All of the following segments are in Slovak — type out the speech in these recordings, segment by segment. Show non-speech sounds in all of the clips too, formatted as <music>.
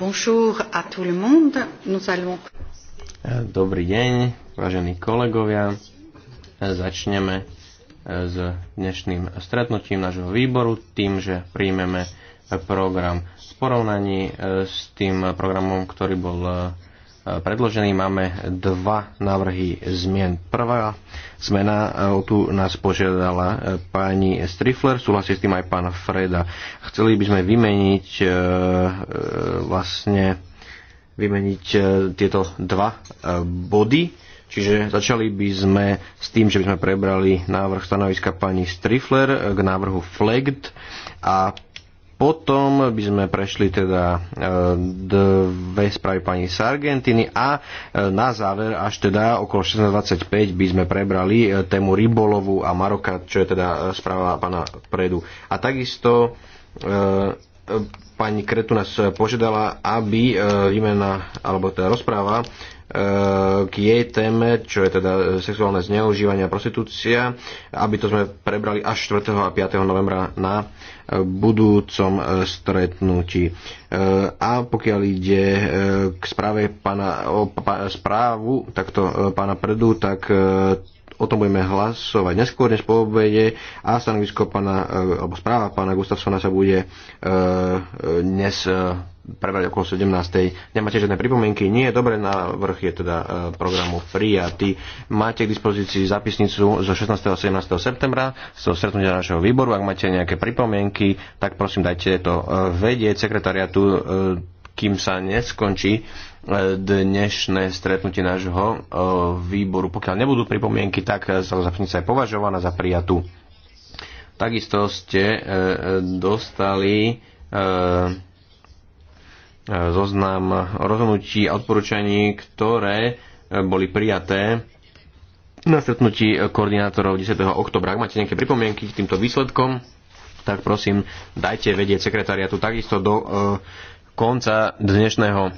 Bonjour à tout le monde. Nous allons... Dobrý deň, vážení kolegovia. Začneme eh, s dnešným stretnutím nášho výboru tým, že príjmeme program v porovnaní eh, s tým programom, ktorý bol eh, predložený. Máme dva návrhy zmien. Prvá zmena, e, o tu nás požiadala e, pani Strifler, súhlasí s tým aj pán Freda. Chceli by sme vymeniť e, vlastne vymeniť tieto dva body. Čiže začali by sme s tým, že by sme prebrali návrh stanoviska pani Strifler k návrhu FLEGT a potom by sme prešli teda e, dve správy pani Sargentiny a e, na záver až teda okolo 16.25 by sme prebrali e, tému rybolovu a Maroka, čo je teda správa pána Predu. A takisto pani Kretu nás požiadala, aby výmena alebo teda rozpráva Eh, k jej téme, čo je teda eh, sexuálne zneužívanie a prostitúcia, aby to sme prebrali až 4. a 5. novembra na eh, budúcom stretnutí. A pokiaľ ide k správe pána, o pá, správu takto pána Predu, tak o tom budeme hlasovať neskôr než po obede a stanovisko pána, alebo správa pána Gustafsona sa bude dnes prebrať okolo 17. Nemáte žiadne pripomienky? Nie, je dobre, návrh je teda e, programu prijatý. Máte k dispozícii zapisnicu zo 16. a 17. septembra z toho stretnutia našeho výboru. Ak máte nejaké pripomienky, tak prosím dajte to e, vedieť sekretariatu, e, kým sa neskončí dnešné stretnutie nášho výboru. Pokiaľ nebudú pripomienky, tak sa zapisnica je považovaná za prijatú. Takisto ste dostali E, zoznam rozhodnutí a odporúčaní, ktoré e, boli prijaté na stretnutí koordinátorov 10. oktobra. Ak máte nejaké pripomienky k týmto výsledkom, tak prosím, dajte vedieť sekretariatu takisto do e, konca dnešného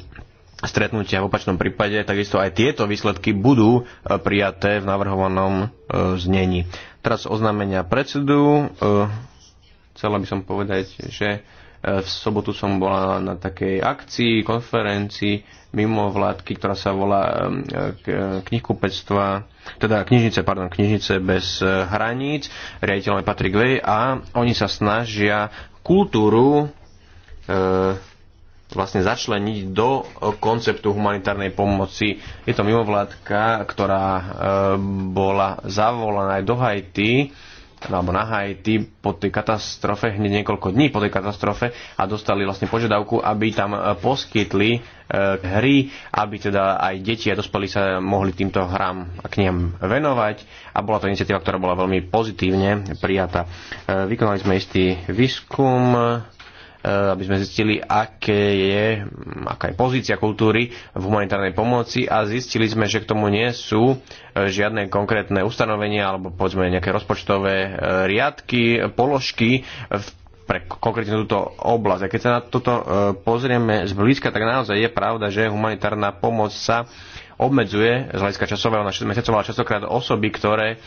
stretnutia. V opačnom prípade takisto aj tieto výsledky budú e, prijaté v navrhovanom e, znení. Teraz oznámenia predsedu. E, chcela by som povedať, že v sobotu som bola na takej akcii, konferencii mimo vládky, ktorá sa volá knihkupectva, teda knižnice, pardon, knižnice bez eh, hraníc, riaditeľom je Patrick Way a oni sa snažia kultúru e, vlastne začleniť do konceptu humanitárnej pomoci. Je to mimovládka, ktorá eh, bola zavolaná aj do Haiti alebo na Haiti po tej katastrofe, hneď niekoľko dní po tej katastrofe a dostali vlastne požiadavku, aby tam e, poskytli e, hry, aby teda aj deti a dospelí sa mohli týmto hrám a knihám venovať a bola to iniciatíva, ktorá bola veľmi pozitívne prijatá. E, vykonali sme istý výskum, Eh, aby sme zistili, aké je, mm, aká je pozícia kultúry v humanitárnej pomoci a zistili sme, že k tomu nie sú eh, žiadne konkrétne ustanovenia alebo povedzme nejaké rozpočtové eh, riadky, položky v pre konkrétne túto oblasť. A keď sa na toto pozrieme zblízka, tak naozaj je pravda, že humanitárna pomoc sa obmedzuje z hľadiska časového na 6 mesiacov, ale častokrát osoby, ktoré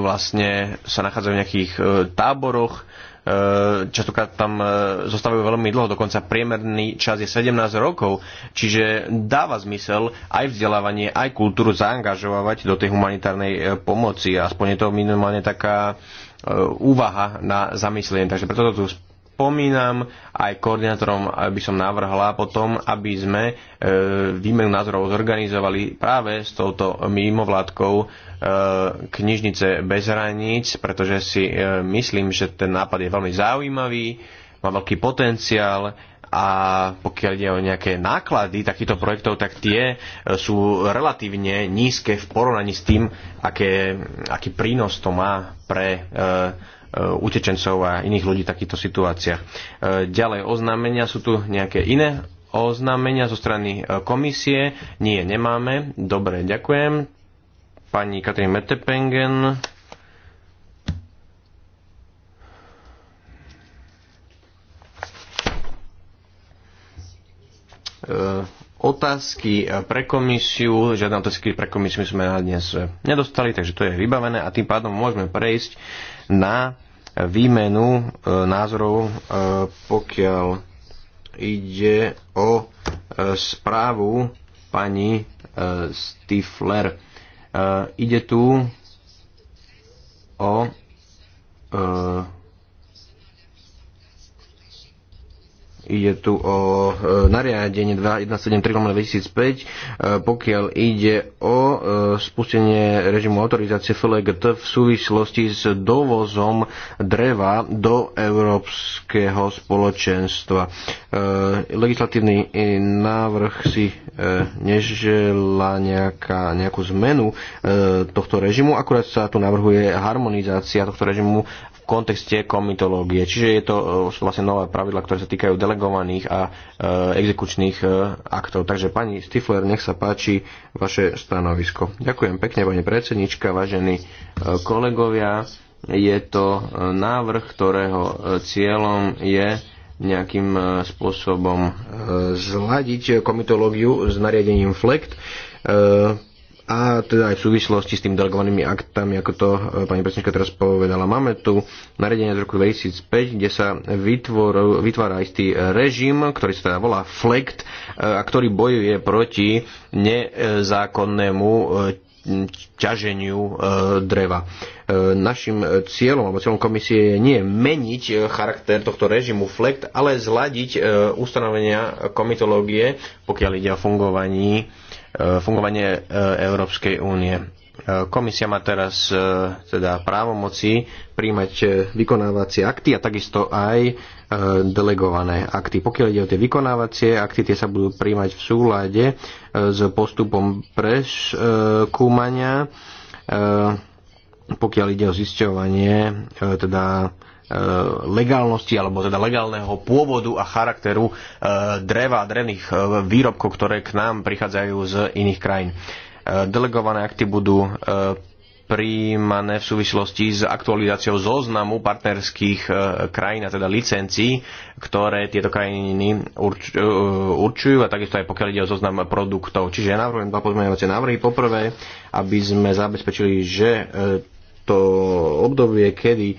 vlastne sa nachádzajú v nejakých táboroch Eh, častokrát tam eh, zostávajú veľmi dlho, dokonca priemerný čas je 17 rokov, čiže dáva zmysel aj vzdelávanie, aj kultúru zaangažovať do tej humanitárnej eh, pomoci, aspoň je to minimálne taká úvaha na zamyslenie. Takže preto to tu spomínam, aj koordinátorom by som navrhla potom, aby sme e, výmenu názorov zorganizovali práve s touto mimovládkou e, knižnice bez hraníc, pretože si e, myslím, že ten nápad je veľmi zaujímavý, má veľký potenciál a pokiaľ ide o nejaké náklady takýchto projektov, tak tie e, sú relatívne nízke v porovnaní s tým, aké, aký prínos to má pre e, E, utečencov a iných ľudí v takýchto situáciách. E, ďalej oznámenia, sú tu nejaké iné oznámenia zo strany e, komisie? Nie, nemáme. Dobre, ďakujem. Pani Katrin Metepengen. otázky pre komisiu, žiadne otázky pre komisiu sme na dnes nedostali, takže to je vybavené a tým pádom môžeme prejsť na výmenu e, názorov, e, pokiaľ ide o e, správu pani Stifler. Ide tu o Ide tu o e, nariadenie 2173-2005, e, pokiaľ ide o e, spustenie režimu autorizácie FLGT v súvislosti s dovozom dreva do Európskeho spoločenstva. Legislatívny návrh si neželá nejaká, nejakú zmenu tohto režimu, akurát sa tu navrhuje harmonizácia tohto režimu v kontexte komitológie. Čiže je to, vlastne nové pravidla, ktoré sa týkajú delegácie delegovaných a e, exekučných e, aktov. Takže pani Stifler, nech sa páči vaše stanovisko. Ďakujem pekne, pani predsednička, vážení e, kolegovia. Je to návrh, ktorého cieľom je nejakým spôsobom zladiť komitológiu s nariadením FLECT a teda aj v súvislosti s tým delegovanými aktami, ako to e, pani predsednička teraz povedala. Máme tu nariadenie z roku 2005, kde sa vytvor, vytvára istý režim, ktorý sa teda volá FLECT, e, a ktorý bojuje proti nezákonnému e, ťaženiu dreva. Našim cieľom alebo cieľom komisie je nie meniť charakter tohto režimu FLECT, ale zladiť ustanovenia komitológie, pokiaľ ide o fungovaní E, fungovanie e, Európskej únie. E, komisia má teraz teda právomoci príjmať vykonávacie akty a takisto aj delegované akty. Pokiaľ ide o tie vykonávacie akty, tie sa budú príjmať v súlade s postupom preskúmania, pokiaľ ide o zisťovanie teda E, legálnosti alebo teda legálneho pôvodu a charakteru e, dreva a drevných e, výrobkov, ktoré k nám prichádzajú z iných krajín. Delegované akty budú príjmané v súvislosti s aktualizáciou zoznamu partnerských krajín, a teda licencií, ktoré tieto krajiny určujú a takisto aj pokiaľ ide o zoznam produktov. Čiže ja navrhujem dva pozmeňovacie návrhy. Poprvé, aby sme zabezpečili, že to obdobie, kedy e,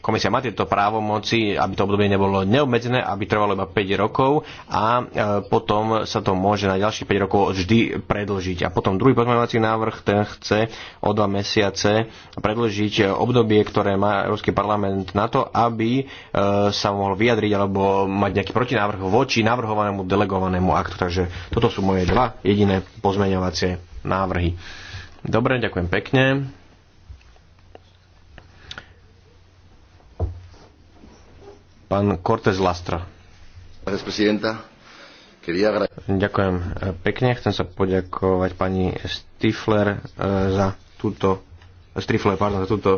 komisia má tieto právomoci, aby to obdobie nebolo neobmedzené, aby trvalo iba 5 rokov a e, potom sa to môže na ďalších 5 rokov vždy predlžiť. A potom druhý pozmeňovací návrh, ten chce o 2 mesiace predlžiť obdobie, ktoré má Európsky parlament na to, aby e, sa mohol vyjadriť alebo mať nejaký protinávrh voči navrhovanému delegovanému aktu. Takže toto sú moje dva jediné pozmeňovacie návrhy. Dobre, ďakujem pekne. Pán Cortés Lastra. Ďakujem eh, pekne. Chcem sa poďakovať pani Stifler eh, za túto, eh, Stifler, pardon, za túto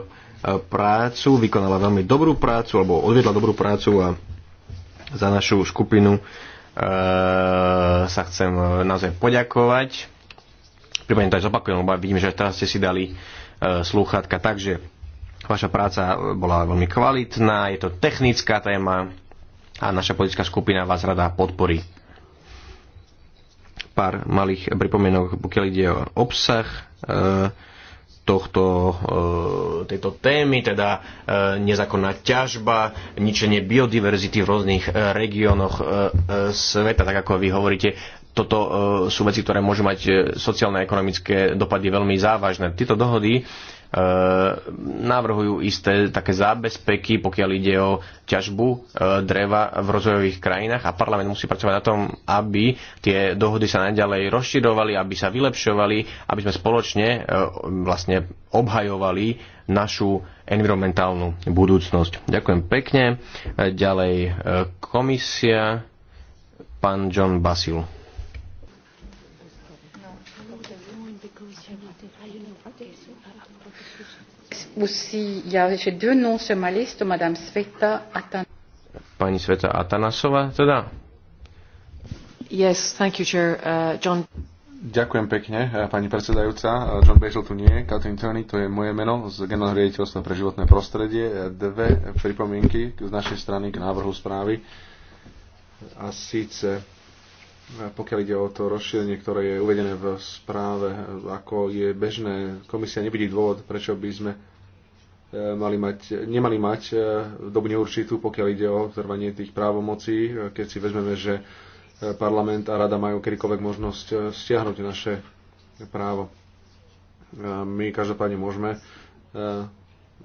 prácu. Vykonala veľmi dobrú prácu, alebo odviedla dobrú prácu a za našu skupinu sa chcem naozaj poďakovať. Prípadne to aj zopakujem, lebo vidím, že teraz ste si dali slúchatka. Takže Vaša práca bola veľmi kvalitná, je to technická téma a naša politická skupina vás rada podporí. Pár malých pripomienok, pokiaľ ide o obsah e, tohto, e, tejto témy, teda e, nezákonná ťažba, ničenie biodiverzity v rôznych regiónoch sveta, tak ako vy hovoríte. Toto sú veci, ktoré môžu mať sociálne a ekonomické dopady veľmi závažné. Tieto dohody E, navrhujú isté také zábezpeky, pokiaľ ide o ťažbu e, dreva v rozvojových krajinách a parlament musí pracovať na tom, aby tie dohody sa naďalej rozširovali, aby sa vylepšovali, aby sme spoločne e, vlastne obhajovali našu environmentálnu budúcnosť. Ďakujem pekne. Ďalej komisia, pán John Basil. aussi, il y a, j'ai deux noms sur ma liste, Madame Sveta Atanasova. Pani Sveta Atanasova, teda? Yes, thank you, Chair. Uh, John... Ďakujem pekne, uh, pani predsedajúca. Uh, John Bežel tu nie Katrin Tony, to je moje meno z Generálneho riaditeľstva pre životné prostredie. Uh, dve pripomienky z našej strany k návrhu správy. A síce pokiaľ ide o to rozšírenie, ktoré je uvedené v správe, ako je bežné, komisia nevidí dôvod, prečo by sme mali mať, nemali mať e, dobu neurčitú, pokiaľ ide o trvanie tých právomocí, e, keď si vezmeme, že e, parlament a rada majú kedykoľvek možnosť stiahnuť naše právo. My každopádne môžeme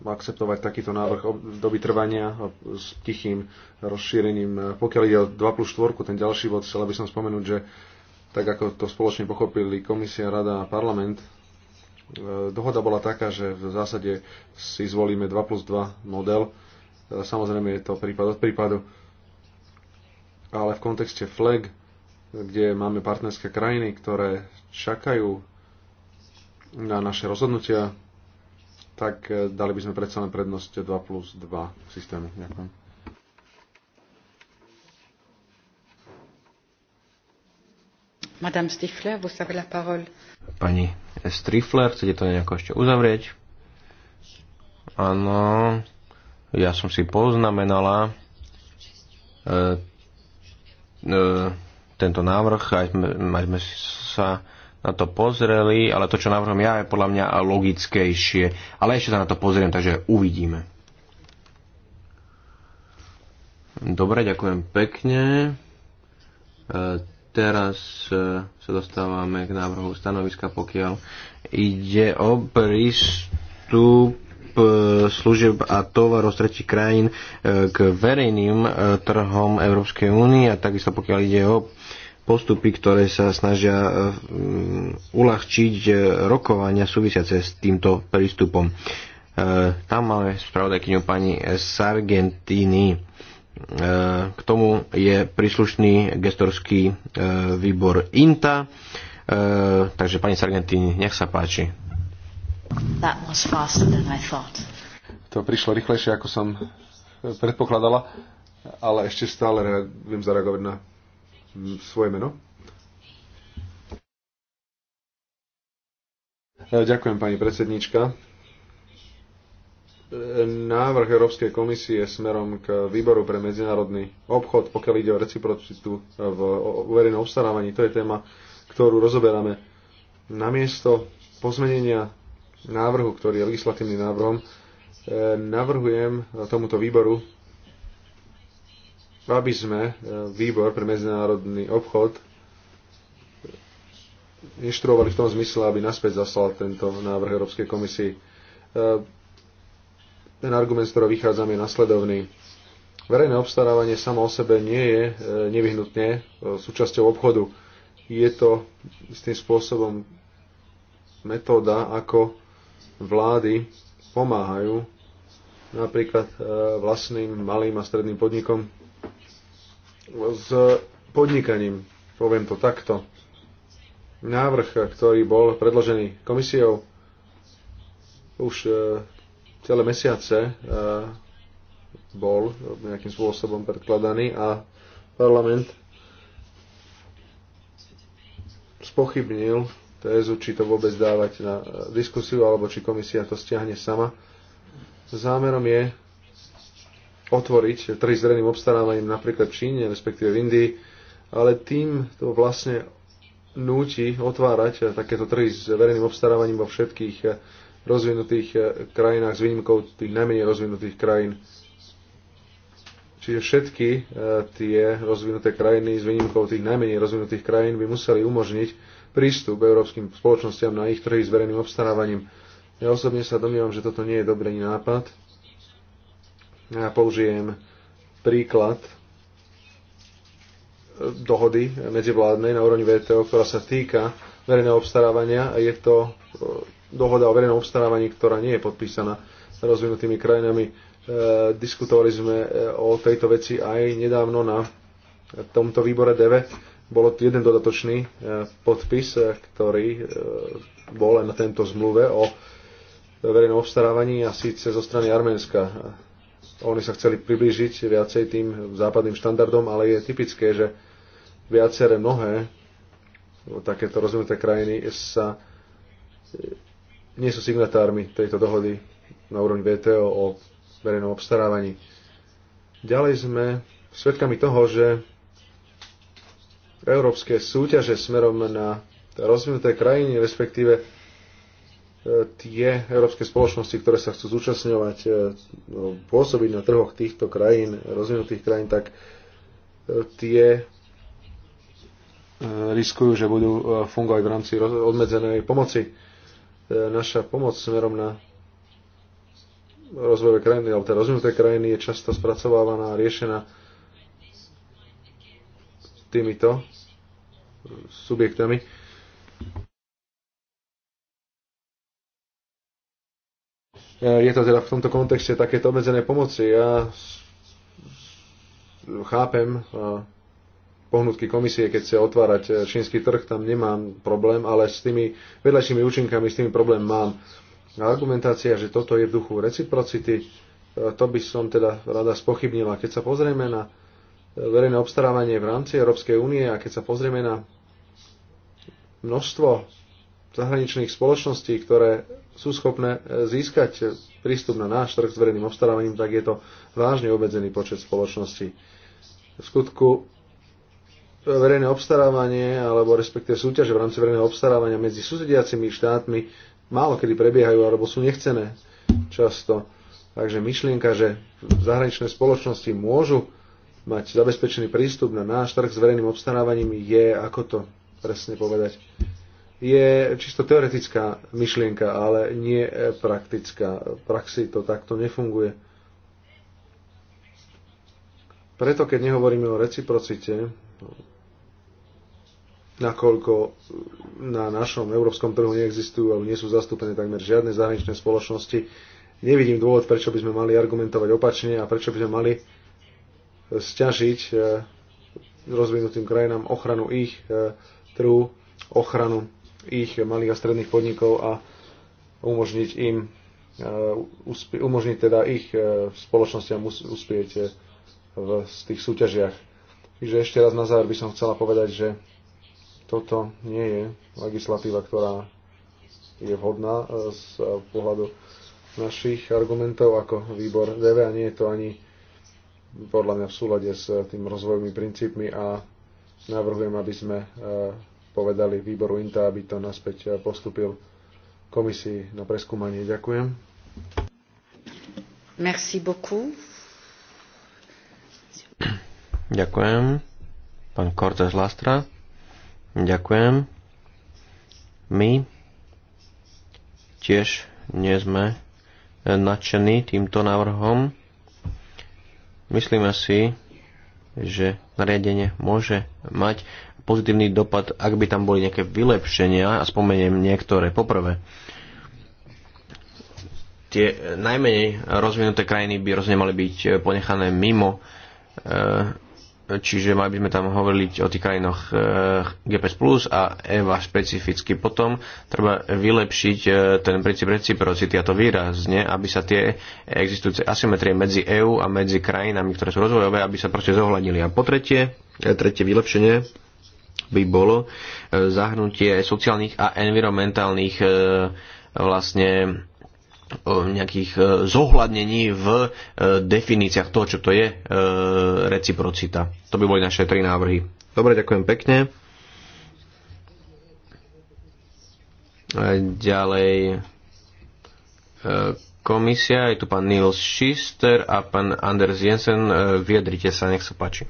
akceptovať takýto návrh doby trvania s tichým rozšírením. Pokiaľ ide o 2 plus 4, ten ďalší bod, chcel by som spomenúť, že tak ako to spoločne pochopili komisia, rada a parlament, E, dohoda bola taká, že v zásade si zvolíme 2 plus 2 model. E, samozrejme je to prípad od prípadu. Ale v kontexte FLEG, kde máme partnerské krajiny, ktoré čakajú na naše rozhodnutia, tak e, dali by sme predsa len prednosť 2 plus 2 systému. Ďakujem. Madame Stifler, vous avez la parole. Pani Strifler, chcete to nejako ešte uzavrieť? Áno, ja som si poznamenala e, e, tento návrh, aj sme, aj sme sa na to pozreli, ale to, čo navrhujem ja, je podľa mňa logickejšie. Ale ešte sa na to pozriem, takže uvidíme. Dobre, ďakujem pekne. E, teraz e, sa dostávame k návrhu stanoviska, pokiaľ ide o prístup e, služieb a tovarov z tretich krajín e, k verejným trhom Európskej únie a takisto pokiaľ ide o postupy, ktoré sa snažia uľahčiť rokovania súvisiace s týmto prístupom. Tam máme spravodajkyňu pani Sargentini. K tomu je príslušný gestorský e, výbor INTA. E, takže pani Sargentini, nech sa páči. To prišlo rýchlejšie, ako som e, predpokladala, ale ešte stále viem zareagovať na svoje meno. Ďakujem, pani predsednička návrh Európskej komisie smerom k výboru pre medzinárodný obchod, pokiaľ ide o reciprocitu v verejnom obstarávaní. To je téma, ktorú rozoberáme. Namiesto pozmenenia návrhu, ktorý je legislatívnym návrhom, e, navrhujem tomuto výboru, aby sme e, výbor pre medzinárodný obchod inštruovali v tom zmysle, aby naspäť zaslal tento návrh Európskej komisii e, ten argument, z ktorého vychádzam, je nasledovný. Verejné obstarávanie samo o sebe nie je e, nevyhnutne e, súčasťou obchodu. Je to istým spôsobom metóda, ako vlády pomáhajú napríklad e, vlastným malým a stredným podnikom s podnikaním. Poviem to takto. Návrh, ktorý bol predložený komisiou, už celé mesiace eh, bol nejakým spôsobom predkladaný a parlament spochybnil tézu, či to vôbec dávať na eh, diskusiu, alebo či komisia to stiahne sama. Zámerom je otvoriť trhy zreným obstarávaním napríklad v Číne, respektíve v Indii, ale tým to vlastne núti otvárať eh, takéto trhy s verejným obstarávaním vo všetkých rozvinutých eh, krajinách s výnimkou tých najmenej rozvinutých krajín. Čiže všetky eh, tie rozvinuté krajiny s výnimkou tých najmenej rozvinutých krajín by museli umožniť prístup európskym spoločnostiam na ich trhy s verejným obstarávaním. Ja osobne sa domnievam, že toto nie je dobrý nápad. Ja použijem príklad eh, dohody medzivládnej na úrovni VTO, ktorá sa týka verejného obstarávania. Je to dohoda o verejnom obstarávaní, ktorá nie je podpísaná s rozvinutými krajinami. E, diskutovali sme e, o tejto veci aj nedávno na tomto výbore DEVE. Bolo jeden dodatočný e, podpis, e, ktorý bol na tento zmluve o verejnom obstarávaní a síce zo strany Arménska. Oni sa chceli priblížiť viacej tým západným štandardom, ale je typické, že viaceré mnohé takéto rozvinuté krajiny sa nie sú signatármi tejto dohody na úrovni VTO o verejnom obstarávaní. Ďalej sme svedkami toho, že európske súťaže smerom na rozvinuté krajiny, respektíve e, tie európske spoločnosti, ktoré sa chcú zúčastňovať, e, no, pôsobiť na trhoch týchto krajín, rozvinutých krajín, tak e, tie riskujú, že budú fungovať v rámci obmedzenej pomoci. E, naša pomoc smerom na rozvojové krajiny, alebo teda rozvinuté krajiny je často spracovávaná a riešená týmito subjektami. E, je to teda v tomto kontexte takéto obmedzené pomoci. Ja chápem pohnutky komisie, keď chce otvárať e, čínsky trh, tam nemám problém, ale s tými vedľajšími účinkami, s tými problém mám. A argumentácia, že toto je v duchu reciprocity, e, to by som teda rada spochybnila. Keď sa pozrieme na e, verejné obstarávanie v rámci Európskej únie a keď sa pozrieme na množstvo zahraničných spoločností, ktoré sú schopné získať prístup na náš trh s verejným obstarávaním, tak je to vážne obmedzený počet spoločností. V skutku verejné obstarávanie alebo respektíve súťaže v rámci verejného obstarávania medzi susediacimi štátmi málo kedy prebiehajú alebo sú nechcené často. Takže myšlienka, že zahraničné spoločnosti môžu mať zabezpečený prístup na náš trh s verejným obstarávaním je, ako to presne povedať, je čisto teoretická myšlienka, ale nie praktická. V praxi to takto nefunguje. Preto, keď nehovoríme o reciprocite, nakoľko na našom európskom trhu neexistujú alebo nie sú zastúpené takmer žiadne zahraničné spoločnosti. Nevidím dôvod, prečo by sme mali argumentovať opačne a prečo by sme mali e, stiažiť e, rozvinutým krajinám ochranu ich e, trhu, ochranu ich malých a stredných podnikov a umožniť im umožniť teda ich spoločnostiam uspieť v tých súťažiach. Takže ešte raz na záver by som chcela povedať, že toto nie je legislatíva, ktorá je vhodná e, z pohľadu našich argumentov ako výbor DV a nie je to ani podľa mňa v súlade s e, tým rozvojovými princípmi a navrhujem, aby sme e, povedali výboru INTA, aby to naspäť postupil komisii na preskúmanie. Ďakujem. Merci beaucoup. Ďakujem. Pán Cortes Lastra. Ďakujem. My tiež nie sme nadšení týmto návrhom. Myslíme si, že nariadenie môže mať pozitívny dopad, ak by tam boli nejaké vylepšenia a spomeniem niektoré. Poprvé, tie najmenej rozvinuté krajiny by rozne mali byť ponechané mimo e, čiže mali by sme tam hovoriť o tých krajinoch eh, GPS Plus a EVA špecificky. Potom treba vylepšiť eh, ten princíp reciprocity a to výrazne, aby sa tie existujúce asymetrie medzi EÚ a medzi krajinami, ktoré sú rozvojové, aby sa proste zohľadnili. A po tretie, eh, tretie vylepšenie by bolo zahnutie sociálnych a environmentálnych vlastne E, nejakých e, zohľadnení v e, definíciách toho, čo to je reciprocita. To by boli naše tri návrhy. Dobre, ďakujem pekne. Ďalej komisia, je tu pán Nils Schister a pán Anders Jensen, vyjadrite sa, nech sa páči.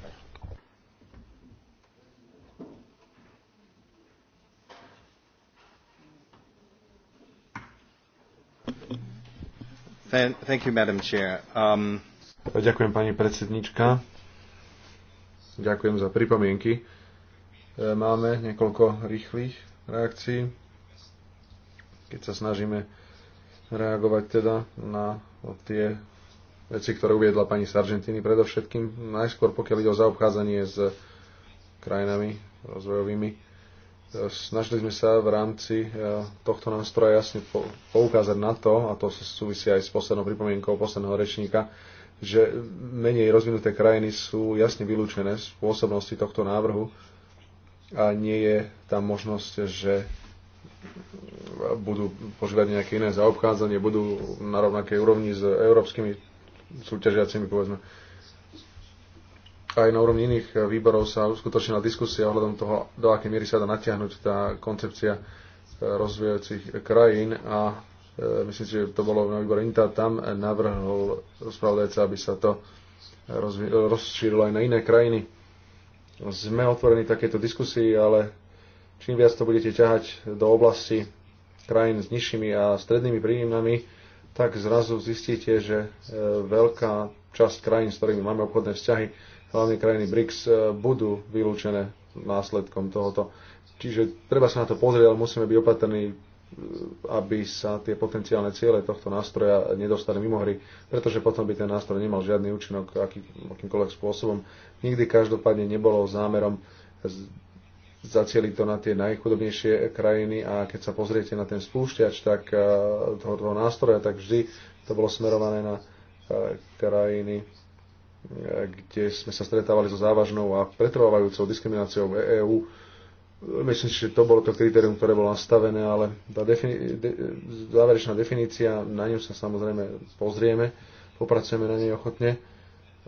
Thank you, Madam Chair. Um... Ďakujem, pani predsednička. Ďakujem za pripomienky. E, máme niekoľko rýchlych reakcií, keď sa snažíme reagovať teda na tie veci, ktoré uviedla pani Sargentini predovšetkým. Najskôr, pokiaľ ide o zaobchádzanie s krajinami rozvojovými, Snažili sme sa v rámci e, tohto nástroja jasne poukázať na to, a to súvisí aj s poslednou pripomienkou posledného rečníka, že menej rozvinuté krajiny sú jasne vylúčené z pôsobnosti tohto návrhu a nie je tam možnosť, že budú požívať nejaké iné zaobchádzanie, budú na rovnakej úrovni s európskymi súťažiacimi, povedzme, aj na úrovni iných eh, výborov sa uskutočnila diskusia ohľadom toho, do akej miery sa dá natiahnuť tá koncepcia eh, rozvíjajúcich krajín a eh, myslím si, že to bolo na výbore INTA, tam navrhol spravodajca, aby sa to rozšírilo aj na iné krajiny. Sme otvorení takéto diskusii, ale čím viac to budete ťahať do oblasti krajín s nižšími a strednými príjmami, tak zrazu zistíte, že veľká časť krajín, s ktorými máme obchodné vzťahy, hlavne krajiny BRICS e, budú vylúčené následkom tohoto. Čiže treba sa na to pozrieť, ale musíme byť opatrní, e, aby sa tie potenciálne ciele tohto nástroja nedostali mimo hry, pretože potom by ten nástroj nemal žiadny účinok aký, akýmkoľvek spôsobom. Nikdy každopádne nebolo zámerom zacieliť to na tie najchudobnejšie krajiny a keď sa pozriete na ten spúšťač tak, e, toho, toho nástroja, tak vždy to bolo smerované na krajiny kde sme sa stretávali so závažnou a pretrvávajúcou diskrimináciou EÚ. E Myslím si, že to bolo to kritérium, ktoré bolo nastavené, ale tá defini- de- záverečná definícia, na ňu sa samozrejme pozrieme, popracujeme na nej ochotne,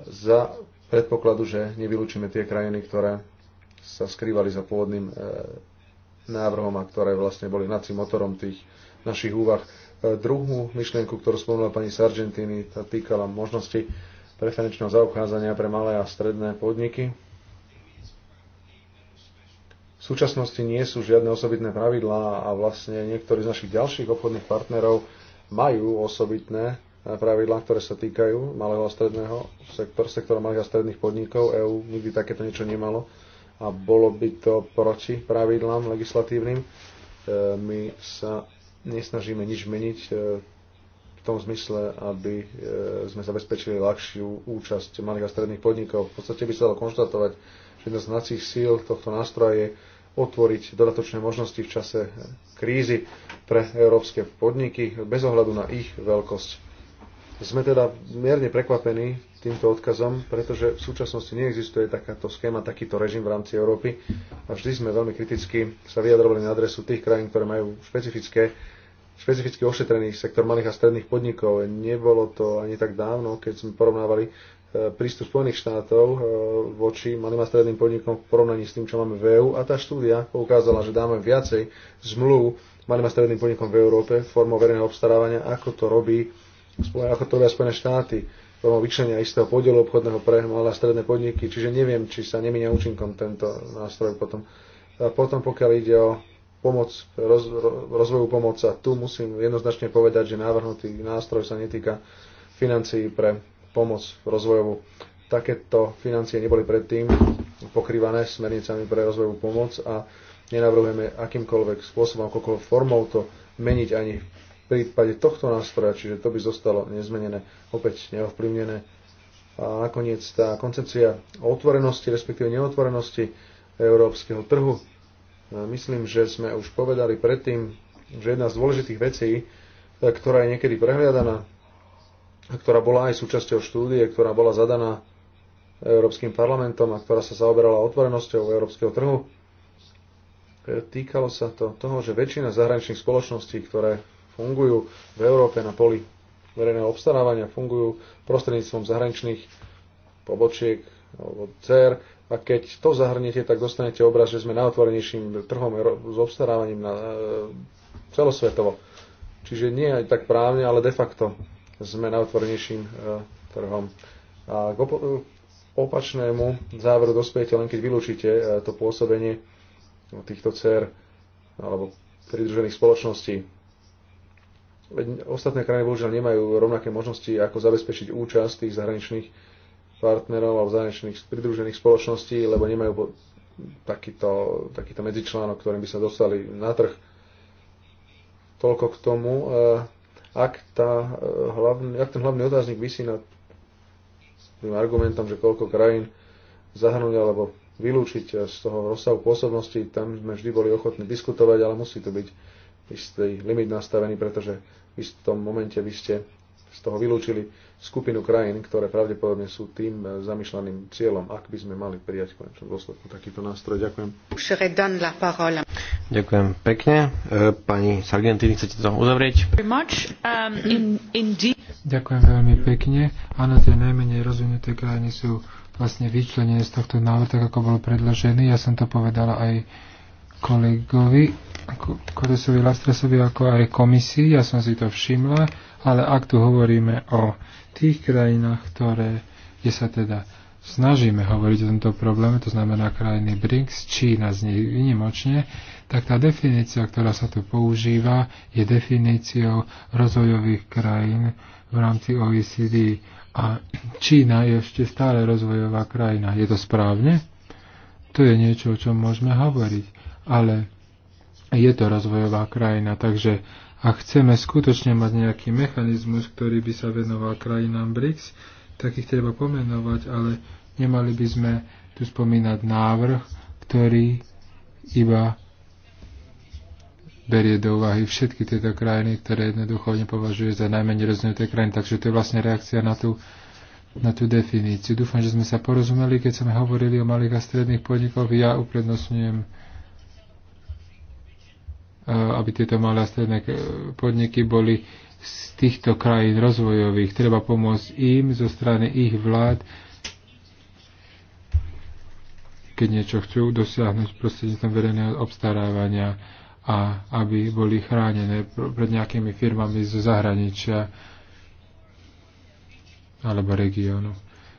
za predpokladu, že nevylúčime tie krajiny, ktoré sa skrývali za pôvodným e, návrhom a ktoré vlastne boli hnacím motorom tých našich úvah. E, druhú myšlienku, ktorú spomenula pani Sargentini, tá týkala možnosti preferenčného zaobchádzania pre malé a stredné podniky. V súčasnosti nie sú žiadne osobitné pravidlá a vlastne niektorí z našich ďalších obchodných partnerov majú osobitné eh, pravidlá, ktoré sa týkajú malého a stredného sektora, sektora malých a stredných podnikov. EÚ nikdy takéto niečo nemalo a bolo by to proti pravidlám legislatívnym. Eh, my sa nesnažíme nič meniť eh, tom zmysle, aby e, sme zabezpečili ľahšiu účasť malých a stredných podnikov. V podstate by sa dalo konštatovať, že jedna z nacích síl tohto nástroja je otvoriť dodatočné možnosti v čase krízy pre európske podniky bez ohľadu na ich veľkosť. Sme teda mierne prekvapení týmto odkazom, pretože v súčasnosti neexistuje takáto schéma, takýto režim v rámci Európy a vždy sme veľmi kriticky sa vyjadrovali na adresu tých krajín, ktoré majú špecifické špecificky ošetrený sektor malých a stredných podnikov. Nebolo to ani tak dávno, keď sme porovnávali e, prístup Spojených štátov e, voči malým a stredným podnikom v porovnaní s tým, čo máme v EU. A tá štúdia poukázala, že dáme viacej zmluv malým a stredným podnikom v Európe formou verejného obstarávania, ako to robí ako to robia Spojené štáty formou vyčlenia istého podielu obchodného pre malé a stredné podniky, čiže neviem, či sa neminia účinkom tento nástroj potom. A potom, pokiaľ ide o pomoc, roz, rozvoju pomoc a tu musím jednoznačne povedať, že návrhnutý nástroj sa netýka financií pre pomoc rozvojovú. Takéto financie neboli predtým pokrývané smernicami pre rozvojovú pomoc a nenavrhujeme akýmkoľvek spôsobom, akokoľvek formou to meniť ani v prípade tohto nástroja, čiže to by zostalo nezmenené, opäť neovplyvnené. A nakoniec tá koncepcia otvorenosti, respektíve neotvorenosti európskeho trhu Myslím, že sme už povedali predtým, že jedna z dôležitých vecí, e, ktorá je niekedy prehliadaná, a ktorá bola aj súčasťou štúdie, ktorá bola zadaná Európskym parlamentom a ktorá sa zaoberala otvorenosťou európskeho trhu, e, týkalo sa to toho, že väčšina zahraničných spoločností, ktoré fungujú v Európe na poli verejného obstarávania, fungujú prostredníctvom zahraničných pobočiek alebo CER, a keď to zahrnete, tak dostanete obraz, že sme najotvorenejším trhom s obstarávaním na, e, celosvetovo. Čiže nie aj tak právne, ale de facto sme najotvorenejším e, trhom. A k opačnému záveru dospiete len keď vylúčite e, to pôsobenie týchto cer alebo pridružených spoločností. Veď ostatné krajiny bohužiaľ nemajú rovnaké možnosti, ako zabezpečiť účasť tých zahraničných partnerov alebo zahraničných pridružených spoločností, lebo nemajú takýto, takýto medzičlánok, ktorým by sa dostali na trh. Toľko k tomu. Eh, ak, tá, eh, hlavný, ak ten hlavný otáznik vysí nad tým argumentom, že koľko krajín zahrnúť alebo vylúčiť eh, z toho rozsahu pôsobnosti, tam sme vždy boli ochotní diskutovať, ale musí to byť istý limit nastavený, pretože v istom momente vy ste z toho vylúčili skupinu krajín, ktoré pravdepodobne sú tým e, zamýšľaným cieľom, ak by sme mali prijať konečnom dôsledku takýto nástroj. Ďakujem. Ďakujem pekne. E, pani Sargentini, chcete to uzavrieť? Um, Ďakujem veľmi pekne. Áno, tie najmenej rozvinuté krajiny sú vlastne vyčlenené z tohto návrhu, tak ako bolo predložený. Ja som to povedala aj kolegovi Koresovi Lastresovi, ako aj komisii. Ja som si to všimla ale ak tu hovoríme o tých krajinách, ktoré, kde sa teda snažíme hovoriť o tomto probléme, to znamená krajiny BRICS, Čína z nej vynimočne, tak tá definícia, ktorá sa tu používa, je definíciou rozvojových krajín v rámci OECD. A Čína je ešte stále rozvojová krajina. Je to správne? To je niečo, o čom môžeme hovoriť. Ale je to rozvojová krajina, takže a chceme skutočne mať nejaký mechanizmus, ktorý by sa venoval krajinám BRICS, tak ich treba pomenovať, ale nemali by sme tu spomínať návrh, ktorý iba berie do úvahy všetky tieto krajiny, ktoré jednoducho nepovažuje za najmenej rozvinuté krajiny. Takže to je vlastne reakcia na tú, na tú definíciu. Dúfam, že sme sa porozumeli, keď sme hovorili o malých a stredných podnikoch. Ja uprednostňujem aby tieto malé a stredné podniky boli z týchto krajín rozvojových. Treba pomôcť im zo strany ich vlád, keď niečo chcú dosiahnuť prostredníctvom verejného obstarávania a aby boli chránené pred nejakými firmami zo zahraničia alebo regiónu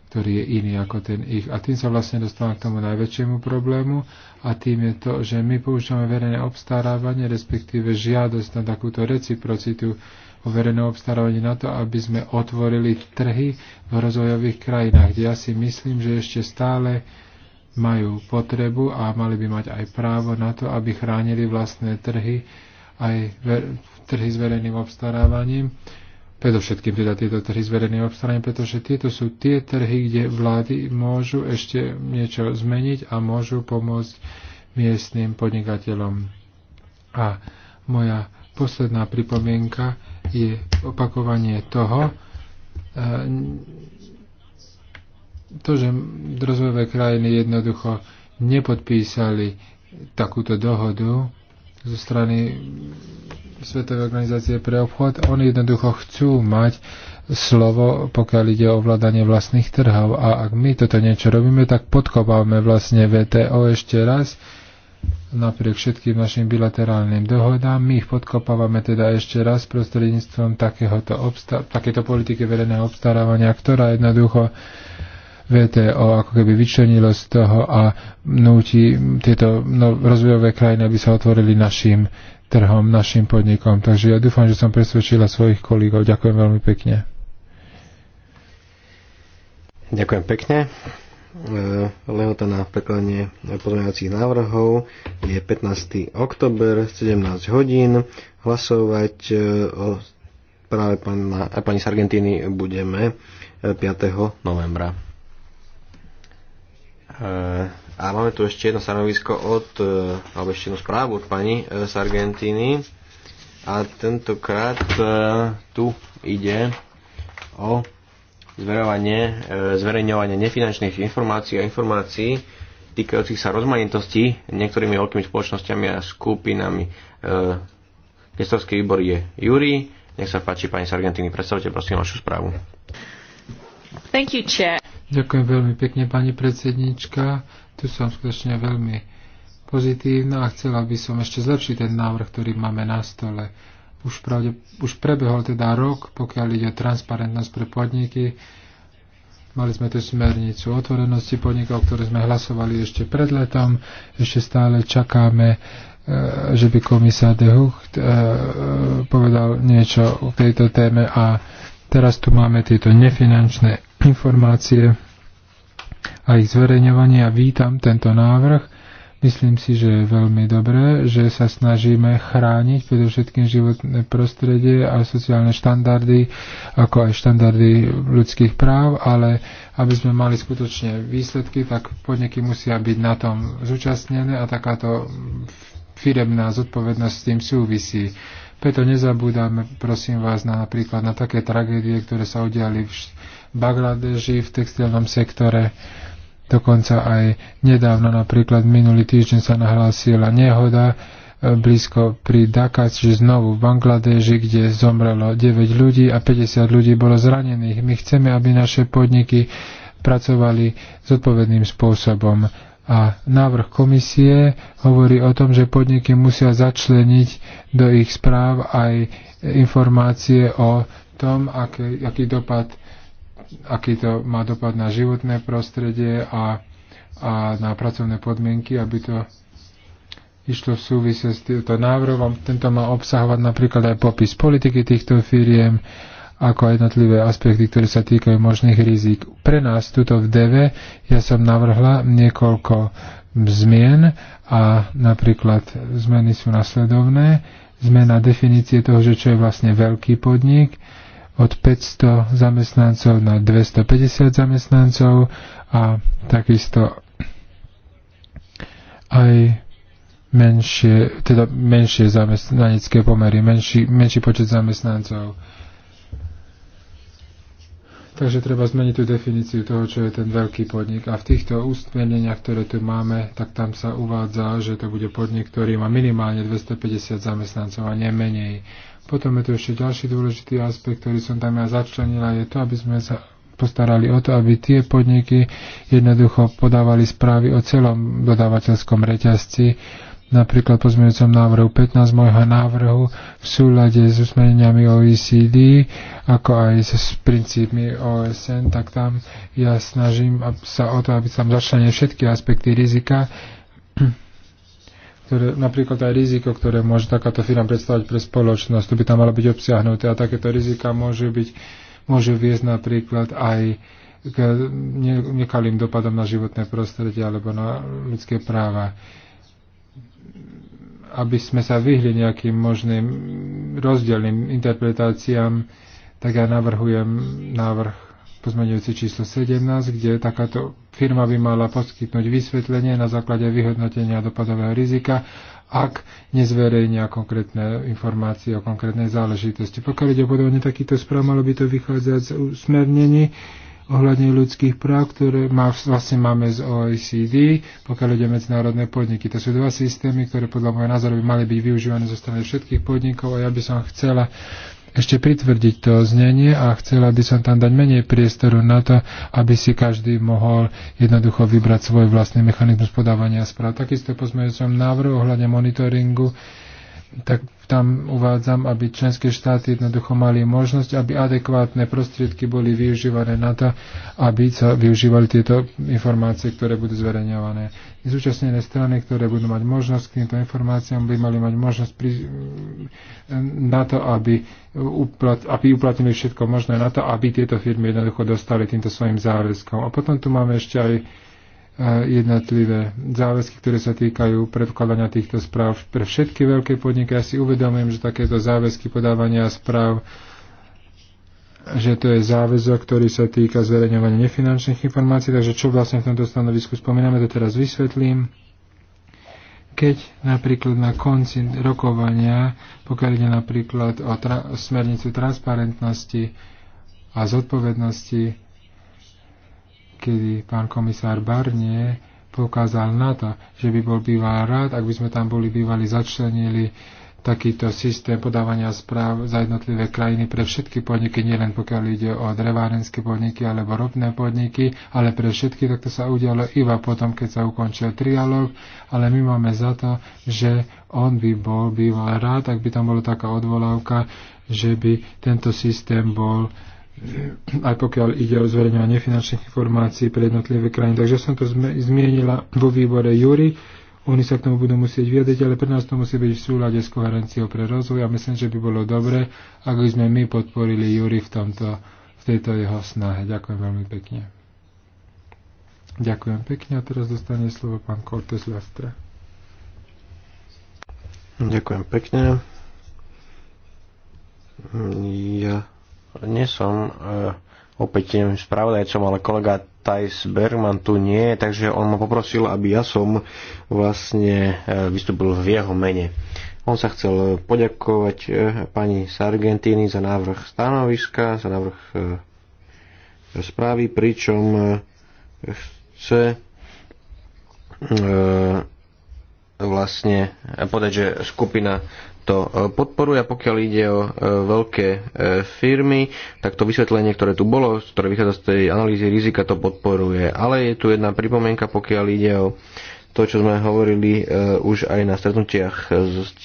ktorý je iný ako ten ich. A tým sa vlastne dostávam k tomu najväčšiemu problému a tým je to, že my používame verejné obstarávanie, respektíve žiadosť na takúto reciprocitu o verejné obstarávanie na to, aby sme otvorili trhy v rozvojových krajinách, kde ja si myslím, že ešte stále majú potrebu a mali by mať aj právo na to, aby chránili vlastné trhy, aj trhy s verejným obstarávaním predovšetkým teda tieto trhy s verejným obstaraním, pretože tieto sú tie trhy, kde vlády môžu ešte niečo zmeniť a môžu pomôcť miestnym podnikateľom. A moja posledná pripomienka je opakovanie toho, e, to, že rozvojové krajiny jednoducho nepodpísali takúto dohodu zo strany Svetovej organizácie pre obchod. Oni jednoducho chcú mať slovo, pokiaľ ide o ovládanie vlastných trhov. A ak my toto niečo robíme, tak podkopávame vlastne VTO ešte raz napriek všetkým našim bilaterálnym dohodám. My ich podkopávame teda ešte raz prostredníctvom takéhoto takéto politiky verejného obstarávania, ktorá jednoducho VTO ako keby vyčlenilo z toho a núti tieto no, rozvojové krajiny, aby sa otvorili našim trhom, našim podnikom. Takže ja dúfam, že som presvedčila svojich kolegov. Ďakujem veľmi pekne. Ďakujem pekne. E, lehota na preklanie pozmeňovacích návrhov je 15. oktober, 17 hodín. Hlasovať e, o práve pána, pani z Argentíny budeme 5. E, novembra. A máme tu ešte jedno stanovisko od, e, alebo ešte jednu správu od pani e, z Argentíny. A tentokrát e, tu ide o zverovanie, zverejňovanie nefinančných informácií a informácií týkajúcich sa rozmanitosti niektorými veľkými spoločnosťami a skupinami. Gestorský výbor je Júri. Nech sa páči, pani z Argentíny, predstavte prosím vašu správu. Thank you, chair. Ďakujem veľmi pekne, pani predsednička tu som skutočne veľmi pozitívna a chcela by som ešte zlepšiť ten návrh, ktorý máme na stole. Už, pravde, už prebehol teda rok, pokiaľ ide o transparentnosť pre podniky. Mali sme tu smernicu otvorenosti podnikov, ktoré sme hlasovali ešte pred letom. Ešte stále čakáme e, že by komisár de Hucht e, povedal niečo o tejto téme a teraz tu máme tieto nefinančné informácie a ich zverejňovanie. Ja vítam tento návrh. Myslím si, že je veľmi dobré, že sa snažíme chrániť predovšetkým životné prostredie a sociálne štandardy, ako aj štandardy ľudských práv, ale aby sme mali skutočne výsledky, tak podniky musia byť na tom zúčastnené a takáto firemná zodpovednosť s tým súvisí. Preto nezabúdame, prosím vás, na, napríklad na také tragédie, ktoré sa udiali v Bangladeži v textilnom sektore Dokonca aj nedávno, napríklad minulý týždeň sa nahlásila nehoda e, blízko pri Dakac, že znovu v Bangladeži, kde zomrelo 9 ľudí a 50 ľudí bolo zranených. My chceme, aby naše podniky pracovali zodpovedným spôsobom. A návrh komisie hovorí o tom, že podniky musia začleniť do ich správ aj informácie o tom, aký, aký dopad aký to má dopad na životné prostredie a, a na pracovné podmienky, aby to išlo v súvise s týmto návrhom. Tento má obsahovať napríklad aj popis politiky týchto firiem, ako aj jednotlivé aspekty, ktoré sa týkajú možných rizik. Pre nás tuto v DV ja som navrhla niekoľko zmien a napríklad zmeny sú nasledovné. Zmena definície toho, že čo je vlastne veľký podnik, od 500 zamestnancov na 250 zamestnancov a takisto aj menšie, teda menšie zamestnanecké pomery, menší, menší počet zamestnancov. Takže treba zmeniť tú definíciu toho, čo je ten veľký podnik. A v týchto ústmeneniach, ktoré tu máme, tak tam sa uvádza, že to bude podnik, ktorý má minimálne 250 zamestnancov a nemenej. menej. Potom je tu ešte ďalší dôležitý aspekt, ktorý som tam ja začlenila, je to, aby sme sa postarali o to, aby tie podniky jednoducho podávali správy o celom dodávateľskom reťazci, napríklad pozmeňujúcom návrhu 15 môjho návrhu v súlade s usmeneniami OECD, ako aj s princípmi OSN, tak tam ja snažím sa o to, aby tam začlenili všetky aspekty rizika, ktoré, napríklad aj riziko, ktoré môže takáto firma predstavať pre spoločnosť, to by tam malo byť obsiahnuté a takéto rizika môžu, byť, môžu viesť napríklad aj k nekalým dopadom na životné prostredie alebo na ľudské práva. Aby sme sa vyhli nejakým možným rozdielným interpretáciám, tak ja navrhujem návrh pozmeňujúci číslo 17, kde takáto firma by mala poskytnúť vysvetlenie na základe vyhodnotenia dopadového rizika, ak nezverejnia konkrétne informácie o konkrétnej záležitosti. Pokiaľ ide o podobne takýchto správ, malo by to vychádzať z usmernení ohľadne ľudských práv, ktoré má, vlastne máme z OECD, pokiaľ ide o medzinárodné podniky. To sú dva systémy, ktoré podľa môjho názoru by mali byť využívané zo strany všetkých podnikov a ja by som chcela ešte pritvrdiť to znenie a chcela by som tam dať menej priestoru na to, aby si každý mohol jednoducho vybrať svoj vlastný mechanizmus podávania správ. Takisto po som návrhu ohľadne monitoringu, tak tam uvádzam, aby členské štáty jednoducho mali možnosť, aby adekvátne prostriedky boli využívané na to, aby sa využívali tieto informácie, ktoré budú zverejňované zúčastnené strany, ktoré budú mať možnosť k týmto informáciám, by mali mať možnosť pri, na to, aby, uplat, aby uplatnili všetko možné na to, aby tieto firmy jednoducho dostali týmto svojim záväzkom. A potom tu máme ešte aj eh, jednotlivé záväzky, ktoré sa týkajú predkladania týchto správ pre všetky veľké podniky. Ja si uvedomujem, že takéto záväzky podávania správ že to je záväzok, ktorý sa týka zverejňovania nefinančných informácií, takže čo vlastne v tomto stanovisku spomíname, to teraz vysvetlím. Keď napríklad na konci rokovania, pokiaľ ide napríklad o tra- smernicu transparentnosti a zodpovednosti, kedy pán komisár Barnier poukázal na to, že by bol býval rád, ak by sme tam boli bývali začlenili takýto systém podávania správ za jednotlivé krajiny pre všetky podniky, nielen pokiaľ ide o drevárenské podniky alebo ropné podniky, ale pre všetky, tak to sa udialo iba potom, keď sa ukončil trialog, ale my máme za to, že on by bol býval rád, ak by tam bola taká odvolávka, že by tento systém bol aj pokiaľ ide o zverejňovanie finančných informácií pre jednotlivé krajiny. Takže som to zmienila vo výbore Júri oni sa k tomu budú musieť vyjadriť, ale pre nás to musí byť v súlade s koherenciou pre rozvoj a myslím, že by bolo dobre, ak by sme my podporili Juri v, tomto, v tejto jeho snahe. Ďakujem veľmi pekne. Ďakujem pekne a teraz dostane slovo pán Kortes Lastre. Ďakujem pekne. Ja nie som uh, opäť tým spravodajcom, ale kolega Thijs Bergman tu nie takže on ma poprosil, aby ja som vlastne e, vystúpil v jeho mene. On sa chcel poďakovať e, pani Sargentini za návrh stanoviska, za návrh e, správy, pričom chce vlastne podať, že skupina to e, podporuje. A pokiaľ ide o e, veľké e, firmy, tak to vysvetlenie, ktoré tu bolo, ktoré vychádza z tej analýzy rizika, to podporuje. Ale je tu jedna pripomienka, pokiaľ ide o to, čo sme hovorili uh, už aj na stretnutiach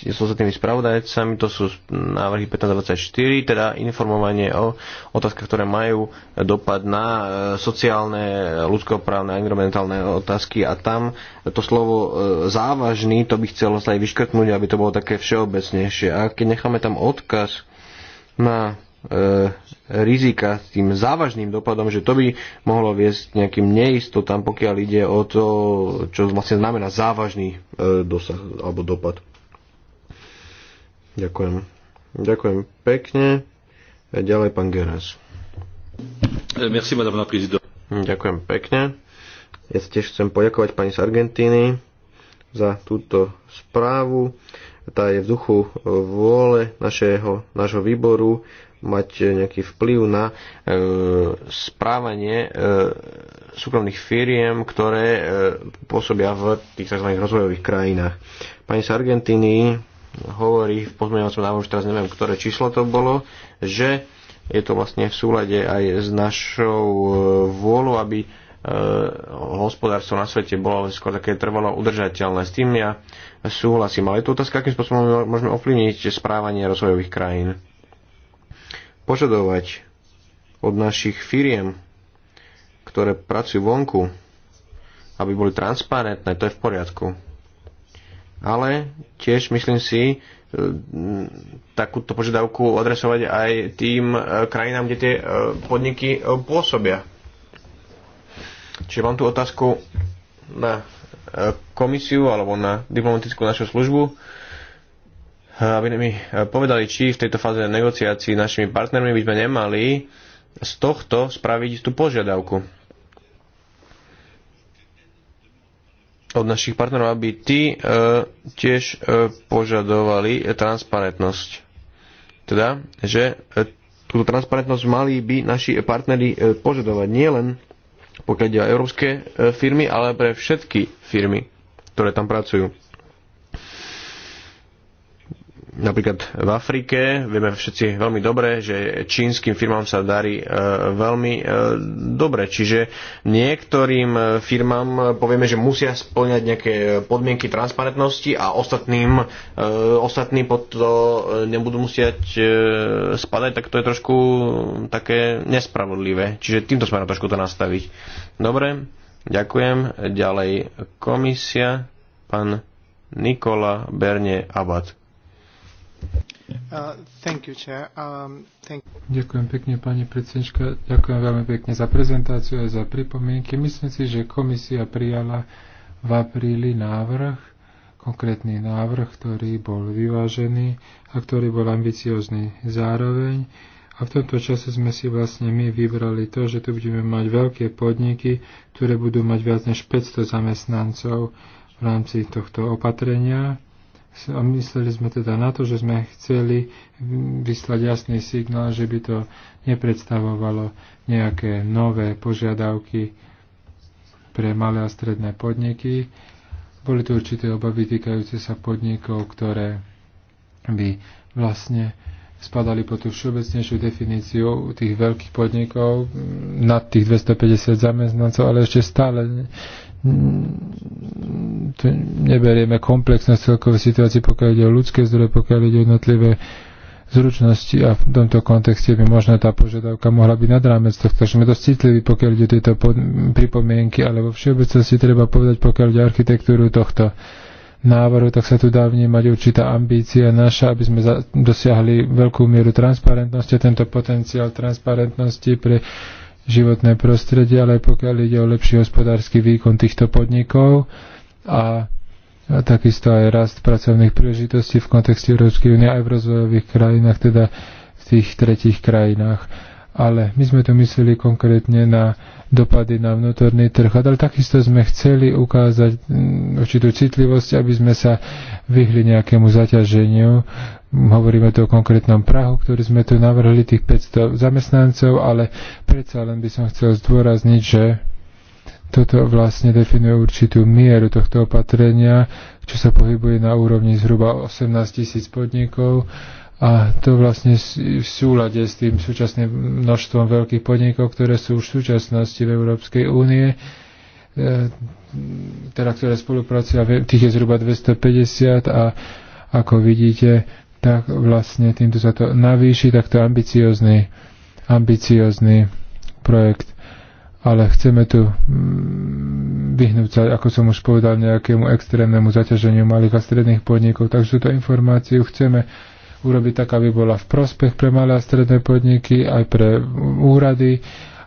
s, ostatnými spravodajcami, to sú návrhy 1524, teda informovanie o otázkach, ktoré majú dopad na uh, sociálne, ľudskoprávne, environmentálne otázky a tam to slovo uh, závažný, to by chcelo sa aj vyškrtnúť, aby to bolo také všeobecnejšie. A keď necháme tam odkaz na E, rizika s tým závažným dopadom, že to by mohlo viesť nejakým neistotám, pokiaľ ide o to, čo vlastne znamená závažný e, dosah alebo dopad. Ďakujem. Ďakujem pekne. E, ďalej pán Geras. Merci, madame la présidente. Ďakujem pekne. Ja si tiež chcem poďakovať pani z Argentíny za túto správu. Tá je v duchu vôle našeho, našho výboru mať e, nejaký vplyv na e, správanie e, súkromných firiem, ktoré e, pôsobia v tých tzv. rozvojových krajinách. Pani z Argentíny hovorí v pozmeňovacom návrhu, teraz neviem, ktoré číslo to bolo, že je to vlastne v súlade aj s našou e, vôľou, aby e, hospodárstvo na svete bolo skôr také trvalo udržateľné. S tým ja súhlasím, ale je to otázka, akým spôsobom môžeme ovplyvniť správanie rozvojových krajín požadovať od našich firiem, ktoré pracujú vonku, aby boli transparentné, to je v poriadku. Ale tiež myslím si, e, takúto požiadavku adresovať aj tým e, krajinám, kde tie e, podniky pôsobia. Čiže mám tu otázku na komisiu alebo na diplomatickú našu službu aby mi e, povedali, či v tejto fáze negociácií našimi partnermi by sme nemali z tohto spraviť tú požiadavku od našich partnerov, aby tí e, tiež e, požadovali transparentnosť. Teda, že e, túto transparentnosť mali by naši partneri e, požadovať nielen pokiaľ ide o európske e, firmy, ale pre všetky firmy, ktoré tam pracujú. Napríklad v Afrike vieme všetci veľmi dobre, že čínskym firmám sa darí e, veľmi e, dobre. Čiže niektorým e, firmám povieme, že musia splňať nejaké podmienky transparentnosti a ostatným, ostatní pod to nebudú musieť spadať, tak to je trošku také nespravodlivé. Čiže týmto smerom trošku to nastaviť. Dobre, ďakujem. Ďalej komisia, pán Nikola Berne Abad. Uh, um, Ďakujem pekne, pani predsednička. Ďakujem veľmi pekne za prezentáciu a za pripomienky. Myslím si, že komisia prijala v apríli návrh, konkrétny návrh, ktorý bol vyvážený a ktorý bol ambiciozný zároveň. A v tomto čase sme si vlastne my vybrali to, že tu budeme mať veľké podniky, ktoré budú mať viac než 500 zamestnancov v rámci tohto opatrenia a mysleli sme teda na to, že sme chceli vyslať jasný signál, že by to nepredstavovalo nejaké nové požiadavky pre malé a stredné podniky. Boli tu určité obavy týkajúce sa podnikov, ktoré by vlastne spadali po tú všeobecnejšiu definíciu tých veľkých podnikov nad tých 250 zamestnancov, ale ešte stále tu neberieme komplexnosť celkovej situácie, pokiaľ ide o ľudské zdroje, pokiaľ ide o jednotlivé zručnosti a v tomto kontexte by možno tá požiadavka mohla byť nad rámec tohto, že sme dosť citliví, pokiaľ ide o tieto pripomienky, ale vo všeobecnosti treba povedať, pokiaľ ide o architektúru tohto návrhu, tak sa tu dá vnímať určitá ambícia naša, aby sme dosiahli veľkú mieru transparentnosti a tento potenciál transparentnosti pre životné prostredie, ale aj pokiaľ ide o lepší hospodársky výkon týchto podnikov a, a takisto aj rast pracovných príležitostí v kontexte Európskej únie aj v rozvojových krajinách, teda v tých tretích krajinách ale my sme tu mysleli konkrétne na dopady na vnútorný trh. Ale takisto sme chceli ukázať mm, určitú citlivosť, aby sme sa vyhli nejakému zaťaženiu. Hovoríme tu o konkrétnom Prahu, ktorý sme tu navrhli, tých 500 zamestnancov, ale predsa len by som chcel zdôrazniť, že toto vlastne definuje určitú mieru tohto opatrenia, čo sa pohybuje na úrovni zhruba 18 tisíc podnikov a to vlastne v súlade s tým súčasným množstvom veľkých podnikov, ktoré sú už v súčasnosti v Európskej únie, e, teda ktoré spolupracujú, tých je zhruba 250 a ako vidíte, tak vlastne týmto sa to navýši, tak to ambiciózny, ambiciózny projekt. Ale chceme tu mm, vyhnúť sa, ako som už povedal, nejakému extrémnemu zaťaženiu malých a stredných podnikov. Takže túto informáciu chceme urobiť tak, aby bola v prospech pre malé a stredné podniky, aj pre úrady,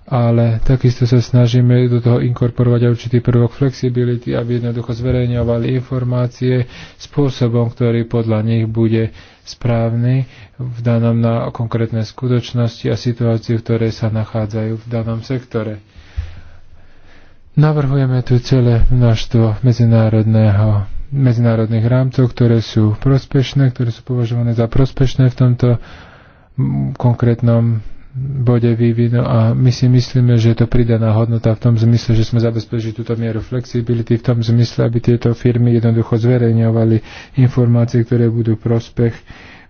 ale takisto sa snažíme do toho inkorporovať aj určitý prvok flexibility, aby jednoducho zverejňovali informácie spôsobom, ktorý podľa nich bude správny v danom na konkrétne skutočnosti a situáciu, v ktorej sa nachádzajú v danom sektore. Navrhujeme tu celé množstvo medzinárodného medzinárodných rámcov, ktoré sú prospešné, ktoré sú považované za prospešné v tomto konkrétnom bode vývinu a my si myslíme, že je to pridaná hodnota v tom zmysle, že sme zabezpečili túto mieru flexibility v tom zmysle, aby tieto firmy jednoducho zverejňovali informácie, ktoré budú prospech uh,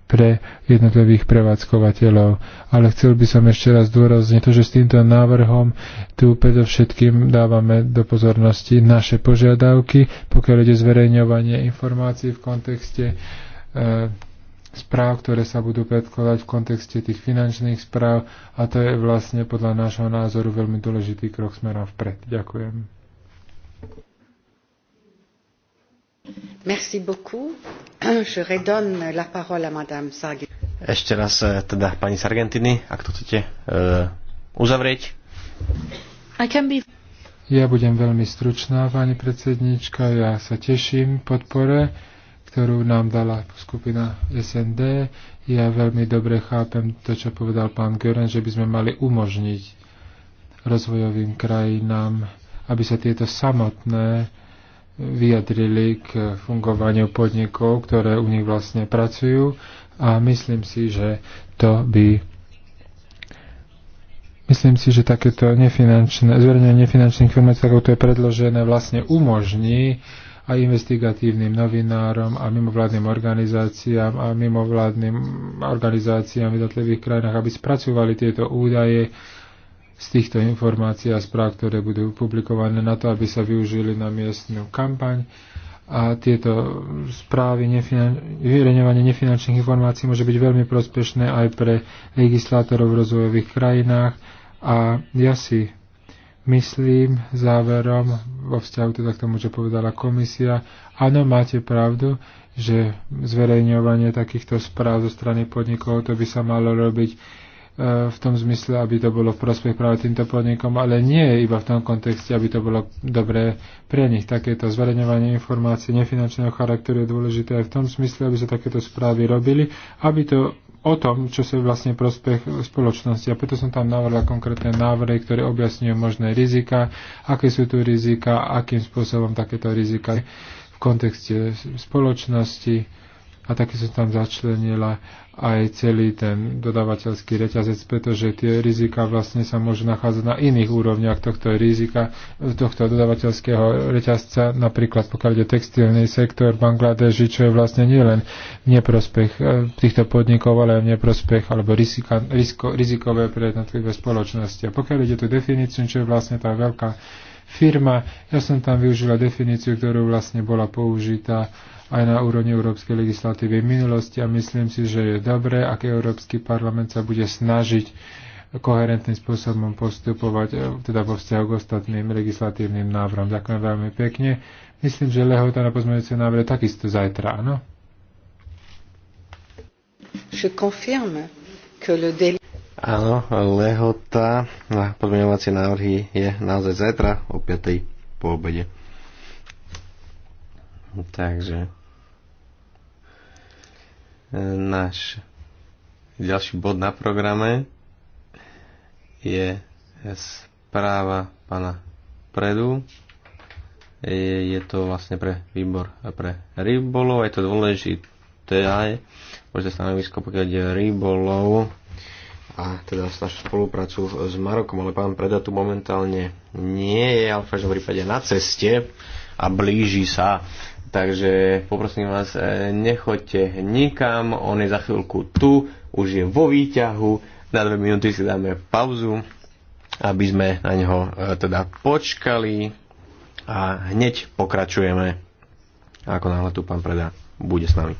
pre jednotlivých prevádzkovateľov. Ale chcel by som ešte raz dôrazniť to, že s týmto návrhom tu predovšetkým dávame do pozornosti naše požiadavky, pokiaľ ide zverejňovanie informácií v kontexte e, správ, ktoré sa budú predkladať v kontexte tých finančných správ a to je vlastne podľa nášho názoru veľmi dôležitý krok smerom vpred. Ďakujem. <clears throat> Ešte raz eh, teda pani Sargentini, ak to chcete uh, uzavrieť. I can be... Ja budem veľmi stručná, pani predsedníčka. Ja sa teším podpore, ktorú nám dala skupina SND. Ja veľmi dobre chápem to, čo povedal pán Gören, že by sme mali umožniť rozvojovým krajinám, aby sa tieto samotné vyjadrili k fungovaniu podnikov, ktoré u nich vlastne pracujú a myslím si, že to by Myslím si, že takéto nefinančné, zverejnenie nefinančných informácií, ako to je predložené, vlastne umožní aj investigatívnym novinárom a mimovládnym organizáciám a mimovládnym organizáciám v jednotlivých krajinách, aby spracovali tieto údaje z týchto informácií a správ, ktoré budú publikované na to, aby sa využili na miestnu kampaň a tieto správy nefinan- nefinančných informácií môže byť veľmi prospešné aj pre legislátorov v rozvojových krajinách a ja si myslím záverom vo vzťahu teda k tomu, čo povedala komisia, áno, máte pravdu, že zverejňovanie takýchto správ zo strany podnikov to by sa malo robiť Eh, v tom zmysle, aby to bolo v prospech práve týmto podnikom, ale nie iba v tom kontexte, aby to bolo dobré pre nich. Takéto zverejňovanie informácií nefinančného charakteru je dôležité aj v tom zmysle, aby sa takéto správy robili, aby to o tom, čo sa vlastne prospech spoločnosti. A preto som tam navrhla konkrétne návrhy, ktoré objasňujú možné rizika, aké sú tu rizika, akým spôsobom takéto rizika v kontexte spoločnosti a sa tam začlenila aj celý ten dodávateľský reťazec, pretože tie rizika vlastne sa môžu nachádzať na iných úrovniach tohto rizika, tohto dodávateľského reťazca, napríklad pokiaľ ide textilný sektor v Bangladeži, čo je vlastne nielen neprospech e, týchto podnikov, ale aj v neprospech alebo rizika, riziko, rizikové pre jednotlivé spoločnosti. A pokiaľ ide tú definíciu, čo je vlastne tá veľká firma. Ja som tam využila definíciu, ktorú vlastne bola použitá aj na úrovni európskej legislatívy v minulosti a myslím si, že je dobré, ak Európsky parlament sa bude snažiť koherentným spôsobom postupovať e, teda vo vzťahu k ostatným legislatívnym návrhom. Ďakujem veľmi pekne. Myslím, že lehota na pozmeňujúce návrhy takisto zajtra, áno? Je confirme que le délit... Áno, lehota na podmienovacie návrhy je naozaj zajtra o 5. po obede. Takže e, náš ďalší bod na programe je správa pana Predu. E, je to vlastne pre výbor pre rybolov, je to dôležité aj, Môžete stanovisko, pokiaľ ide rybolov a teda našu spoluprácu s Marokom, ale pán Preda tu momentálne nie je, ale v každom prípade na ceste a blíži sa. Takže poprosím vás, eh, nechoďte nikam, on je za chvíľku tu, už je vo výťahu, na dve minúty si dáme pauzu, aby sme na neho eh, teda počkali a hneď pokračujeme, ako náhle tu pán Preda bude s nami.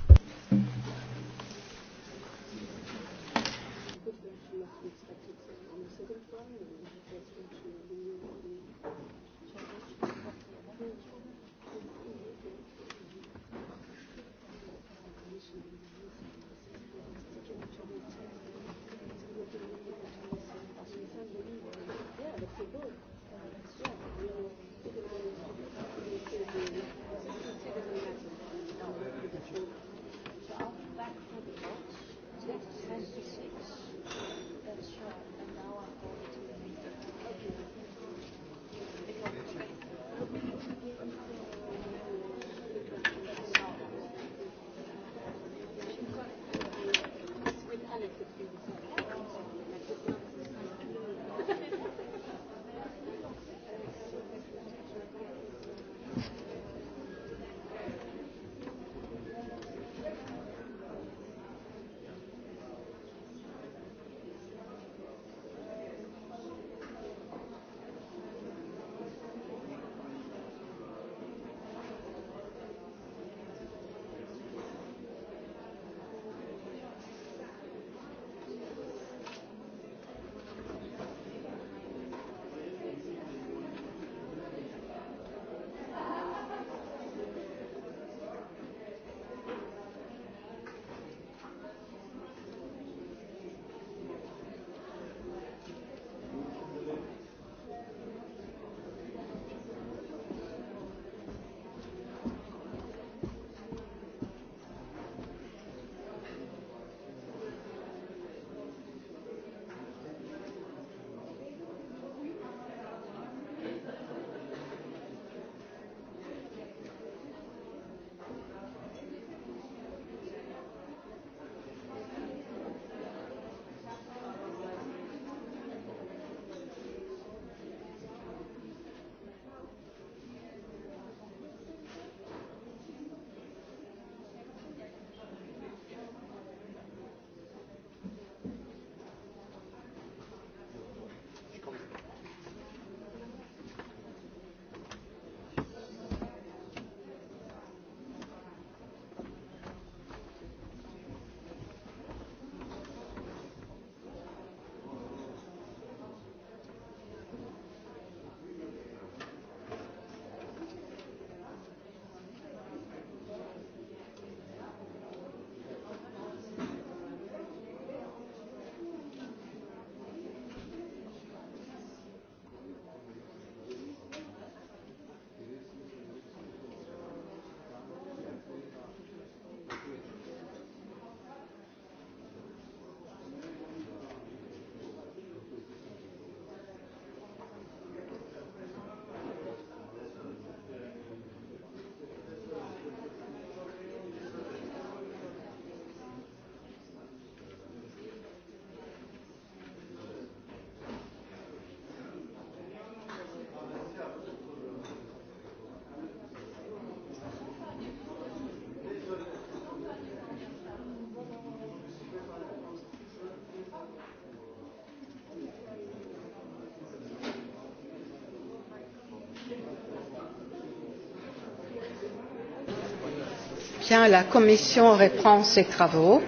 Bien, la commission reprend ses travaux.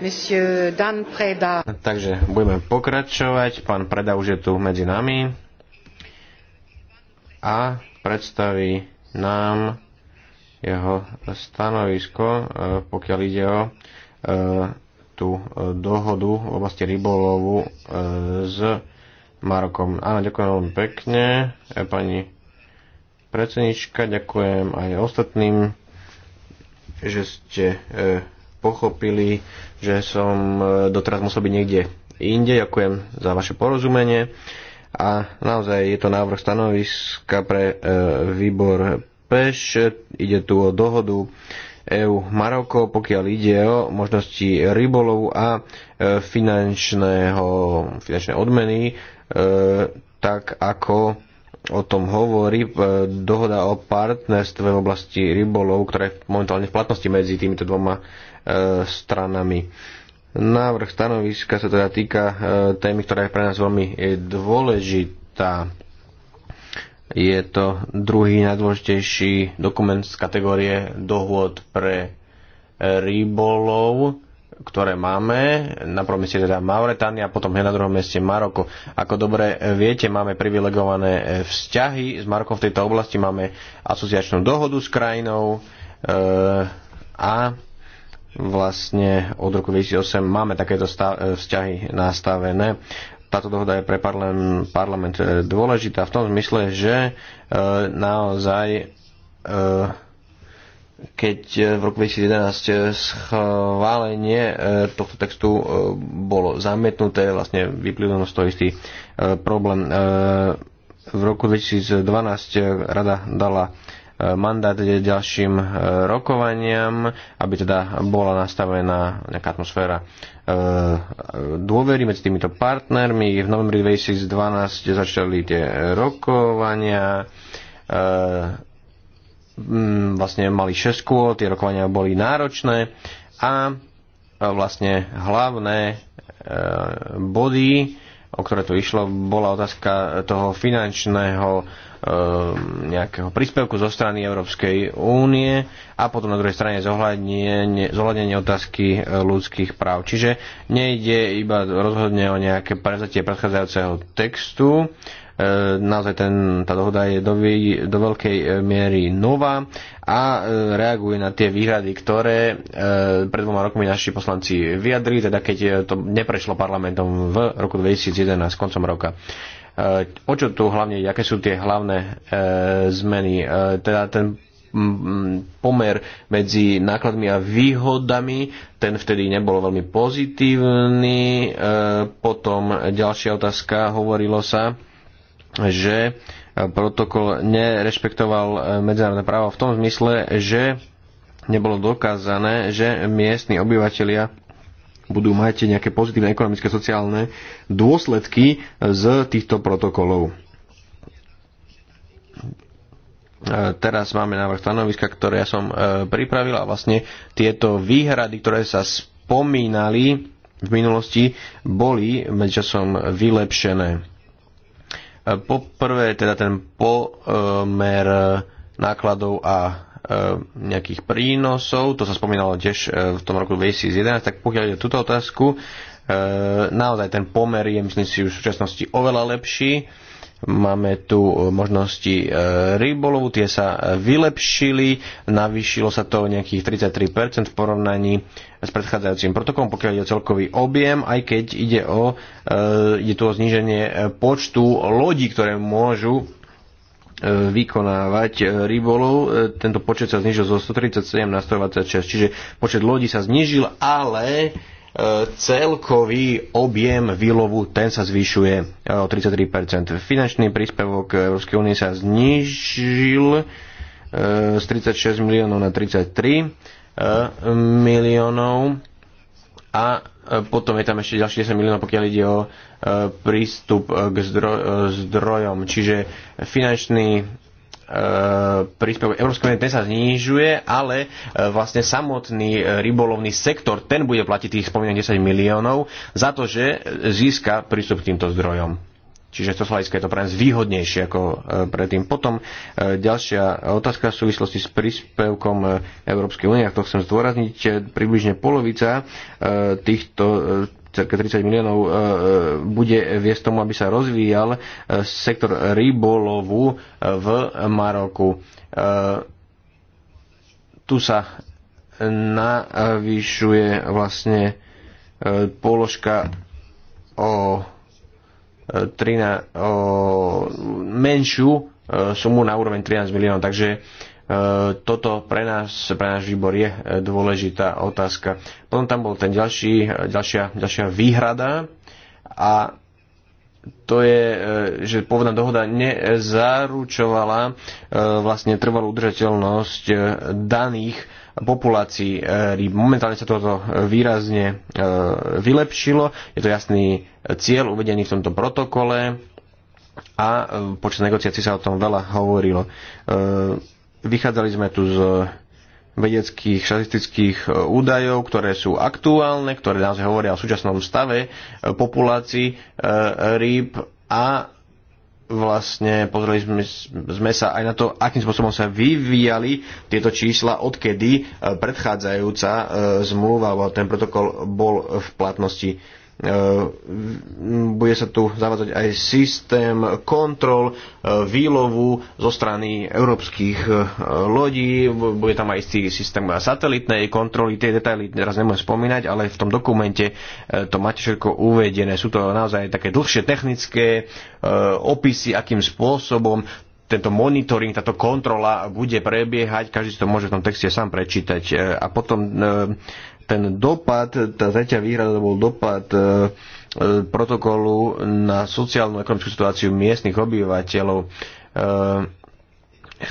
Monsieur Dan Preda. Takže budeme pokračovať. Pán Preda už je tu medzi nami a predstaví nám jeho stanovisko, e, pokiaľ ide o e, tú e, dohodu v oblasti rybolovu s Marokom. Áno, ďakujem veľmi pekne, pani predsednička, ďakujem aj ostatným že ste e, pochopili, že som e, doteraz musel byť niekde inde. Ďakujem za vaše porozumenie a naozaj je to návrh stanoviska pre e, výbor PEŠ. Ide tu o dohodu EU Maroko, pokiaľ ide o možnosti rybolovu a finančného, finančné odmeny, tak ako o tom hovorí e, dohoda o partnerstve v oblasti rybolov, ktorá je momentálne v platnosti medzi týmito dvoma e, stranami. Návrh stanoviska sa teda týka e, témy, ktorá je pre nás veľmi dôležitá. Je to druhý najdôležitejší dokument z kategórie dohôd pre rybolov ktoré máme. Na prvom mieste teda Mauretánia, potom hneď na druhom mieste Maroko. Ako dobre viete, máme privilegované vzťahy s Marokom v tejto oblasti, máme asociačnú dohodu s krajinou e, a vlastne od roku 2008 máme takéto eh, vzťahy nastavené. Táto dohoda je pre parlament, parlament eh, dôležitá v tom zmysle, že e, naozaj e, keď e, v roku 2011 e, schválenie e, tohto textu bolo zametnuté, vlastne vyplývalo z toho istý problém. V roku 2012 rada dala mandát ďalším rokovaniam, aby teda bola nastavená nejaká atmosféra dôvery medzi týmito partnermi. V novembri 2012 začali tie rokovania Mm, vlastne mali 6 kôl, tie rokovania boli náročné a vlastne hlavné e, body, o ktoré tu išlo, bola otázka toho finančného e, nejakého príspevku zo strany Európskej únie a potom na druhej strane zohľadnenie, zohľadnenie otázky e, ľudských práv. Čiže nejde iba rozhodne o nejaké prezatie predchádzajúceho textu, E, naozaj ten, tá dohoda je do, do veľkej e, miery nová a e, reaguje na tie výhrady, ktoré pred dvoma rokmi naši poslanci vyjadrili, teda keď to neprešlo parlamentom v roku 2011, koncom roka. O čo tu hlavne, aké sú tie hlavné zmeny? Teda ten pomer medzi nákladmi a výhodami, ten vtedy nebol veľmi pozitívny. Potom ďalšia otázka, hovorilo sa že protokol nerešpektoval medzinárodné právo v tom zmysle, že nebolo dokázané, že miestni obyvateľia budú mať nejaké pozitívne ekonomické, sociálne dôsledky z týchto protokolov. E, teraz máme návrh stanoviska, ktoré ja som e, pripravil a vlastne tieto výhrady, ktoré sa spomínali v minulosti, boli medzičasom vylepšené E, poprvé teda ten pomer nákladov a e, nejakých prínosov, to sa spomínalo tiež e, v tom roku 2011, tak pokiaľ ide túto otázku, naozaj ten pomer je, myslím si, už v súčasnosti oveľa lepší Máme tu e, možnosti e, rybolovu, tie sa vylepšili, navýšilo sa to o nejakých 33% v porovnaní s predchádzajúcim protokolom, pokiaľ ide o celkový objem, aj keď ide o, e, ide tu o zníženie počtu lodí, ktoré môžu vykonávať rybolov. Tento počet sa znižil zo 137 na 126, čiže počet lodí sa znižil, ale celkový objem výlovu, ten sa zvyšuje e, o 33%. Finančný príspevok Európskej únie sa znížil e, z 36 miliónov na 33 e, miliónov a potom je tam ešte ďalšie 10 miliónov, pokiaľ ide o prístup k zdrojom. Čiže finančný E, príspevok Európskej únie ten sa znižuje, ale e, vlastne samotný e, rybolovný sektor, ten bude platiť tých spomínaných 10 miliónov za to, že získa prístup k týmto zdrojom. Čiže to hľadiska je to pre nás výhodnejšie ako predtým. Potom ďalšia otázka v súvislosti s príspevkom Európskej únie, to chcem zdôrazniť, približne polovica týchto 30 miliónov e, e, bude viesť tomu, aby sa rozvíjal e, sektor rybolovu v Maroku. Tu sa navyšuje vlastne položka o, 13, o menšiu sumu na úroveň 13 miliónov. Takže toto pre nás, pre náš výbor je e, dôležitá otázka. Potom tam bol ten ďalší, e, ďalšia, ďalšia výhrada a to je, e, že pôvodná dohoda nezaručovala vlastne trvalú udržateľnosť daných populácií rýb. Momentálne sa toto výrazne vylepšilo, je to jasný cieľ uvedený v tomto protokole a počas negociácií sa o tom veľa hovorilo Vychádzali sme tu z eh, vedeckých, štatistických eh, údajov, ktoré sú aktuálne, ktoré nás hovoria o súčasnom stave eh, populácií rýb a vlastne pozreli sme, sme sa aj na to, akým spôsobom sa vyvíjali tieto čísla, odkedy predchádzajúca zmluva alebo ten protokol bol v platnosti. E, bude sa tu zavádzať aj systém kontrol e, výlovu zo strany európskych e, lodí, bude tam aj istý systém satelitnej kontroly, tie detaily teraz nemôžem spomínať, ale v tom dokumente to máte všetko uvedené. Sú to naozaj také dlhšie technické opisy, akým spôsobom tento monitoring, táto kontrola bude prebiehať, každý si to môže v tom texte sám prečítať. A potom ten dopad, tá tretia výhrada bol dopad e, e protokolu na sociálnu ekonomickú situáciu miestnych obyvateľov. E,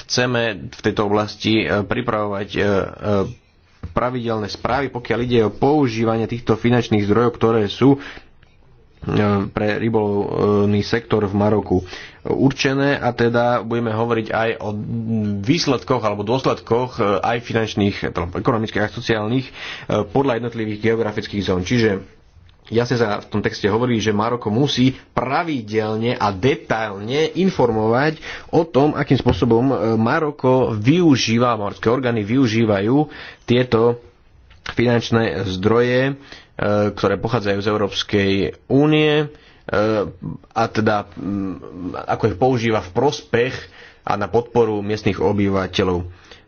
chceme v tejto oblasti e, pripravovať pravidelné správy, pokiaľ ide o používanie týchto finančných zdrojov, ktoré sú pre rybolovný sektor v Maroku určené a teda budeme hovoriť aj o výsledkoch alebo dôsledkoch e, aj finančných, e, teda ekonomických a sociálnych e, podľa jednotlivých geografických zón. Čiže jasne sa v tom texte hovorí, že Maroko musí pravidelne a detailne informovať o tom, akým spôsobom Maroko využíva, morské orgány využívajú tieto finančné zdroje, ktoré pochádzajú z Európskej únie a teda mm, ako ich používa v prospech a na podporu miestnych obyvateľov.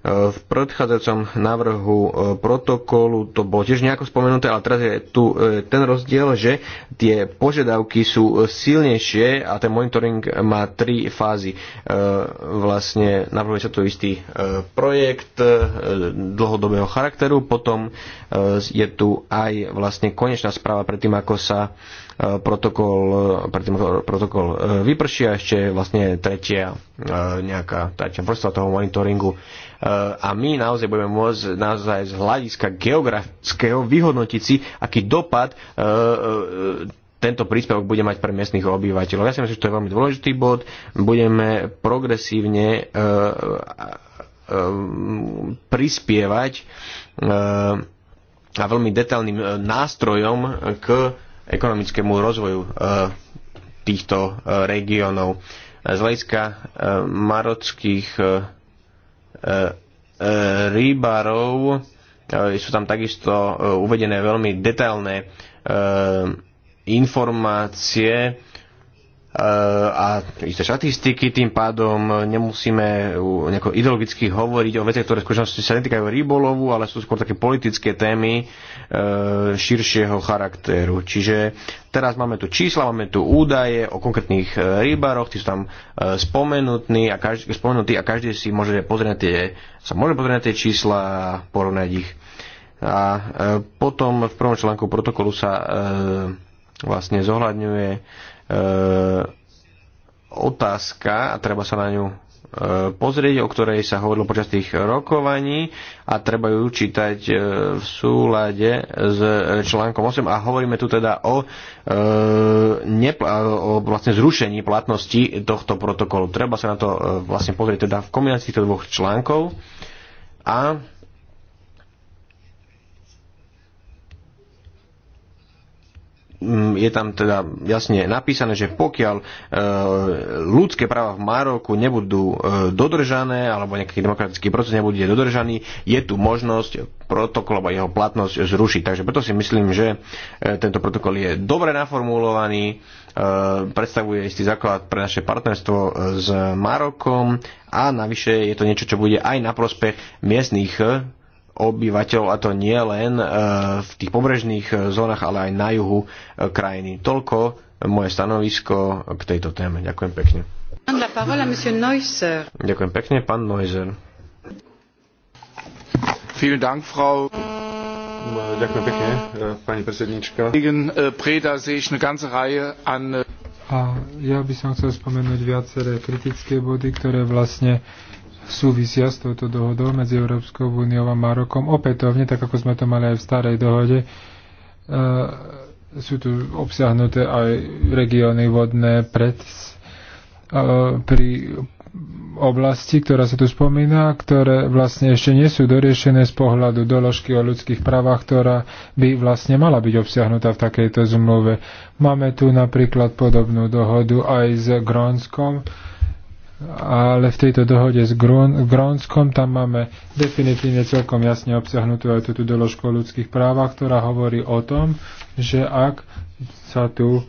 V predchádzajúcom návrhu e, protokolu to bolo tiež nejako spomenuté, ale teraz je tu e, ten rozdiel, že tie požiadavky sú silnejšie a ten monitoring má tri fázy. E, vlastne navrhuje sa tu istý projekt dlhodobého charakteru, potom je tu aj vlastne konečná správa pred tým, ako sa protokol, predtým protokol vyprší a ešte vlastne tretia nejaká tretia vrstva toho monitoringu Eh, a my naozaj budeme môcť naozaj z hľadiska geografického vyhodnotiť si, aký dopad eh, eh, tento príspevok bude mať pre miestnych obyvateľov. Ja si myslím, že to je veľmi dôležitý bod. Budeme progresívne prispievať a veľmi detailným nástrojom k ekonomickému rozvoju týchto regiónov. Z hľadiska marockých E, e, rýbarov, e, Sú tam takisto uvedené veľmi detailné informácie a isté štatistiky, tým pádom nemusíme nejako ideologicky hovoriť o veciach, ktoré v skutočnosti sa netýkajú rybolovu, ale sú skôr také politické témy e, širšieho charakteru. Čiže teraz máme tu čísla, máme tu údaje o konkrétnych e, rybároch, tí sú tam e, spomenutí a každý, spomenutí a každý si môže pozrieť tie, sa môže pozrieť na tie čísla a porovnať ich. A potom v prvom článku protokolu sa vlastne zohľadňuje E, otázka a treba sa na ňu e, pozrieť, o ktorej sa hovorilo počas tých rokovaní a treba ju čítať e, v súlade s článkom 8 a hovoríme tu teda o, o vlastne zrušení platnosti tohto protokolu. Treba sa na to vlastne pozrieť teda v kombinácii týchto dvoch článkov a Mm, je tam teda jasne napísané, že pokiaľ e, ľudské práva v Maroku nebudú e, dodržané, alebo nejaký demokratický proces nebude dodržaný, je tu možnosť protokol alebo jeho platnosť zrušiť. Takže preto si myslím, že e, tento protokol je dobre naformulovaný, predstavuje istý základ pre naše partnerstvo s Marokom a navyše je to niečo, čo bude aj na prospech miestných obyvateľov a to nie len e, v tých pobrežných e, zónach, ale aj na juhu e, krajiny. Toľko moje stanovisko k tejto téme. Ďakujem pekne. Ďakujem pekne, pán Neuser. Vielen Dank, Frau Ďakujem pekne, pani predsednička. Gegen Preda sehe ich eine ganze Reihe an... A ja by som chcel spomenúť viaceré kritické body, ktoré vlastne súvisia s touto dohodou medzi Európskou úniou a Marokom. Opätovne, tak ako sme to mali aj v starej dohode, e, sú tu obsiahnuté aj regióny vodné pred, e, pri oblasti, ktorá sa tu spomína, ktoré vlastne ešte nie sú doriešené z pohľadu doložky o ľudských právach, ktorá by vlastne mala byť obsiahnutá v takejto zmluve. Máme tu napríklad podobnú dohodu aj s Grónskom, ale v tejto dohode s Grónskom tam máme definitívne celkom jasne obsiahnutú aj túto doložku o ľudských právach, ktorá hovorí o tom, že ak sa tu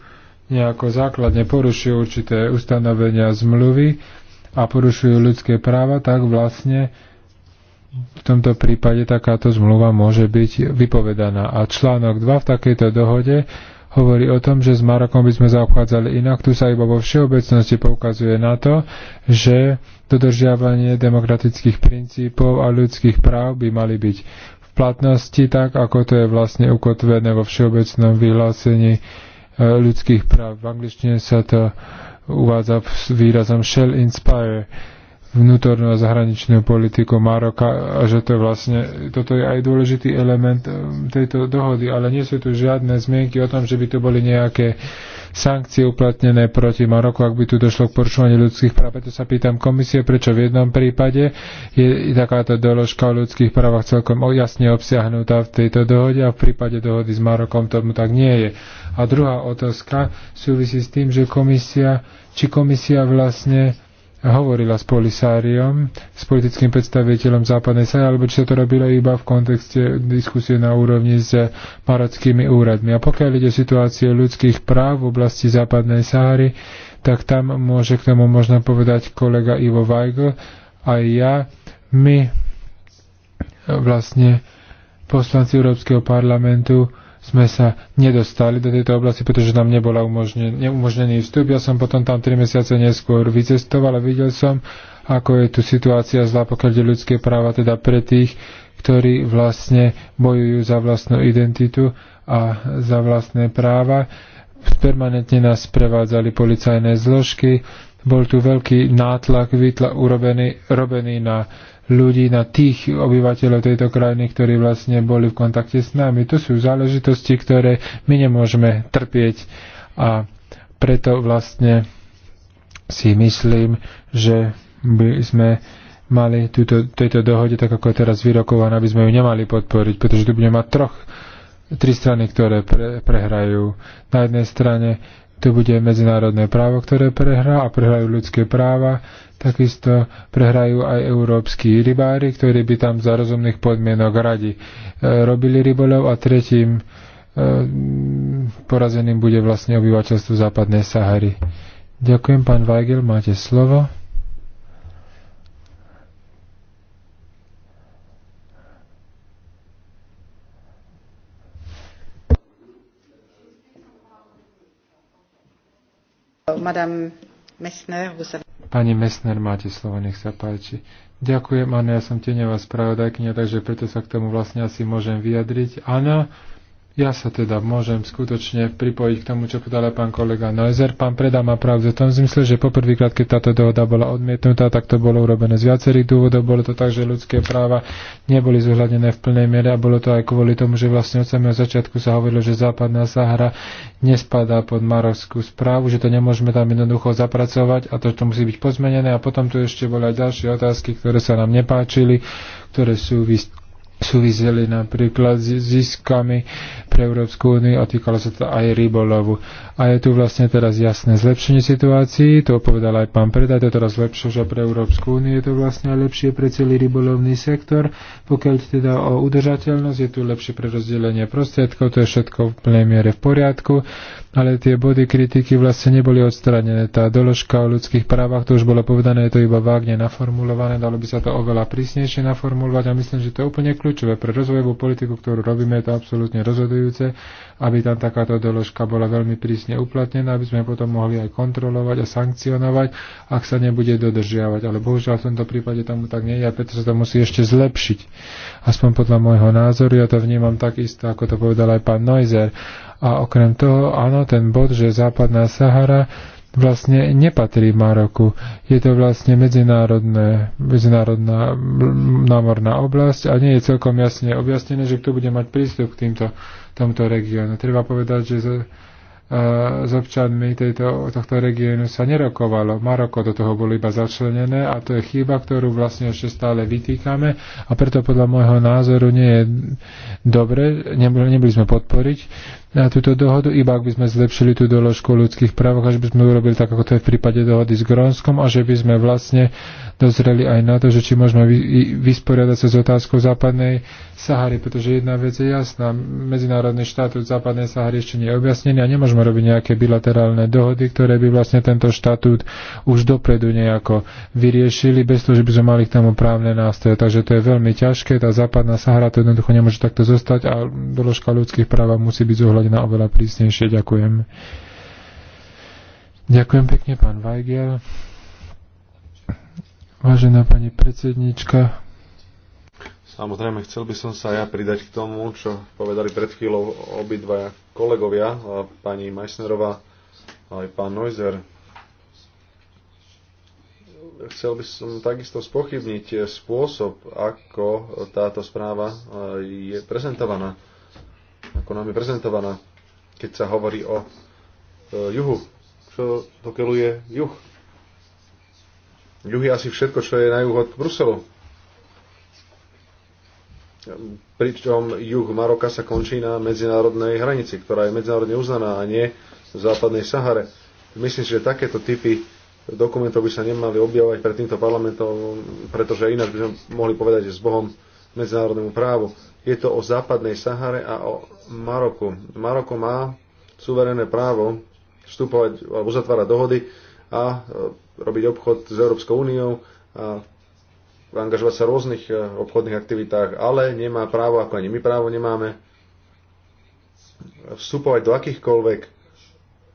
nejako základne porušujú určité ustanovenia zmluvy a porušujú ľudské práva, tak vlastne v tomto prípade takáto zmluva môže byť vypovedaná. A článok 2 v takejto dohode hovorí o tom, že s Marokom by sme zaobchádzali inak. Tu sa iba vo všeobecnosti poukazuje na to, že dodržiavanie demokratických princípov a ľudských práv by mali byť v platnosti tak, ako to je vlastne ukotvené vo všeobecnom vyhlásení e, ľudských práv. V angličtine sa to uvádza výrazom Shell inspire vnútornú a zahraničnú politiku Maroka a že to vlastne, toto je aj dôležitý element um, tejto dohody, ale nie sú tu žiadne zmienky o tom, že by tu boli nejaké sankcie uplatnené proti Maroku, ak by tu došlo k porušovaniu ľudských práv. Preto sa pýtam komisie, prečo v jednom prípade je takáto doložka o ľudských právach celkom jasne obsiahnutá v tejto dohode a v prípade dohody s Marokom tomu tak nie je. A druhá otázka súvisí s tým, že komisia, či komisia vlastne hovorila s polisáriom, s politickým predstaviteľom západnej sa, alebo či sa to robilo iba v kontexte diskusie na úrovni s marockými úradmi. A pokiaľ ide o situácie ľudských práv v oblasti západnej Sahary, tak tam môže k tomu možno povedať kolega Ivo Weigl a ja. My vlastne poslanci Európskeho parlamentu sme sa nedostali do tejto oblasti, pretože nám nebola umožnený, neumožnený vstup. Ja som potom tam 3 mesiace neskôr vycestoval a videl som, ako je tu situácia zlá, pokiaľ je ľudské práva, teda pre tých, ktorí vlastne bojujú za vlastnú identitu a za vlastné práva. Permanentne nás prevádzali policajné zložky, bol tu veľký nátlak, výtla urobený robený na ľudí, na tých obyvateľov tejto krajiny, ktorí vlastne boli v kontakte s nami. To sú záležitosti, ktoré my nemôžeme trpieť a preto vlastne si myslím, že by sme mali túto, tejto dohode, tak ako je teraz vyrokovaná, aby sme ju nemali podporiť, pretože tu budeme mať troch, tri strany, ktoré pre, prehrajú. Na jednej strane tu bude medzinárodné právo, ktoré prehrá a prehrajú ľudské práva, takisto prehrajú aj európsky rybári, ktorí by tam za rozumných podmienok radi e, robili rybolov a tretím e, porazeným bude vlastne obyvateľstvo západnej Sahary. Ďakujem, pán Weigel, máte slovo. Pani Messner, máte slovo, nech sa páči. Ďakujem, Anna, ja som tieňová spravodajkynia, takže preto sa k tomu vlastne asi môžem vyjadriť. Áno, ja sa teda môžem skutočne pripojiť k tomu, čo povedal pán kolega Neuser. Pán Preda má pravdu v tom zmysle, že poprvýkrát, keď táto dohoda bola odmietnutá, tak to bolo urobené z viacerých dôvodov. Bolo to tak, že ľudské práva neboli zohľadené v plnej miere a bolo to aj kvôli tomu, že vlastne od samého začiatku sa hovorilo, že západná Sahara nespadá pod Marovskú správu, že to nemôžeme tam jednoducho zapracovať a to, to musí byť pozmenené. A potom tu ešte boli aj ďalšie otázky, ktoré sa nám nepáčili, ktoré sú súviseli napríklad s ziskami pre Európsku úniu a týkalo sa to aj rybolovu. A je tu vlastne teraz jasné zlepšenie situácií, to povedal aj pán Preda, to teraz lepšie, že pre Európsku úniu je to vlastne lepšie pre celý rybolovný sektor. Pokiaľ teda o udržateľnosť, je tu lepšie pre rozdelenie prostriedkov, to je všetko v plnej miere v poriadku ale tie body kritiky vlastne neboli odstranené. Tá doložka o ľudských právach, to už bolo povedané, je to iba vágne naformulované, dalo by sa to oveľa prísnejšie naformulovať a myslím, že to je úplne kľúčové pre rozvojovú politiku, ktorú robíme, je to absolútne rozhodujúce, aby tam takáto doložka bola veľmi prísne uplatnená, aby sme potom mohli aj kontrolovať a sankcionovať, ak sa nebude dodržiavať. Ale bohužiaľ v tomto prípade tomu tak nie je a preto sa to musí ešte zlepšiť. Aspoň podľa môjho názoru, ja to vnímam takisto, ako to povedal aj pán Neuser. A okrem toho, áno, áno, ten bod, že západná Sahara vlastne nepatrí Maroku. Je to vlastne medzinárodné, medzinárodná námorná oblasť a nie je celkom jasne objasnené, že kto bude mať prístup k týmto, tomto regiónu. Treba povedať, že s občanmi tejto, tohto regiónu sa nerokovalo. Maroko do toho bolo iba začlenené a to je chyba, ktorú vlastne ešte stále vytýkame a preto podľa môjho názoru nie je dobre, nebyli neboli sme podporiť na túto dohodu, iba ak by sme zlepšili tú doložku o ľudských právoch, až by sme urobili tak, ako to je v prípade dohody s Grónskom a že by sme vlastne dozreli aj na to, že či môžeme vysporiadať sa s otázkou západnej Sahary, pretože jedna vec je jasná, medzinárodný štatút západnej Sahary ešte nie je objasnený a nemôžeme robiť nejaké bilaterálne dohody, ktoré by vlastne tento štatút už dopredu nejako vyriešili, bez toho, že by sme mali k tomu právne nástroje. Takže to je veľmi ťažké, tá západná Sahara to jednoducho nemôže takto zostať a doložka ľudských práv musí byť zohľadná reagovať na oveľa prísnejšie. Ďakujem. Ďakujem pekne, pán Weigel. Vážená pani predsednička. Samozrejme, chcel by som sa ja pridať k tomu, čo povedali pred chvíľou obidvaja kolegovia, pani Meissnerová a aj pán Neuser. Chcel by som takisto spochybniť spôsob, ako táto správa e, je prezentovaná ako nám je prezentovaná, keď sa hovorí o e, juhu. Čo dokeluje juh? Juh je asi všetko, čo je na juh od Bruselu. Pričom juh Maroka sa končí na medzinárodnej hranici, ktorá je medzinárodne uznaná a nie v západnej Sahare. Myslím si, že takéto typy dokumentov by sa nemali objavovať pred týmto parlamentom, pretože ináč by sme mohli povedať, že s Bohom medzinárodnému právu. Je to o západnej Sahare a o Maroku. Maroko má suverénne právo vstupovať alebo uzatvárať dohody a e, robiť obchod s Európskou úniou a angažovať sa v rôznych e, obchodných aktivitách, ale nemá právo, ako ani my právo nemáme, vstupovať do akýchkoľvek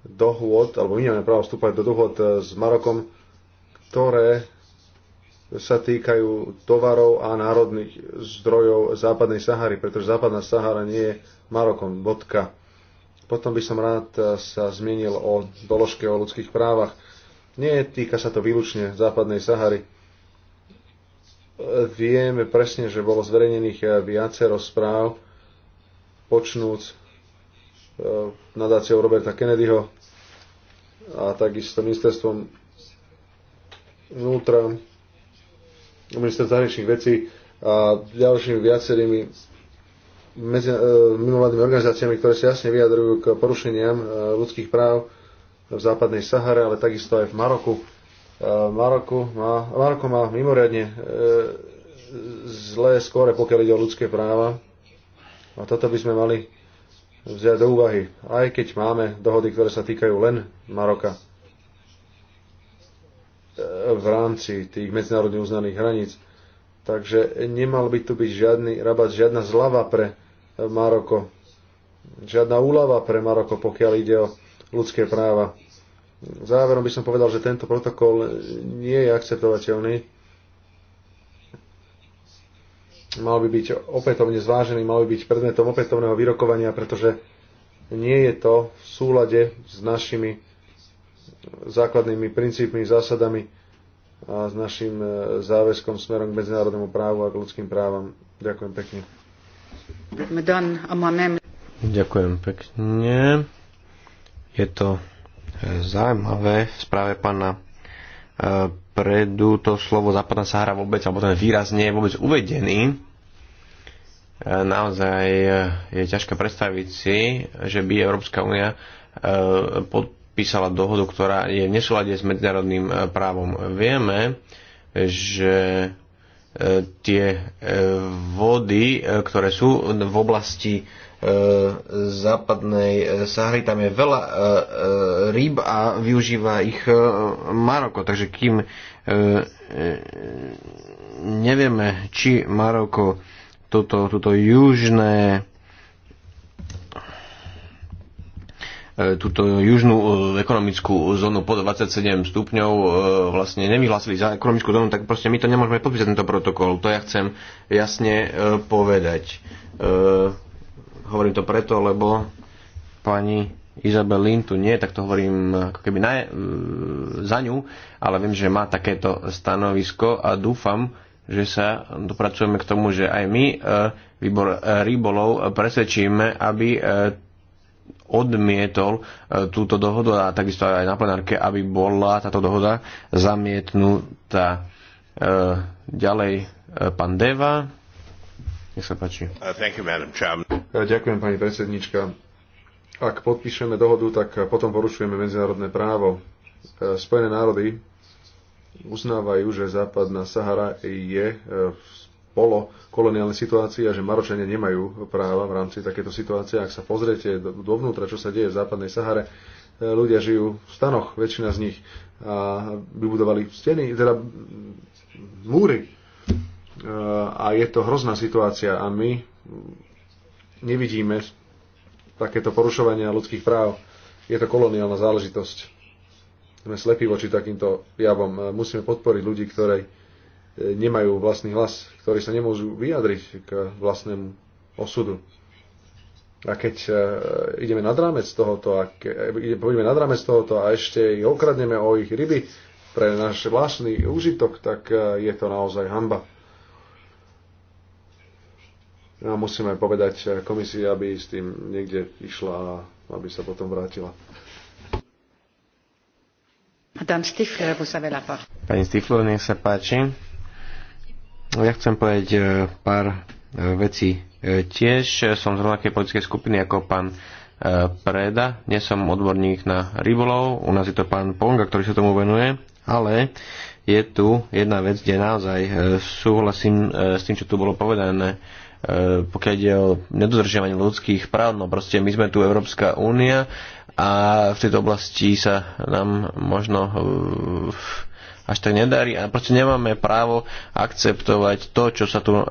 dohôd, alebo my nemáme právo vstupovať do dohôd e, s Marokom, ktoré sa týkajú tovarov a národných zdrojov západnej Sahary, pretože západná Sahara nie je Marokom, bodka. Potom by som rád sa zmienil o doložke o ľudských právach. Nie týka sa to výlučne západnej Sahary. Vieme presne, že bolo zverejnených viacero správ, počnúc eh, nadáciou Roberta Kennedyho a takisto ministerstvom vnútra minister zahraničných vecí a ďalšími viacerými medzi, e, mimovládnymi organizáciami, ktoré sa jasne vyjadrujú k porušeniam e, ľudských práv v západnej Sahare, ale takisto aj v Maroku. E, Maroku má, Maroko má mimoriadne e, zlé skóre, pokiaľ ide o ľudské práva. A toto by sme mali vziať do úvahy, aj keď máme dohody, ktoré sa týkajú len Maroka v rámci tých medzinárodne uznaných hraníc. Takže nemal by tu byť žiadny rabat, žiadna zlava pre Maroko, žiadna úlava pre Maroko, pokiaľ ide o ľudské práva. Záverom by som povedal, že tento protokol nie je akceptovateľný. Mal by byť opätovne zvážený, mal by byť predmetom opätovného vyrokovania, pretože nie je to v súlade s našimi základnými princípmi, zásadami a s našim e, záväzkom smerom k medzinárodnému právu a k ľudským právam. Ďakujem pekne. Ďakujem pekne. Je to e, zaujímavé v správe pána e, predu to slovo západná Sahara vôbec, alebo ten výraz nie je vôbec uvedený. Naozaj je ťažké predstaviť si, že by Európska únia pod podpísala dohodu, ktorá je v nesúlade s medzinárodným e, právom. Vieme, že e, tie e, vody, ktoré sú v oblasti západnej Sahary, tam je veľa rýb a využíva ich Maroko. Takže kým nevieme, či Maroko toto, toto južné E, túto južnú e, ekonomickú zónu pod 27 stupňov e, vlastne nevyhlásili za ekonomickú zónu, tak proste my to nemôžeme podpísať tento protokol. To ja chcem jasne povedať. Hovorím to preto, lebo pani Izabel Lin tu nie, tak to hovorím ako keby na, za ňu, ale viem, že má takéto stanovisko a dúfam, že sa dopracujeme k tomu, že aj my výbor rybolov presvedčíme, aby odmietol e, túto dohodu a takisto aj na plenárke, aby bola táto dohoda zamietnutá. E, ďalej e, pán Deva. Nech sa páči. Uh, ďakujem, pani predsednička. Ak podpíšeme dohodu, tak potom porušujeme medzinárodné právo. Spojené národy uznávajú, že západná Sahara je v polokoloniálnej situácii a že Maročania nemajú práva v rámci takéto situácie. Ak sa pozriete dovnútra, čo sa deje v západnej Sahare, e, ľudia žijú v stanoch, väčšina z nich, a vybudovali steny, teda múry. E, a je to hrozná situácia a my nevidíme takéto porušovania ľudských práv. Je to koloniálna záležitosť. Sme slepí voči takýmto javom. E, musíme podporiť ľudí, ktorí nemajú vlastný hlas, ktorí sa nemôžu vyjadriť k vlastnému osudu. A keď e, ideme nad rámec tohoto a ke, pôjdeme nad rámec tohoto a ešte ich okradneme o ich ryby pre náš vlastný úžitok, tak e, je to naozaj hamba. A musíme povedať e, komisii, aby s tým niekde išla a aby sa potom vrátila. Pani Stifler, nech sa páči. No, ja chcem povedať e, pár e, vecí. E, tiež som z rovnakej politickej skupiny ako pán Preda. Nie som odborník na rybolov, u nás je to pán Ponga, ktorý sa tomu venuje, ale je tu jedna vec, kde naozaj súhlasím s tým, čo tu bolo povedané pokiaľ ide o nedodržiavanie ľudských práv, no proste my sme tu Európska únia a v tejto oblasti sa nám možno až tak nedarí a proste nemáme právo akceptovať to, čo sa tu e,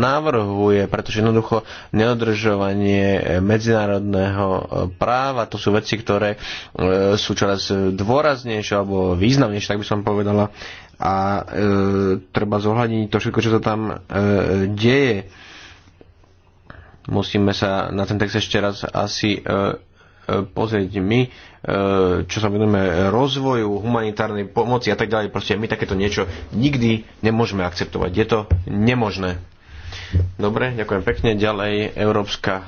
navrhuje, pretože jednoducho neodržovanie e, medzinárodného e, práva, to sú veci, ktoré sú čoraz dôraznejšie alebo významnejšie, tak by som povedala, a e, treba zohľadniť to všetko, čo sa tam e, deje. Musíme sa na ten text ešte raz asi e, pozrieť my, e, čo sa venujeme rozvoju, humanitárnej pomoci a tak ďalej. Proste my takéto niečo nikdy nemôžeme akceptovať. Je to nemožné. Dobre, ďakujem pekne. Ďalej Európska e,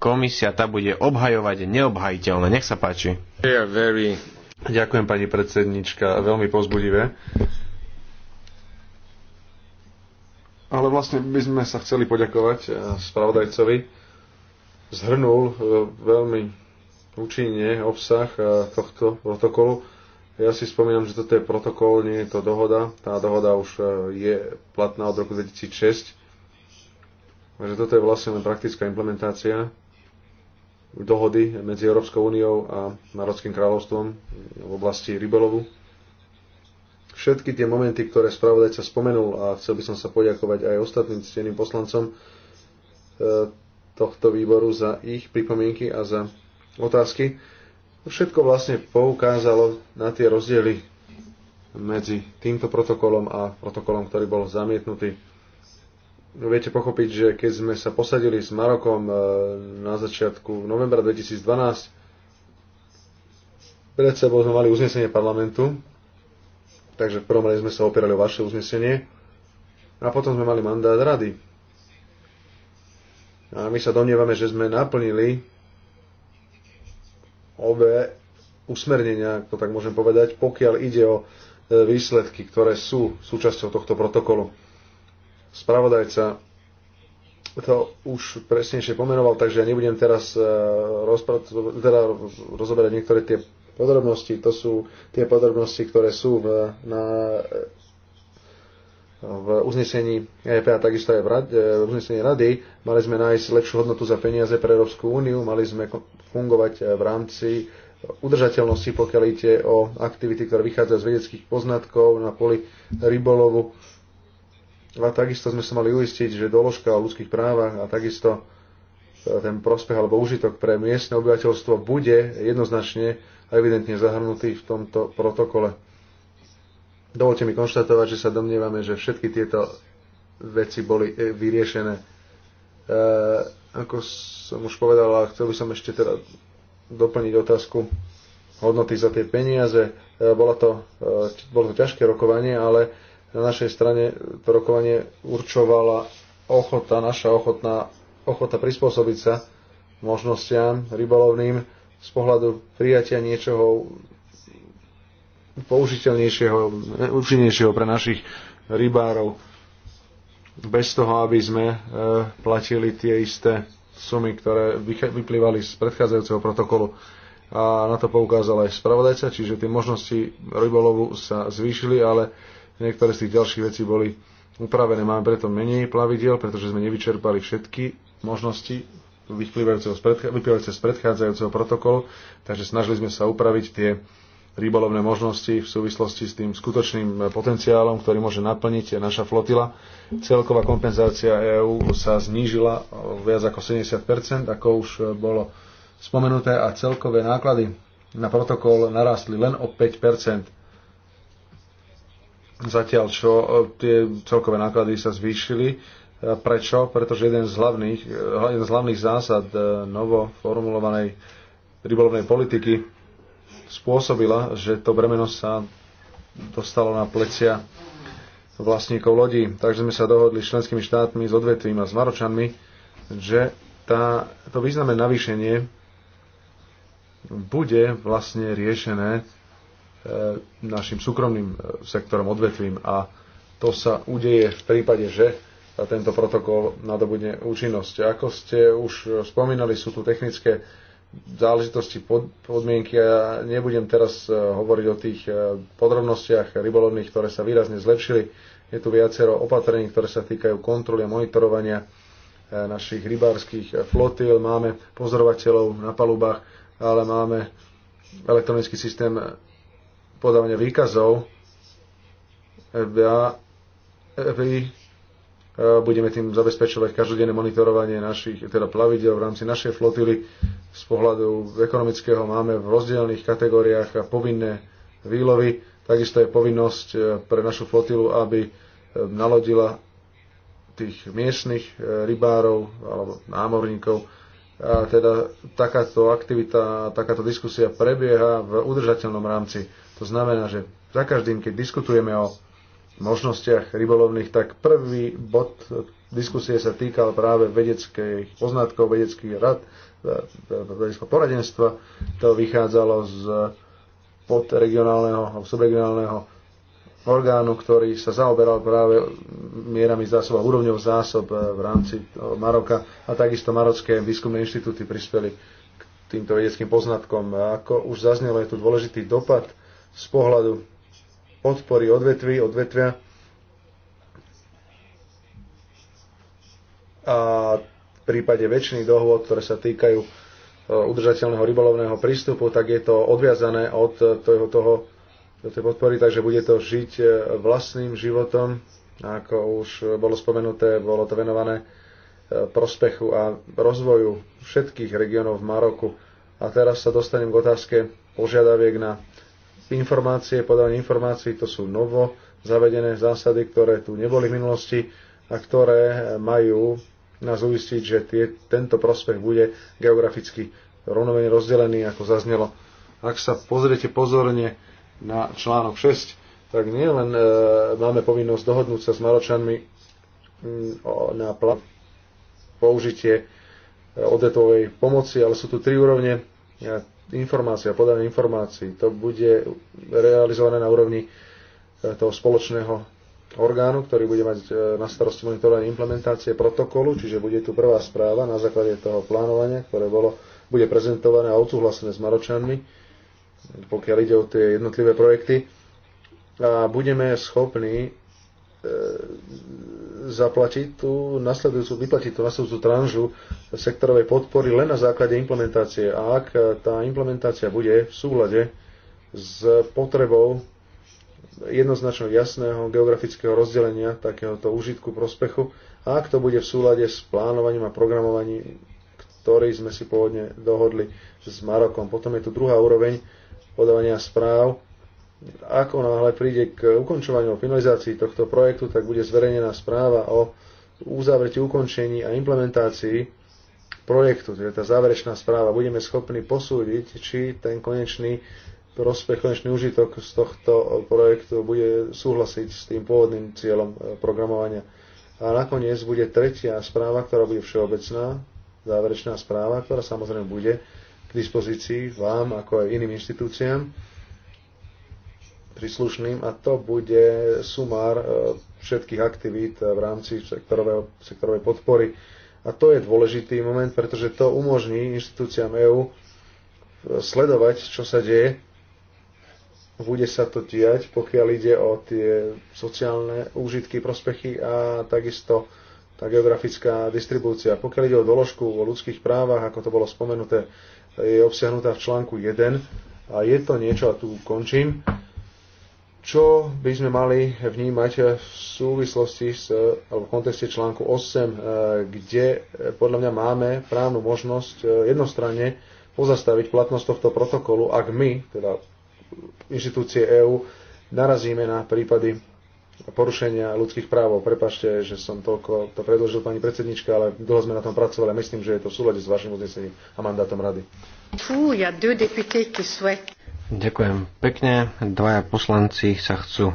komisia, tá bude obhajovať neobhajiteľné. Nech sa páči. Very... Ďakujem pani predsednička, veľmi pozbudivé. Ale vlastne by sme sa chceli poďakovať e, spravodajcovi. Zhrnul veľmi účinne obsah e, tohto protokolu. Ja si spomínam, že toto je protokol, nie je to dohoda. Tá dohoda už e, je platná od roku 2006. Takže toto je vlastne len praktická implementácia dohody medzi Európskou úniou a Národským kráľovstvom v oblasti rybolovu. Všetky tie momenty, ktoré spravodajca spomenul a chcel by som sa poďakovať aj ostatným steným poslancom e, tohto výboru za ich pripomienky a za otázky, všetko vlastne poukázalo na tie rozdiely medzi týmto protokolom a protokolom, ktorý bol zamietnutý. Viete pochopiť, že keď sme sa posadili s Marokom e, na začiatku novembra 2012, pred sebou sme mali uznesenie parlamentu, takže v prvom rade sme sa opierali o vaše uznesenie a potom sme mali mandát rady. A my sa domnievame, že sme naplnili obe usmernenia, ako tak môžem povedať, pokiaľ ide o e, výsledky, ktoré sú súčasťou tohto protokolu. Spravodajca to už presnejšie pomenoval, takže ja nebudem teraz e, teda rozoberať niektoré tie podrobnosti. To sú tie podrobnosti, ktoré sú v, na v uznesení EP a takisto aj v, rad, e, v uznesení rady mali sme nájsť lepšiu hodnotu za peniaze pre Európsku úniu, mali sme fungovať e, v rámci udržateľnosti, pokiaľ ide o aktivity, ktoré vychádzajú z vedeckých poznatkov na poli rybolovu. A takisto sme sa mali uistiť, že doložka o ľudských právach a takisto e, ten prospech alebo užitok pre miestne obyvateľstvo bude jednoznačne a evidentne zahrnutý v tomto protokole. Dovolte mi konštatovať, že sa domnievame, že všetky tieto veci boli e, vyriešené. E, ako som už povedal, a chcel by som ešte teda doplniť otázku hodnoty za tie peniaze. E, bolo, to, e, bolo to ťažké rokovanie, ale na našej strane to rokovanie určovala ochota, naša ochotná, ochota prispôsobiť sa možnostiam rybolovným z pohľadu prijatia niečoho použiteľnejšieho, účinnejšieho pre našich rybárov bez toho, aby sme e, platili tie isté sumy, ktoré vyplývali z predchádzajúceho protokolu. A na to poukázal aj spravodajca, čiže tie možnosti rybolovu sa zvýšili, ale niektoré z tých ďalších vecí boli upravené. Máme preto menej plavidiel, pretože sme nevyčerpali všetky možnosti vyplývajúce z predchádzajúceho protokolu, takže snažili sme sa upraviť tie rybolovné možnosti v súvislosti s tým skutočným e, potenciálom, ktorý môže naplniť naša flotila. Celková kompenzácia EÚ sa znížila viac ako 70 ako už e, bolo spomenuté, a celkové náklady na protokol narastli len o 5 Zatiaľ čo e, tie celkové náklady sa zvýšili. Prečo? Pretože jeden z hlavných, jeden z hlavných zásad novo formulovanej rybolovnej politiky spôsobila, že to bremeno sa dostalo na plecia vlastníkov lodí. Takže sme sa dohodli s členskými štátmi, s odvetvím a s Maročanmi, že tá, to významné navýšenie bude vlastne riešené e, našim súkromným e, sektorom, odvetvím a to sa udeje v prípade, že tento protokol nadobudne účinnosť. Ako ste už e, spomínali, sú tu technické záležitosti pod, podmienky a ja nebudem teraz e, hovoriť o tých e, podrobnostiach rybolovných, ktoré sa výrazne zlepšili. Je tu viacero opatrení, ktoré sa týkajú kontroly a monitorovania e, našich rybárskych flotil. Máme pozorovateľov na palubách, ale máme elektronický systém podávania výkazov FBA, FBI, E, budeme tým zabezpečovať každodenné monitorovanie našich teda plavidel v rámci našej flotily. Z pohľadu ekonomického máme v rozdielných kategóriách povinné výlovy, takisto je povinnosť e, pre našu flotilu, aby e, nalodila tých miestnych rybárov alebo námorníkov. A teda takáto aktivita, takáto diskusia prebieha v udržateľnom rámci. To znamená, že za každým, keď diskutujeme o možnostiach rybolovných, tak prvý bod diskusie sa týkal práve vedeckej poznatkov, vedeckých rad, vedeckého poradenstva. To vychádzalo z podregionálneho alebo subregionálneho orgánu, ktorý sa zaoberal práve mierami zásob a úrovňou zásob v rámci Maroka a takisto marocké výskumné inštitúty prispeli k týmto vedeckým poznatkom. A ako už zaznelo, je tu dôležitý dopad z pohľadu podpory odvetví, odvetvia. A v prípade väčšiny dohôd, ktoré sa týkajú e, udržateľného rybolovného prístupu, tak je to odviazané od toho, toho do tej podpory, takže bude to žiť e, vlastným životom, ako už bolo spomenuté, bolo to venované e, prospechu a rozvoju všetkých regiónov v Maroku. A teraz sa dostanem k otázke požiadaviek na informácie, podávanie informácií, to sú novo zavedené zásady, ktoré tu neboli v minulosti a ktoré majú nás uistiť, že tie, tento prospech bude geograficky rovnomene rozdelený, ako zaznelo. Ak sa pozriete pozorne na článok 6, tak nielen e, máme povinnosť dohodnúť sa s Maročanmi mm, o, na plán použitie odetovej odvetovej pomoci, ale sú tu tri úrovne. Ja informácia, podanie informácií, to bude realizované na úrovni e, toho spoločného orgánu, ktorý bude mať e, na starosti monitorovanie implementácie protokolu, čiže bude tu prvá správa na základe toho plánovania, ktoré bolo, bude prezentované a odsúhlasené s Maročanmi, pokiaľ ide o tie jednotlivé projekty. A budeme schopní E, zaplatiť tú nasledujúcu, vyplatiť tú nasledujúcu tranžu sektorovej podpory len na základe implementácie. A ak tá implementácia bude v súlade s potrebou jednoznačne jasného geografického rozdelenia takéhoto užitku prospechu a ak to bude v súlade s plánovaním a programovaním, ktorý sme si pôvodne dohodli s Marokom. Potom je tu druhá úroveň podávania správ, ako náhle príde k ukončovaniu a finalizácii tohto projektu, tak bude zverejnená správa o uzavretí, ukončení a implementácii projektu, teda tá záverečná správa. Budeme schopní posúdiť, či ten konečný prospech, konečný užitok z tohto projektu bude súhlasiť s tým pôvodným cieľom e, programovania. A nakoniec bude tretia správa, ktorá bude všeobecná, záverečná správa, ktorá samozrejme bude k dispozícii vám ako aj iným inštitúciám príslušným a to bude sumár e, všetkých aktivít v rámci sektorovej podpory. A to je dôležitý moment, pretože to umožní inštitúciám EÚ e, sledovať, čo sa deje. Bude sa to diať, pokiaľ ide o tie sociálne úžitky, prospechy a takisto tá geografická distribúcia. Pokiaľ ide o doložku o ľudských právach, ako to bolo spomenuté, je obsiahnutá v článku 1 a je to niečo, a tu končím, čo by sme mali vnímať v súvislosti s, alebo v kontexte článku 8, eh, kde eh, podľa mňa máme právnu možnosť eh, jednostranne pozastaviť platnosť tohto protokolu, ak my, teda inštitúcie EÚ, narazíme na prípady porušenia ľudských právov. Prepašte, že som toľko to predložil pani predsednička, ale dlho sme na tom pracovali. Myslím, že je to v súlade s vašim uznesením a mandátom rady. Fú, ja deux députés qui souhaitent Ďakujem pekne. Dvaja poslanci sa chcú e,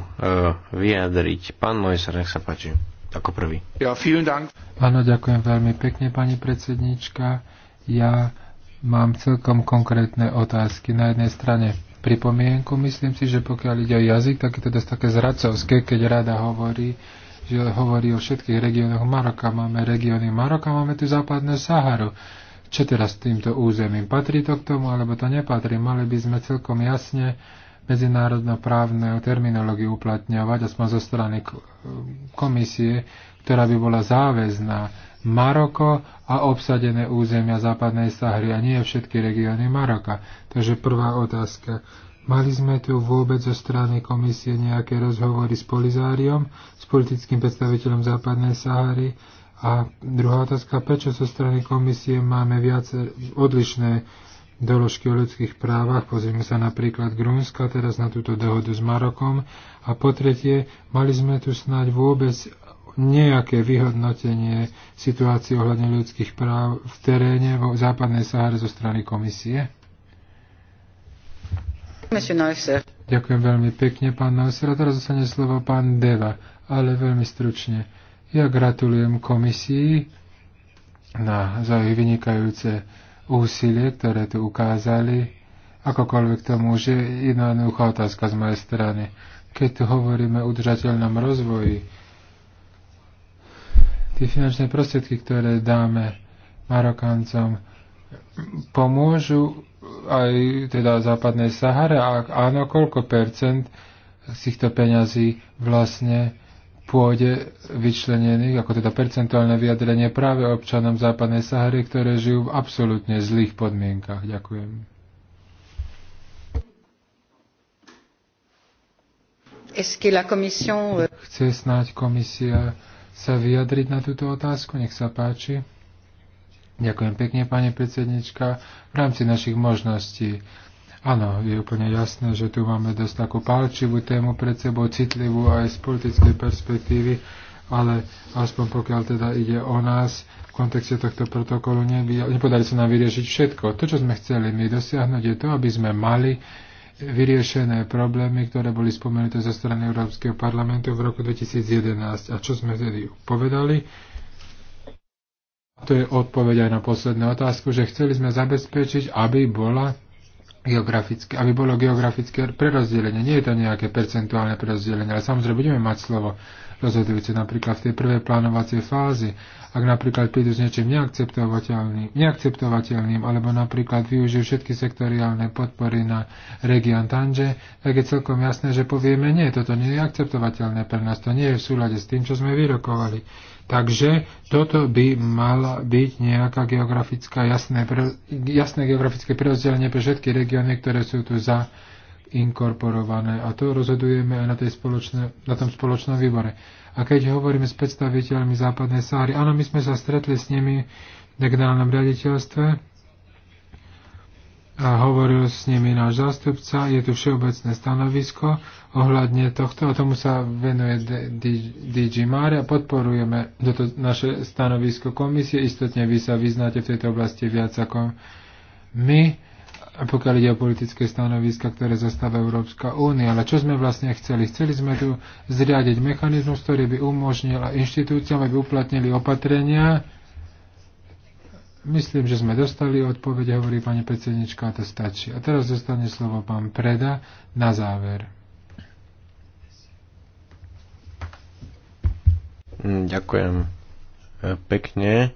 vyjadriť. Pán Mojser, nech sa páči, ako prvý. Ja, vielen dank. Áno, ďakujem veľmi pekne, pani predsednička. Ja mám celkom konkrétne otázky. Na jednej strane pripomienku, myslím si, že pokiaľ ide o jazyk, tak je to dosť také zradcovské, keď rada hovorí, že hovorí o všetkých regiónoch Maroka. Máme regióny Maroka, máme tu západnú Saharu čo teraz týmto územím. Patrí to k tomu, alebo to nepatrí? Mali by sme celkom jasne medzinárodnoprávne terminológiu uplatňovať, aspoň zo strany komisie, ktorá by bola záväzná. Maroko a obsadené územia západnej Sahry a nie všetky regióny Maroka. Takže prvá otázka. Mali sme tu vôbec zo strany komisie nejaké rozhovory s Polizáriom, s politickým predstaviteľom západnej Sahary, a druhá otázka, prečo zo so strany komisie máme viac odlišné doložky o ľudských právach, pozrieme sa napríklad Grúnska, teraz na túto dohodu s Marokom. A po tretie, mali sme tu snáď vôbec nejaké vyhodnotenie situácie ohľadne ľudských práv v teréne vo západnej Sahare zo strany komisie? Ďakujem veľmi pekne, pán Nauser. A teraz zostane slovo pán Deva, ale veľmi stručne. Ja gratulujem komisii na, za ich vynikajúce úsilie, ktoré tu ukázali. Akokoľvek to môže, jednoduchá otázka z mojej strany. Keď tu hovoríme o udržateľnom rozvoji, tie finančné prostriedky, ktoré dáme Marokáncom, pomôžu aj teda západnej Sahare? A áno, koľko percent z týchto peňazí vlastne pôde vyčlenených, ako teda percentuálne vyjadrenie práve občanom západnej Sahary, ktoré žijú v absolútne zlých podmienkach. Ďakujem. Euh, Chce snáď komisia sa vyjadriť na túto otázku? Nech sa páči. Ďakujem pekne, pani predsednička. V rámci našich možností Áno, je úplne jasné, že tu máme dosť takú palčivú tému pred sebou, citlivú aj z politickej perspektívy, ale aspoň pokiaľ teda ide o nás, v kontexte tohto protokolu nepodarí sa nám vyriešiť všetko. To, čo sme chceli my dosiahnuť, je to, aby sme mali vyriešené problémy, ktoré boli spomenuté zo strany Európskeho parlamentu v roku 2011. A čo sme vtedy povedali? To je odpoveď aj na poslednú otázku, že chceli sme zabezpečiť, aby bola geografické, aby bolo geografické prerozdelenie. Nie je to nejaké percentuálne prerozdelenie, ale samozrejme budeme mať slovo rozhodujúce napríklad v tej prvej plánovacej fázi. Ak napríklad prídu s niečím neakceptovateľným, neakceptovateľným alebo napríklad využijú všetky sektoriálne podpory na región Tanže, tak je celkom jasné, že povieme nie, toto nie je akceptovateľné pre nás, to nie je v súlade s tým, čo sme vyrokovali. Takže toto by mala byť nejaká geografická, jasné, jasné geografické prerozdelenie pre všetky regióny, ktoré sú tu za inkorporované. A to rozhodujeme aj na, tej spoločne, na tom spoločnom výbore. A keď hovoríme s predstaviteľmi západnej Sáry, áno, my sme sa stretli s nimi v regionálnom riaditeľstve, a hovoril s nimi náš zástupca. Je tu všeobecné stanovisko ohľadne tohto a tomu sa venuje DG Mare a podporujeme toto naše stanovisko komisie. Istotne vy sa vyznáte v tejto oblasti viac ako my, pokiaľ ide o politické stanoviska, ktoré zastáva Európska únia. Ale čo sme vlastne chceli? Chceli sme tu zriadiť mechanizmus, ktorý by umožnil inštitúciám, aby uplatnili opatrenia, Myslím, že sme dostali odpoveď, hovorí pani predsednička, a to stačí. A teraz zostane slovo pán Preda na záver. Mm, ďakujem e, pekne.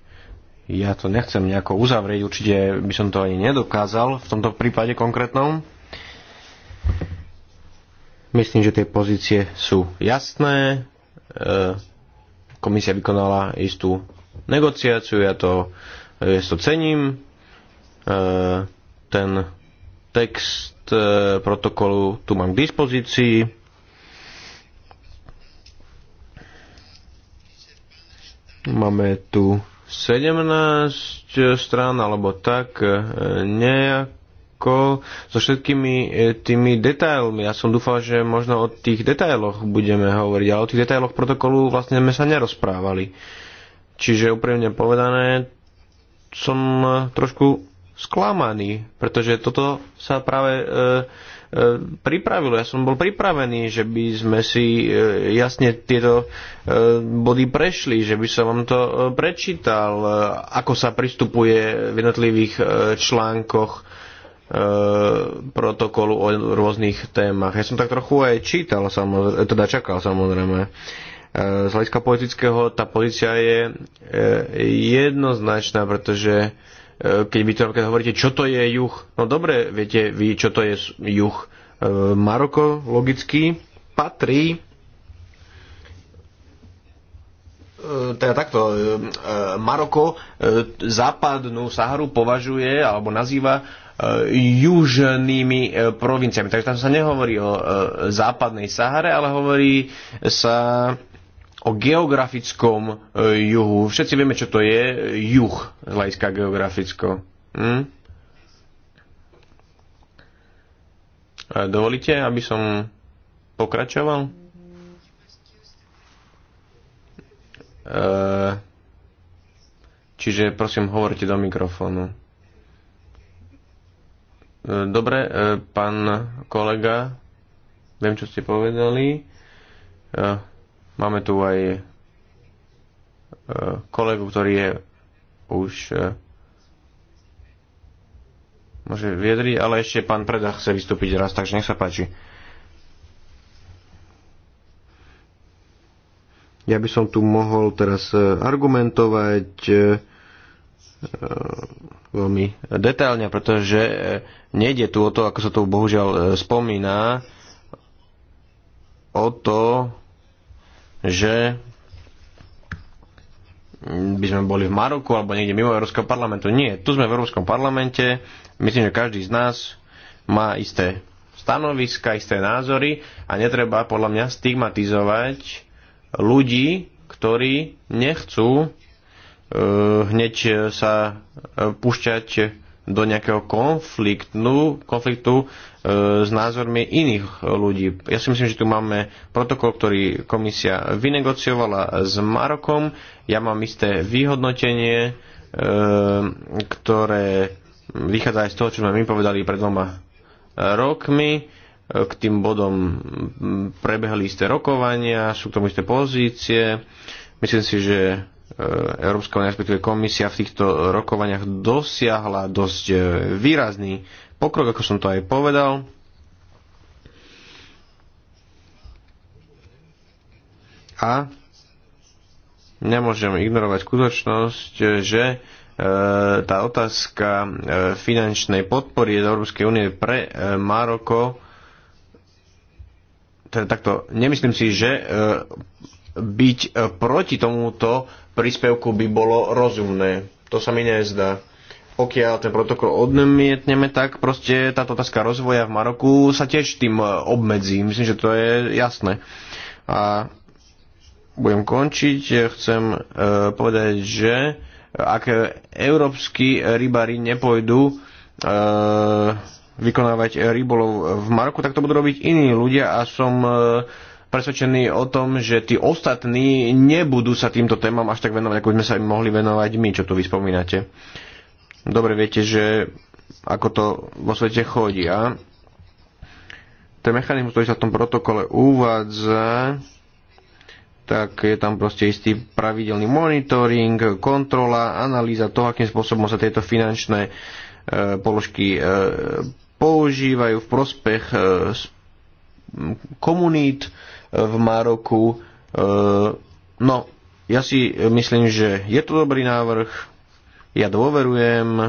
Ja to nechcem nejako uzavrieť, určite by som to ani nedokázal v tomto prípade konkrétnom. Myslím, že tie pozície sú jasné. E, komisia vykonala istú negociáciu, ja to ja to cením. E, ten text e, protokolu tu mám k dispozícii. Máme tu 17 strán alebo tak e, nejako so všetkými tými detailmi. Ja som dúfal, že možno o tých detailoch budeme hovoriť, ale o tých detailoch protokolu vlastne sme sa nerozprávali. Čiže úprimne povedané, som e, trošku sklamaný, pretože toto sa práve e, e, pripravilo. Ja som bol pripravený, že by sme si e, jasne tieto e, body prešli, že by som vám to e, prečítal, e, ako sa pristupuje v jednotlivých e, článkoch e, protokolu o rôznych témach. Ja som tak trochu aj čítal, samozrejme, teda čakal samozrejme. E, z hľadiska politického tá pozícia je e, jednoznačná, pretože e, keď vy to napríklad hovoríte, čo to je juh, no dobre, viete vy, čo to je juh. E, Maroko logicky patrí teda takto, Maroko západnú Saharu považuje alebo nazýva južnými provinciami. Takže tam sa nehovorí o západnej Sahare, ale hovorí sa o geografickom e, juhu. Všetci vieme, čo to je e, juh hľadiska geograficko. Hm? Dovolíte, aby som pokračoval? E, čiže prosím, hovorte do mikrofónu. Dobre, pán kolega, viem, čo ste povedali Máme tu aj e, kolegu, ktorý je už e, môže viedri, ale ešte pán Preda chce vystúpiť raz, takže nech sa páči. Ja by som tu mohol teraz e, argumentovať veľmi detailne, pretože nejde tu o to, ako sa to bohužiaľ spomína, o to, že by sme boli v Maroku alebo niekde mimo Európskeho parlamentu. Nie, tu sme v Európskom parlamente, myslím, že každý z nás má isté stanoviska, isté názory a netreba podľa mňa stigmatizovať ľudí, ktorí nechcú e, hneď sa e, púšťať do nejakého konfliktu, konfliktu e, s názormi iných ľudí. Ja si myslím, že tu máme protokol, ktorý komisia vynegociovala s Marokom. Ja mám isté vyhodnotenie, e, ktoré vychádza aj z toho, čo sme my povedali pred dvoma e, rokmi. E, k tým bodom prebehli isté rokovania, sú k tomu isté pozície. Myslím si, že E, Európska únia, respektíve komisia v týchto rokovaniach dosiahla dosť e, výrazný pokrok, ako som to aj povedal. A nemôžem ignorovať skutočnosť, že e, tá otázka finančnej podpory z Európskej únie pre Maroko, teda takto, nemyslím si, že byť proti tomuto príspevku by bolo rozumné. To sa mi nezdá. Pokiaľ ten protokol odmietneme, tak proste táto otázka rozvoja v Maroku sa tiež tým e, obmedzí. Myslím, že to je jasné. A budem končiť. Chcem e, povedať, že ak európsky rybári nepôjdu e, vykonávať rybolov v Maroku, tak to budú robiť iní ľudia a som e, presvedčení o tom, že tí ostatní nebudú sa týmto témam až tak venovať, ako sme sa im mohli venovať my, čo tu vyspomínate. Dobre viete, že ako to vo svete chodí. A ten mechanizmus, ktorý sa v tom protokole uvádza, tak je tam proste istý pravidelný monitoring, kontrola, analýza toho, akým spôsobom sa tieto finančné e, položky e, používajú v prospech e, komunít v Maroku. E, no, ja si myslím, že je to dobrý návrh. Ja dôverujem e,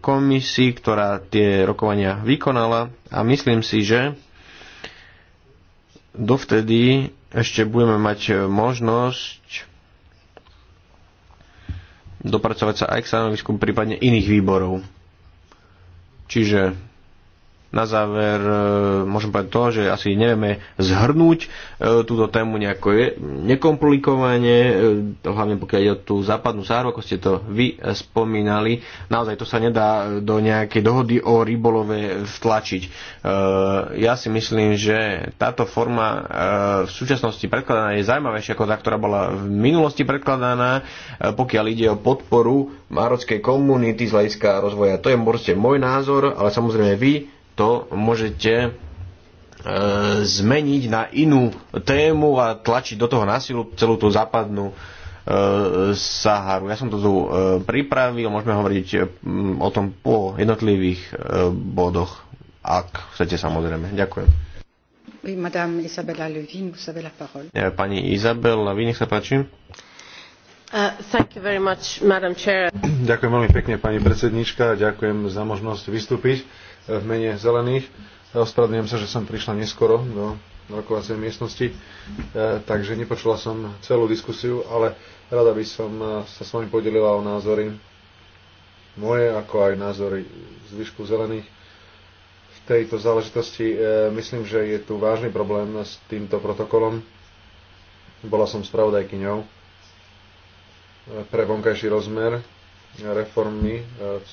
komisii, ktorá tie rokovania vykonala a myslím si, že dovtedy ešte budeme mať možnosť dopracovať sa aj k stanovisku prípadne iných výborov. Čiže na záver e, môžem povedať to, že asi nevieme zhrnúť e, túto tému nejako nekomplikovane, e, hlavne pokiaľ ide o tú západnú sáru, ako ste to vy spomínali. Naozaj to sa nedá do nejakej dohody o rybolove vtlačiť. Ja si myslím, že táto forma v súčasnosti predkladaná je zaujímavejšia ako tá, ktorá bola v minulosti predkladaná, pokiaľ ide o podporu marockej komunity z hľadiska rozvoja. To je môžete môj názor, ale samozrejme vy to môžete e, zmeniť na inú tému a tlačiť do toho násilu celú tú západnú e, Saharu. Ja som to tu e, pripravil, môžeme hovoriť o tom po jednotlivých bodoch, ak chcete samozrejme. Ďakujem. Oui, madame Isabella Levin, vous avez la parole. Pani Izabela Levin, nech sa páči. Uh, thank you very much, madam chair. Ďakujem veľmi pekne, pani predsednička. Ďakujem za možnosť vystúpiť v mene zelených. Ospravedlňujem sa, že som prišla neskoro do rokovacej miestnosti, e, takže nepočula som celú diskusiu, ale rada by som e, sa s vami podelila o názory moje, ako aj názory zvyšku zelených v tejto záležitosti. E, myslím, že je tu vážny problém s týmto protokolom. Bola som spravodajkyňou pre vonkajší rozmer reformy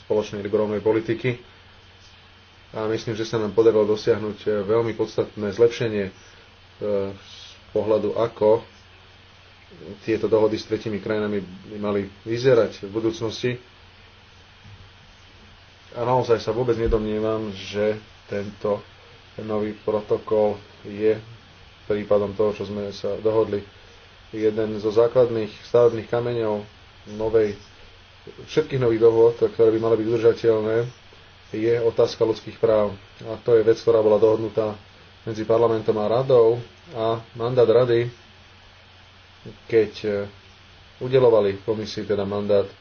spoločnej liberálnej politiky a myslím, že sa nám podarilo dosiahnuť e, veľmi podstatné zlepšenie e, z pohľadu, ako tieto dohody s tretimi krajinami by mali vyzerať v budúcnosti. A naozaj sa vôbec nedomnievam, že tento nový protokol je prípadom toho, čo sme sa dohodli. Jeden zo základných stavebných kameňov novej, všetkých nových dohod, ktoré by mali byť udržateľné, je otázka ľudských práv. A to je vec, ktorá bola dohodnutá medzi parlamentom a radou a mandát rady, keď e, udelovali komisii teda mandát e,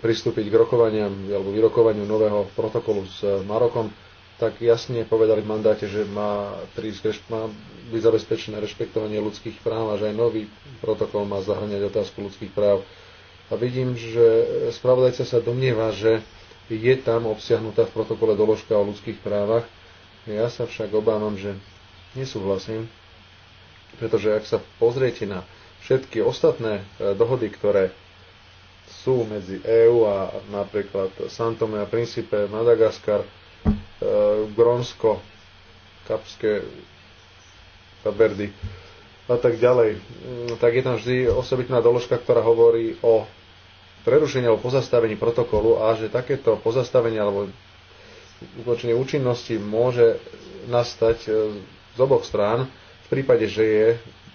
pristúpiť k rokovaniam alebo vyrokovaniu nového protokolu s e, Marokom, tak jasne povedali v mandáte, že má, prísť, má byť zabezpečené rešpektovanie ľudských práv a že aj nový protokol má zahrňať otázku ľudských práv. A vidím, že spravodajca sa domnieva, že je tam obsiahnutá v protokole doložka o ľudských právach. Ja sa však obávam, že nesúhlasím, pretože ak sa pozriete na všetky ostatné e, dohody, ktoré sú medzi EÚ a napríklad Santome a Principe, Madagaskar, e, Grónsko, Kapské, Taberdy a tak ďalej, e, tak je tam vždy osobitná doložka, ktorá hovorí o Prerušenie alebo pozastavení protokolu a že takéto pozastavenie alebo ukončenie účinnosti môže nastať e, z oboch strán v prípade, že je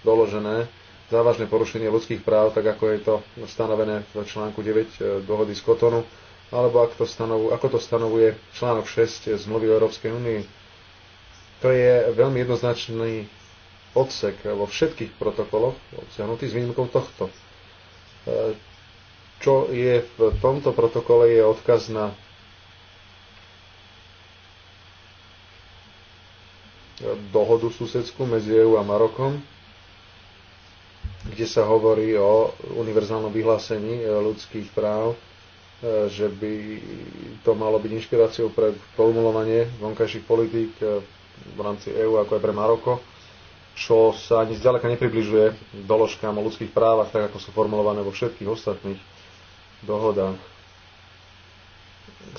doložené závažné porušenie ľudských práv, tak ako je to stanovené v článku 9 e, dohody z Kotonu, alebo ak to stanovu, ako to stanovuje článok 6 e, zmluvy o Európskej únii. To je veľmi jednoznačný odsek vo všetkých protokoloch obsiahnutý s výnimkou tohto. Čo je v tomto protokole je odkaz na dohodu susedskú medzi EU a Marokom, kde sa hovorí o univerzálnom vyhlásení e, ľudských práv, e, že by to malo byť inšpiráciou pre formulovanie vonkajších politík e, v rámci EÚ, ako aj pre Maroko, čo sa ani zďaleka nepribližuje doložkám o ľudských právach, tak ako sú formulované vo všetkých ostatných dohoda.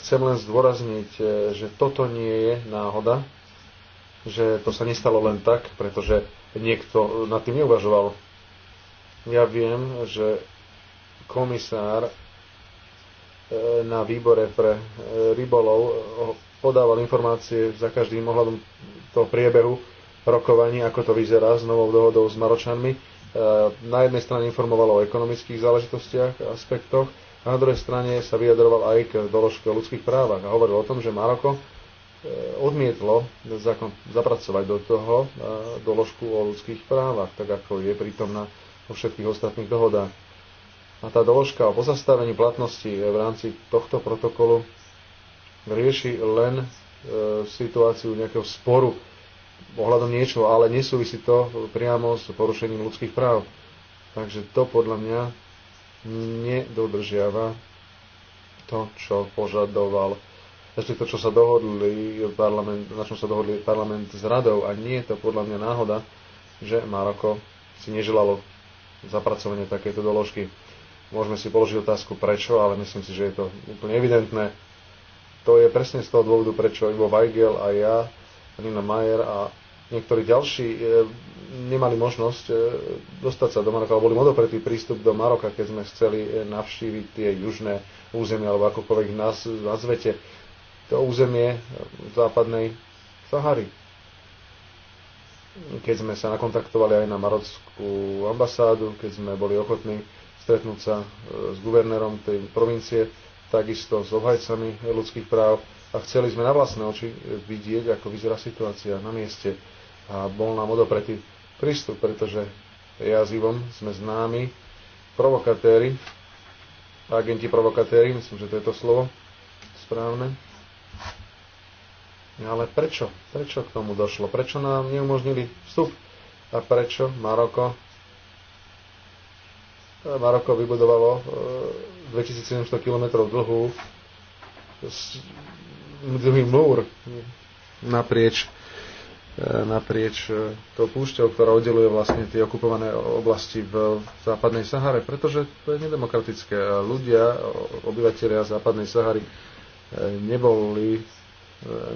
Chcem len zdôrazniť, e, že toto nie je náhoda, že to sa nestalo len tak, pretože niekto nad tým neuvažoval. Ja viem, že komisár e, na výbore pre e, rybolov podával informácie za každým ohľadom toho priebehu rokovaní, ako to vyzerá s novou dohodou s Maročanmi. Na jednej strane informovalo o ekonomických záležitostiach, aspektoch, a na druhej strane sa vyjadroval aj k doložke o ľudských právach a hovoril o tom, že Maroko e, odmietlo zákon zapracovať do toho e, doložku o ľudských právach, tak ako je prítomná vo všetkých ostatných dohodách. A tá doložka o pozastavení platnosti e, v rámci tohto protokolu rieši len situáciu nejakého sporu ohľadom niečo, ale nesúvisí to priamo s porušením ľudských práv. Takže to podľa mňa nedodržiava to, čo požadoval ešte to, čo sa dohodli parlament, na čom sa dohodli parlament s radou a nie je to podľa mňa náhoda, že Maroko si neželalo zapracovanie takejto doložky. Môžeme si položiť otázku prečo, ale myslím si, že je to úplne evidentné. To je presne z toho dôvodu, prečo Ivo Weigel a ja, Nina Mayer a niektorí ďalší e, nemali možnosť e, dostať sa do Maroka, alebo boli odopretý prístup do Maroka, keď sme chceli e, navštíviť tie južné územie, alebo akokoľvek nás nazvete, to územie západnej Sahary. Keď sme sa nakontaktovali aj na marockú ambasádu, keď sme boli ochotní stretnúť sa s guvernérom tej provincie, takisto s obhajcami ľudských práv a chceli sme na vlastné oči vidieť, ako vyzerá situácia na mieste a bol nám odopretý prístup, pretože ja s Ivom sme známi provokatéri, agenti provokatéri, myslím, že to je to slovo správne. Ale prečo? Prečo k tomu došlo? Prečo nám neumožnili vstup? A prečo Maroko Maroko vybudovalo 2700 e, km dlhú dlhý múr naprieč naprieč e, tou púšťou, ktorá oddeluje vlastne tie okupované oblasti v západnej Sahare, pretože to je nedemokratické. Ľudia, obyvateľia západnej Sahary e, neboli, e,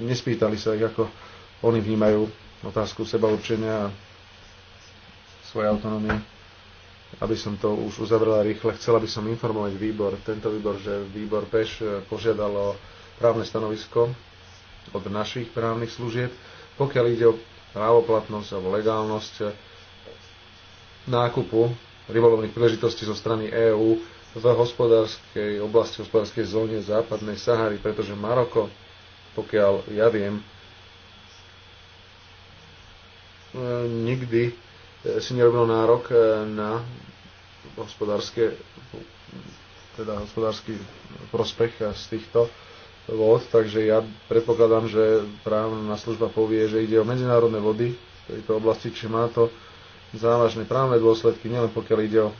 nespýtali sa ich, ako oni vnímajú otázku seba určenia a svojej autonómie. Aby som to už uzavrela rýchle, chcela by som informovať výbor, tento výbor, že výbor PEŠ požiadalo právne stanovisko od našich právnych služieb, pokiaľ ide o právoplatnosť alebo legálnosť eh, nákupu rybolovných príležitostí zo strany EÚ v hospodárskej oblasti, hospodárskej zóne západnej Sahary, pretože Maroko, pokiaľ ja viem, eh, nikdy eh, si nerobil nárok na hospodárske, teda hospodársky prospech z týchto voz, takže ja predpokladám, že právna služba povie, že ide o medzinárodné vody v tejto oblasti, či má to závažné právne dôsledky, nielen pokiaľ ide o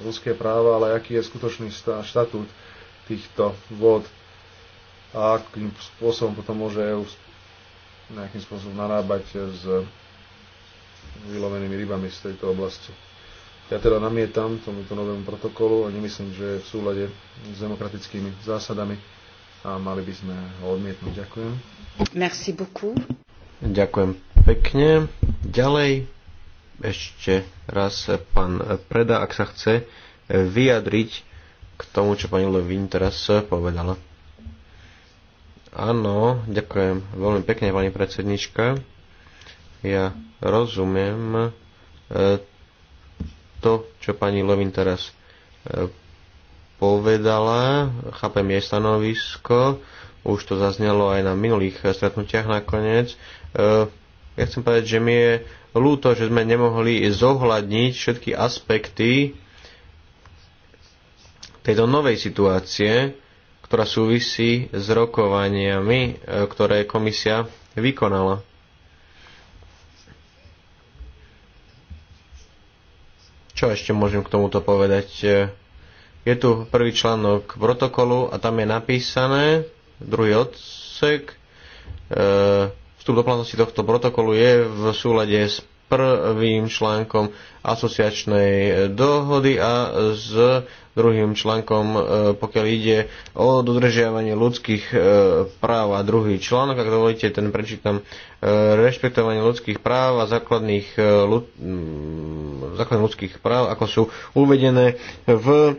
ľudské práva, ale aký je skutočný štatút týchto vod a akým spôsobom potom môže EU nejakým spôsobom narábať s vylovenými rybami z tejto oblasti. Ja teda namietam tomuto novému protokolu a nemyslím, že je v súlade s demokratickými zásadami a mali by sme ho odmietnúť. Ďakujem. Merci beaucoup. Ďakujem pekne. Ďalej ešte raz pán Preda, ak sa chce vyjadriť k tomu, čo pani Levin teraz povedala. Áno, ďakujem veľmi pekne, pani predsednička. Ja rozumiem eh, to, čo pani Levin teraz eh, povedala, chápem jej stanovisko, už to zaznelo aj na minulých stretnutiach nakoniec. E, ja chcem povedať, že mi je ľúto, že sme nemohli zohľadniť všetky aspekty tejto novej situácie, ktorá súvisí s rokovaniami, e, ktoré komisia vykonala. Čo ešte môžem k tomuto povedať? E, je tu prvý článok protokolu a tam je napísané, druhý odsek, e, vstup do platnosti tohto protokolu je v súlade s prvým článkom asociačnej dohody a s druhým článkom, e, pokiaľ ide o dodržiavanie ľudských e, práv a druhý článok, ak dovolíte, ten prečítam, rešpektovanie ľudských práv a základných, základných ľudských práv, ako sú uvedené v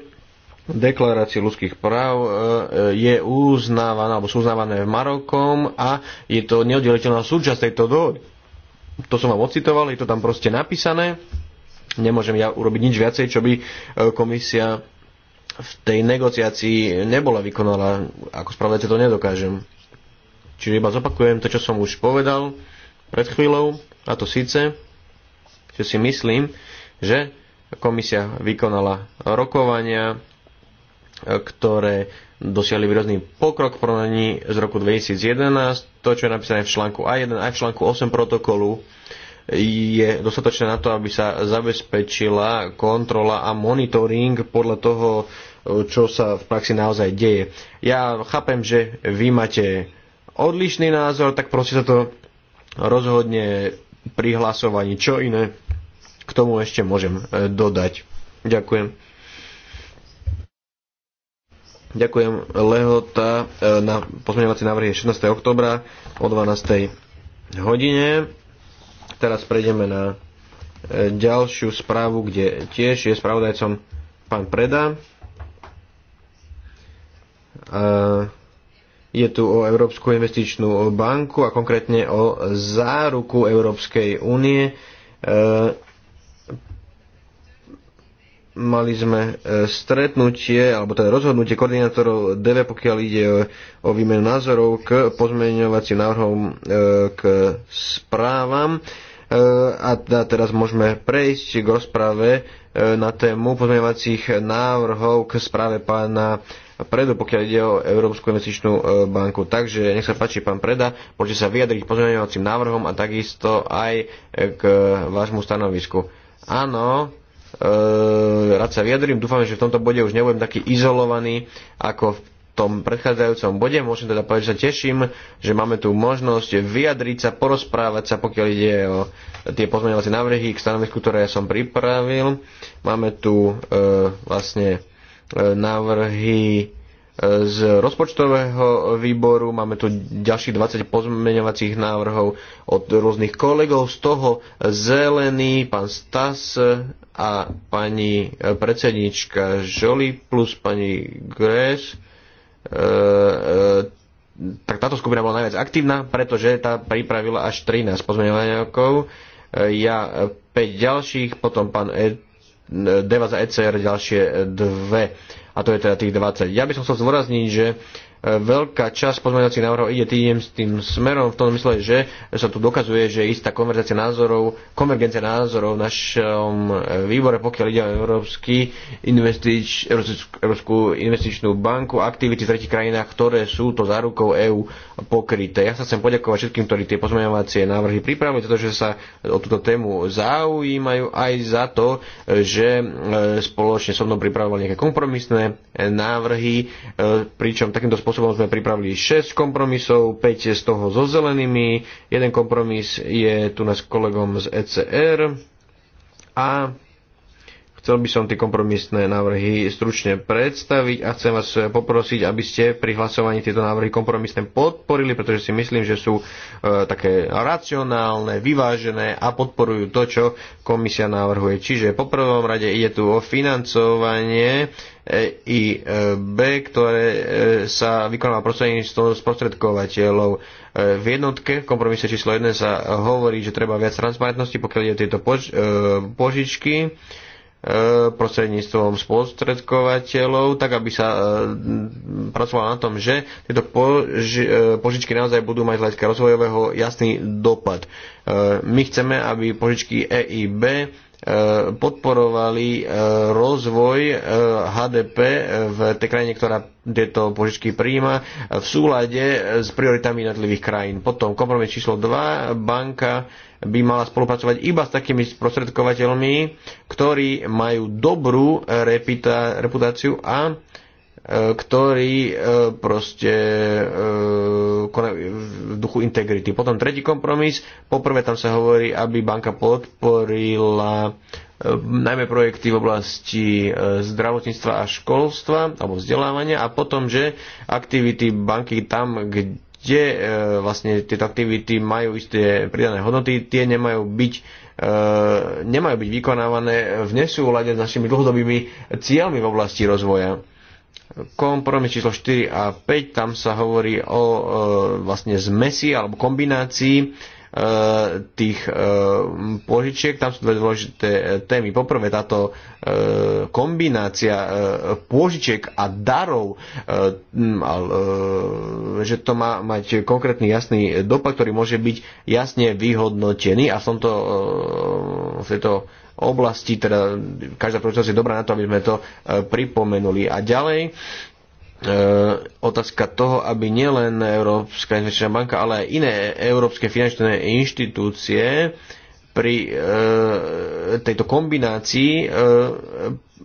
deklarácie ľudských práv e, je uznávaná, alebo sú uznávané Marokom a je to neoddeliteľná súčasť tejto dohody. To som vám ocitoval, je to tam proste napísané. Nemôžem ja urobiť nič viacej, čo by e, komisia v tej negociácii nebola vykonala. Ako spravodajca to nedokážem. Čiže iba zopakujem to, čo som už povedal pred chvíľou, a to síce, že si myslím, že komisia vykonala rokovania, ktoré dosiahli výrazný pokrok v porovnaní z roku 2011. To, čo je napísané v článku A1 aj v článku 8 protokolu, je dostatočné na to, aby sa zabezpečila kontrola a monitoring podľa toho, čo sa v praxi naozaj deje. Ja chápem, že vy máte odlišný názor, tak proste sa to rozhodne pri hlasovaní. Čo iné k tomu ešte môžem e, dodať? Ďakujem. Ďakujem. Lehota e, na pozmeňovací návrh je 16. oktobra o 12. hodine. Teraz prejdeme na e, ďalšiu správu, kde tiež je spravodajcom pán Preda. Je tu o Európsku investičnú banku a konkrétne o záruku Európskej únie e, mali sme e, stretnutie, alebo teda rozhodnutie koordinátorov DV, pokiaľ ide o, o výmenu názorov k pozmeňovacím návrhom e, k správam. E, a teda teraz môžeme prejsť k rozprave na tému pozmeňovacích návrhov k správe pána Predu, pokiaľ ide o Európsku investičnú banku. Takže nech sa páči, pán Preda, môžete sa vyjadriť k pozmeňovacím návrhom a takisto aj k vášmu stanovisku. Áno, rád sa vyjadrím. Dúfam, že v tomto bode už nebudem taký izolovaný ako v tom predchádzajúcom bode. Môžem teda povedať, že sa teším, že máme tu možnosť vyjadriť sa, porozprávať sa, pokiaľ ide o tie pozmeňovacie návrhy k stanovisku, ktoré ja som pripravil. Máme tu e, vlastne e, návrhy e, z rozpočtového výboru, máme tu ďalších 20 pozmeňovacích návrhov od rôznych kolegov, z toho zelený, pán Stas a pani e, predsednička Jolie plus pani Gress. e, e, tak táto skupina bola najviac aktívna, pretože tá pripravila až 13 pozmeňovaniakov, e, ja 5 e, ďalších, potom pán e, e Deva za ECR ďalšie dve a to je teda tých 20. Ja by som chcel zvorazniť, že veľká časť pozmeňovacích návrhov ide tým, tým smerom v tom mysle, že sa tu dokazuje, že istá konverzácia názorov, konvergencia názorov v našom eh, výbore, pokiaľ ide o Európsky investič, Európsku investičnú banku, aktivity v tretich krajinách, ktoré sú to zárukou EÚ pokryté. Ja sa chcem poďakovať všetkým, ktorí tie pozmeňovacie návrhy pripravili, pretože sa o túto tému zaujímajú aj za to, že eh, spoločne so mnou pripravovali nejaké kompromisné eh, návrhy, pričom takýmto spôsobom spôsobom sme pripravili 6 kompromisov, 5 je z toho so zelenými, jeden kompromis je tu nás kolegom z ECR a chcel by som tie kompromisné návrhy stručne predstaviť a chcem vás poprosiť, aby ste pri hlasovaní tieto návrhy kompromisné podporili, pretože si myslím, že sú e, také racionálne, vyvážené a podporujú to, čo komisia navrhuje. Čiže po prvom rade ide tu o financovanie E i B, ktoré e, sa vykonáva prostredníctvom sprostredkovateľov. E, v jednotke, v kompromise číslo 1 sa hovorí, že treba viac transparentnosti, pokiaľ ide tieto pož- požičky prostredníctvom spostredkovateľov, tak aby sa pracovalo na tom, že tieto požičky naozaj budú mať z hľadiska rozvojového jasný dopad. My chceme, aby požičky EIB Eh, podporovali eh, rozvoj HDP eh, v tej krajine, ktorá tieto požičky príjima v súlade s prioritami jednotlivých krajín. Potom kompromis číslo 2. Banka by mala spolupracovať iba s takými sprostredkovateľmi, ktorí majú dobrú reputáciu a ktorí e, proste e, v duchu integrity. Potom tretí kompromis, poprvé tam sa hovorí, aby banka podporila e, najmä projekty v oblasti zdravotníctva a školstva alebo vzdelávania a potom, že aktivity banky tam, kde vlastne tieto aktivity majú isté pridané hodnoty, tie nemajú byť nemajú byť vykonávané v nesúlade s našimi dlhodobými cieľmi v oblasti rozvoja kompromis číslo 4 a 5, tam sa hovorí o e, vlastne zmesi alebo kombinácii e, tých e, požičiek. Tam sú dve dôležité e, témy. Poprvé táto e, kombinácia e, pôžičiek a darov, e, e, že to má mať konkrétny jasný dopad, ktorý môže byť jasne vyhodnotený a v, tomto, e, v tejto oblasti, teda každá príležitosť je dobrá na to, aby sme to e, pripomenuli. A ďalej, e, otázka toho, aby nielen Európska investičná banka, ale aj iné európske finančné inštitúcie pri e, tejto kombinácii e,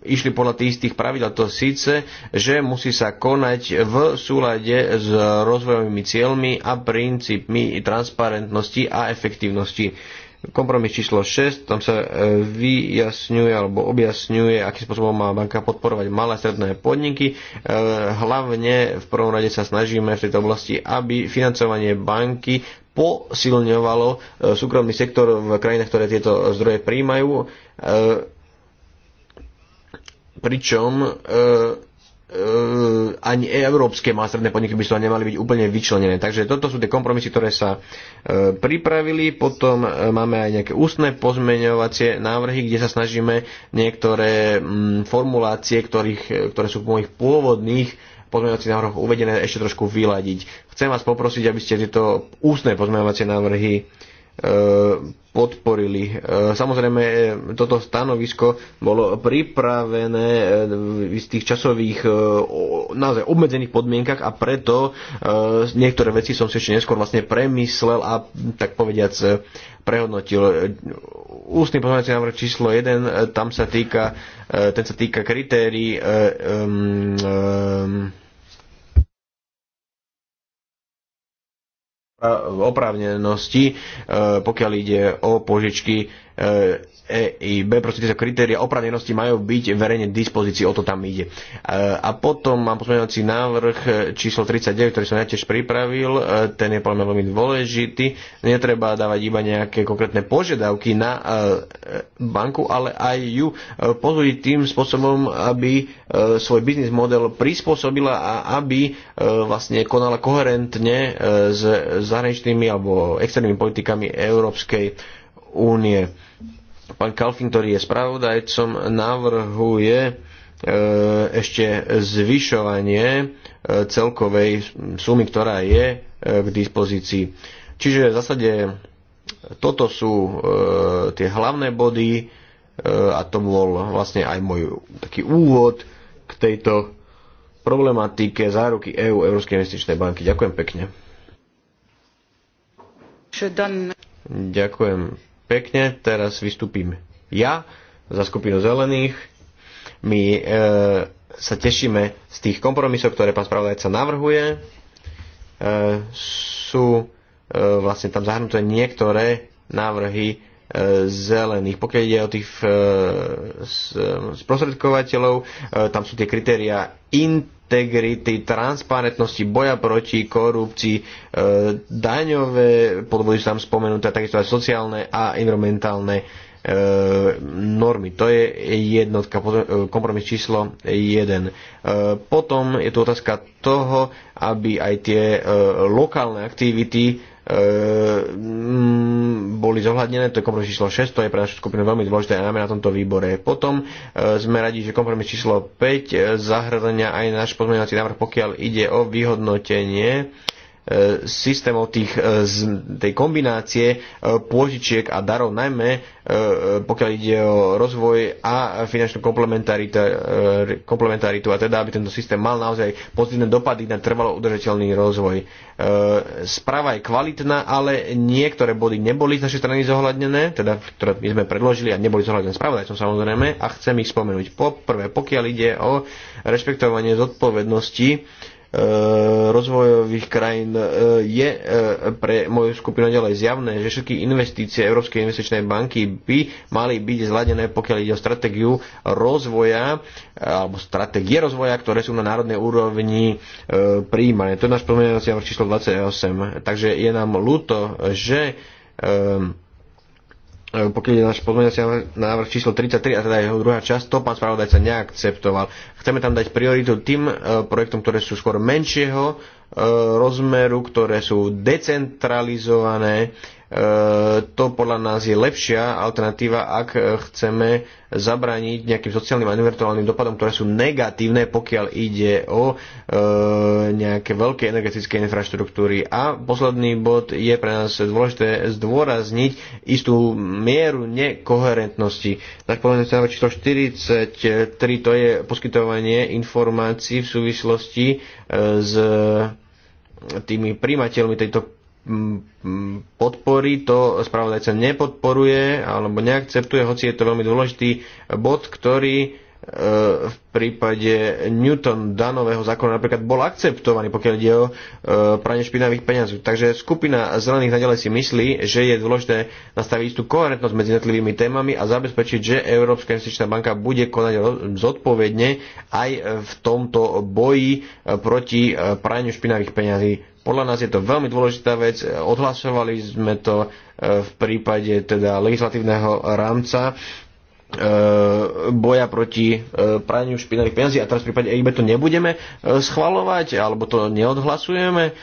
išli podľa tých istých pravidel. To síce, že musí sa konať v súlade s rozvojovými cieľmi a princípmi transparentnosti a efektívnosti kompromis číslo 6, tam sa e, vyjasňuje alebo objasňuje, akým spôsobom má banka podporovať malé a stredné podniky. E, hlavne v prvom rade sa snažíme v tejto oblasti, aby financovanie banky posilňovalo e, súkromný sektor v krajinách, ktoré tieto zdroje príjmajú, pričom E, ani európske malé stredné podniky by sa nemali byť úplne vyčlenené. Takže toto sú tie kompromisy, ktoré sa e, pripravili. Potom e, máme aj nejaké ústne pozmeňovacie návrhy, kde sa snažíme niektoré m, mm, formulácie, ktorých, e, ktoré sú v mojich pôvodných pozmeňovacích návrhoch uvedené, ešte trošku vyladiť. Chcem vás poprosiť, aby ste tieto ústne pozmeňovacie návrhy E, podporili. E, samozrejme, e, toto stanovisko bolo pripravené v tých časových naozaj obmedzených podmienkach a preto niektoré veci som si ešte neskôr vlastne premyslel a tak povediac prehodnotil. Ústny pozornosť návrh číslo 1, tam sa týka, ten sa týka kritérií um, um, oprávnenosti, e, pokiaľ ide o požičky EIB, e, proste tieto kritéria oprávnenosti majú byť verejne v dispozícii, o to tam ide. E, a potom mám pozmeňovací návrh e, číslo 39, ktorý som ja tiež pripravil, ten je podľa mňa veľmi dôležitý. Netreba dávať iba nejaké konkrétne požiadavky na banku, ale aj ju pozúdiť tým spôsobom, aby svoj biznis model prispôsobila a aby vlastne konala koherentne s zahraničnými alebo externými politikami Európskej únie. Pán Kalfin, ktorý je spravodajcom, navrhuje e, ešte zvyšovanie e, celkovej sumy, ktorá je e, k dispozícii. Čiže v zásade toto sú tie hlavné body a to bol vlastne aj môj taký úvod k tejto problematike záruky EÚ Európskej investičnej banky. Ďakujem pekne. Ďakujem pekne. Teraz vystúpim ja za skupinu zelených. My e, sa tešíme z tých kompromisov, ktoré pán spravodajca navrhuje. E, sú e, vlastne tam zahrnuté niektoré návrhy e, zelených. Pokiaľ ide o tých e, e sprostredkovateľov, e, tam sú tie kritéria int integrity, transparentnosti, boja proti korupcii, e, daňové podvody sú tam spomenuté, takisto aj sociálne a environmentálne e, normy. To je jednotka, e, kompromis číslo 1. E, potom je tu otázka toho, aby aj tie e, lokálne aktivity Ehm, boli zohľadnené, to je kompromis číslo 6, to je pre našu skupinu veľmi dôležité a najmä na tomto výbore. Potom ehm, sme radi, že kompromis číslo 5 ehm, zahrania aj náš pozmeňovací návrh, pokiaľ ide o vyhodnotenie E, systémov tých, e, tej kombinácie e, pôžičiek a darov, najmä pokiaľ ide o rozvoj a finančnú komplementaritu, a teda, aby tento systém mal naozaj pozitívne dopady na trvalo udržateľný rozvoj. Správa je kvalitná, ale niektoré body neboli z našej strany zohľadnené, teda ktoré my sme predložili a neboli zohľadnené spravodajcom samozrejme a chcem ich spomenúť. Poprvé, pokiaľ ide o rešpektovanie zodpovednosti, Eh, rozvojových krajín eh, je eh, pre moju skupinu ďalej zjavné, že všetky investície Európskej investičnej banky by mali byť zladené, pokiaľ ide o stratégiu rozvoja alebo stratégie rozvoja, ktoré sú na národnej úrovni príjmané. To je náš pozmeňovací návrh číslo 28. Takže je nám ľúto, že um, pokiaľ je náš pozmeňovací návrh číslo 33 a teda jeho druhá časť, to pán spravodajca neakceptoval. Chceme tam dať prioritu tým e, projektom, ktoré sú skôr menšieho e, rozmeru, ktoré sú decentralizované E, to podľa nás je lepšia alternatíva, ak e, chceme zabrániť nejakým sociálnym a environmentálnym dopadom, ktoré sú negatívne, pokiaľ ide o e, nejaké veľké energetické infraštruktúry. A posledný bod je pre nás dôležité zdôrazniť istú mieru nekoherentnosti. Tak povedané sa číslo 43, to je poskytovanie informácií v súvislosti e, s tými príjmateľmi tejto podporí, to spravodajca nepodporuje alebo neakceptuje, hoci je to veľmi dôležitý bod, ktorý e, v prípade Newton danového zákona napríklad bol akceptovaný, pokiaľ ide o e, pranie špinavých peňazí. Takže skupina zelených naďalej si myslí, že je dôležité nastaviť istú koherentnosť medzi jednotlivými témami a zabezpečiť, že Európska investičná banka bude konať zodpovedne aj v tomto boji e, proti praniu špinavých peňazí podľa nás je to veľmi dôležitá vec. Odhlasovali sme to e, v prípade teda legislatívneho rámca e, boja proti e, praniu špinavých peniazí a teraz v prípade EIB to nebudeme schvalovať alebo to neodhlasujeme,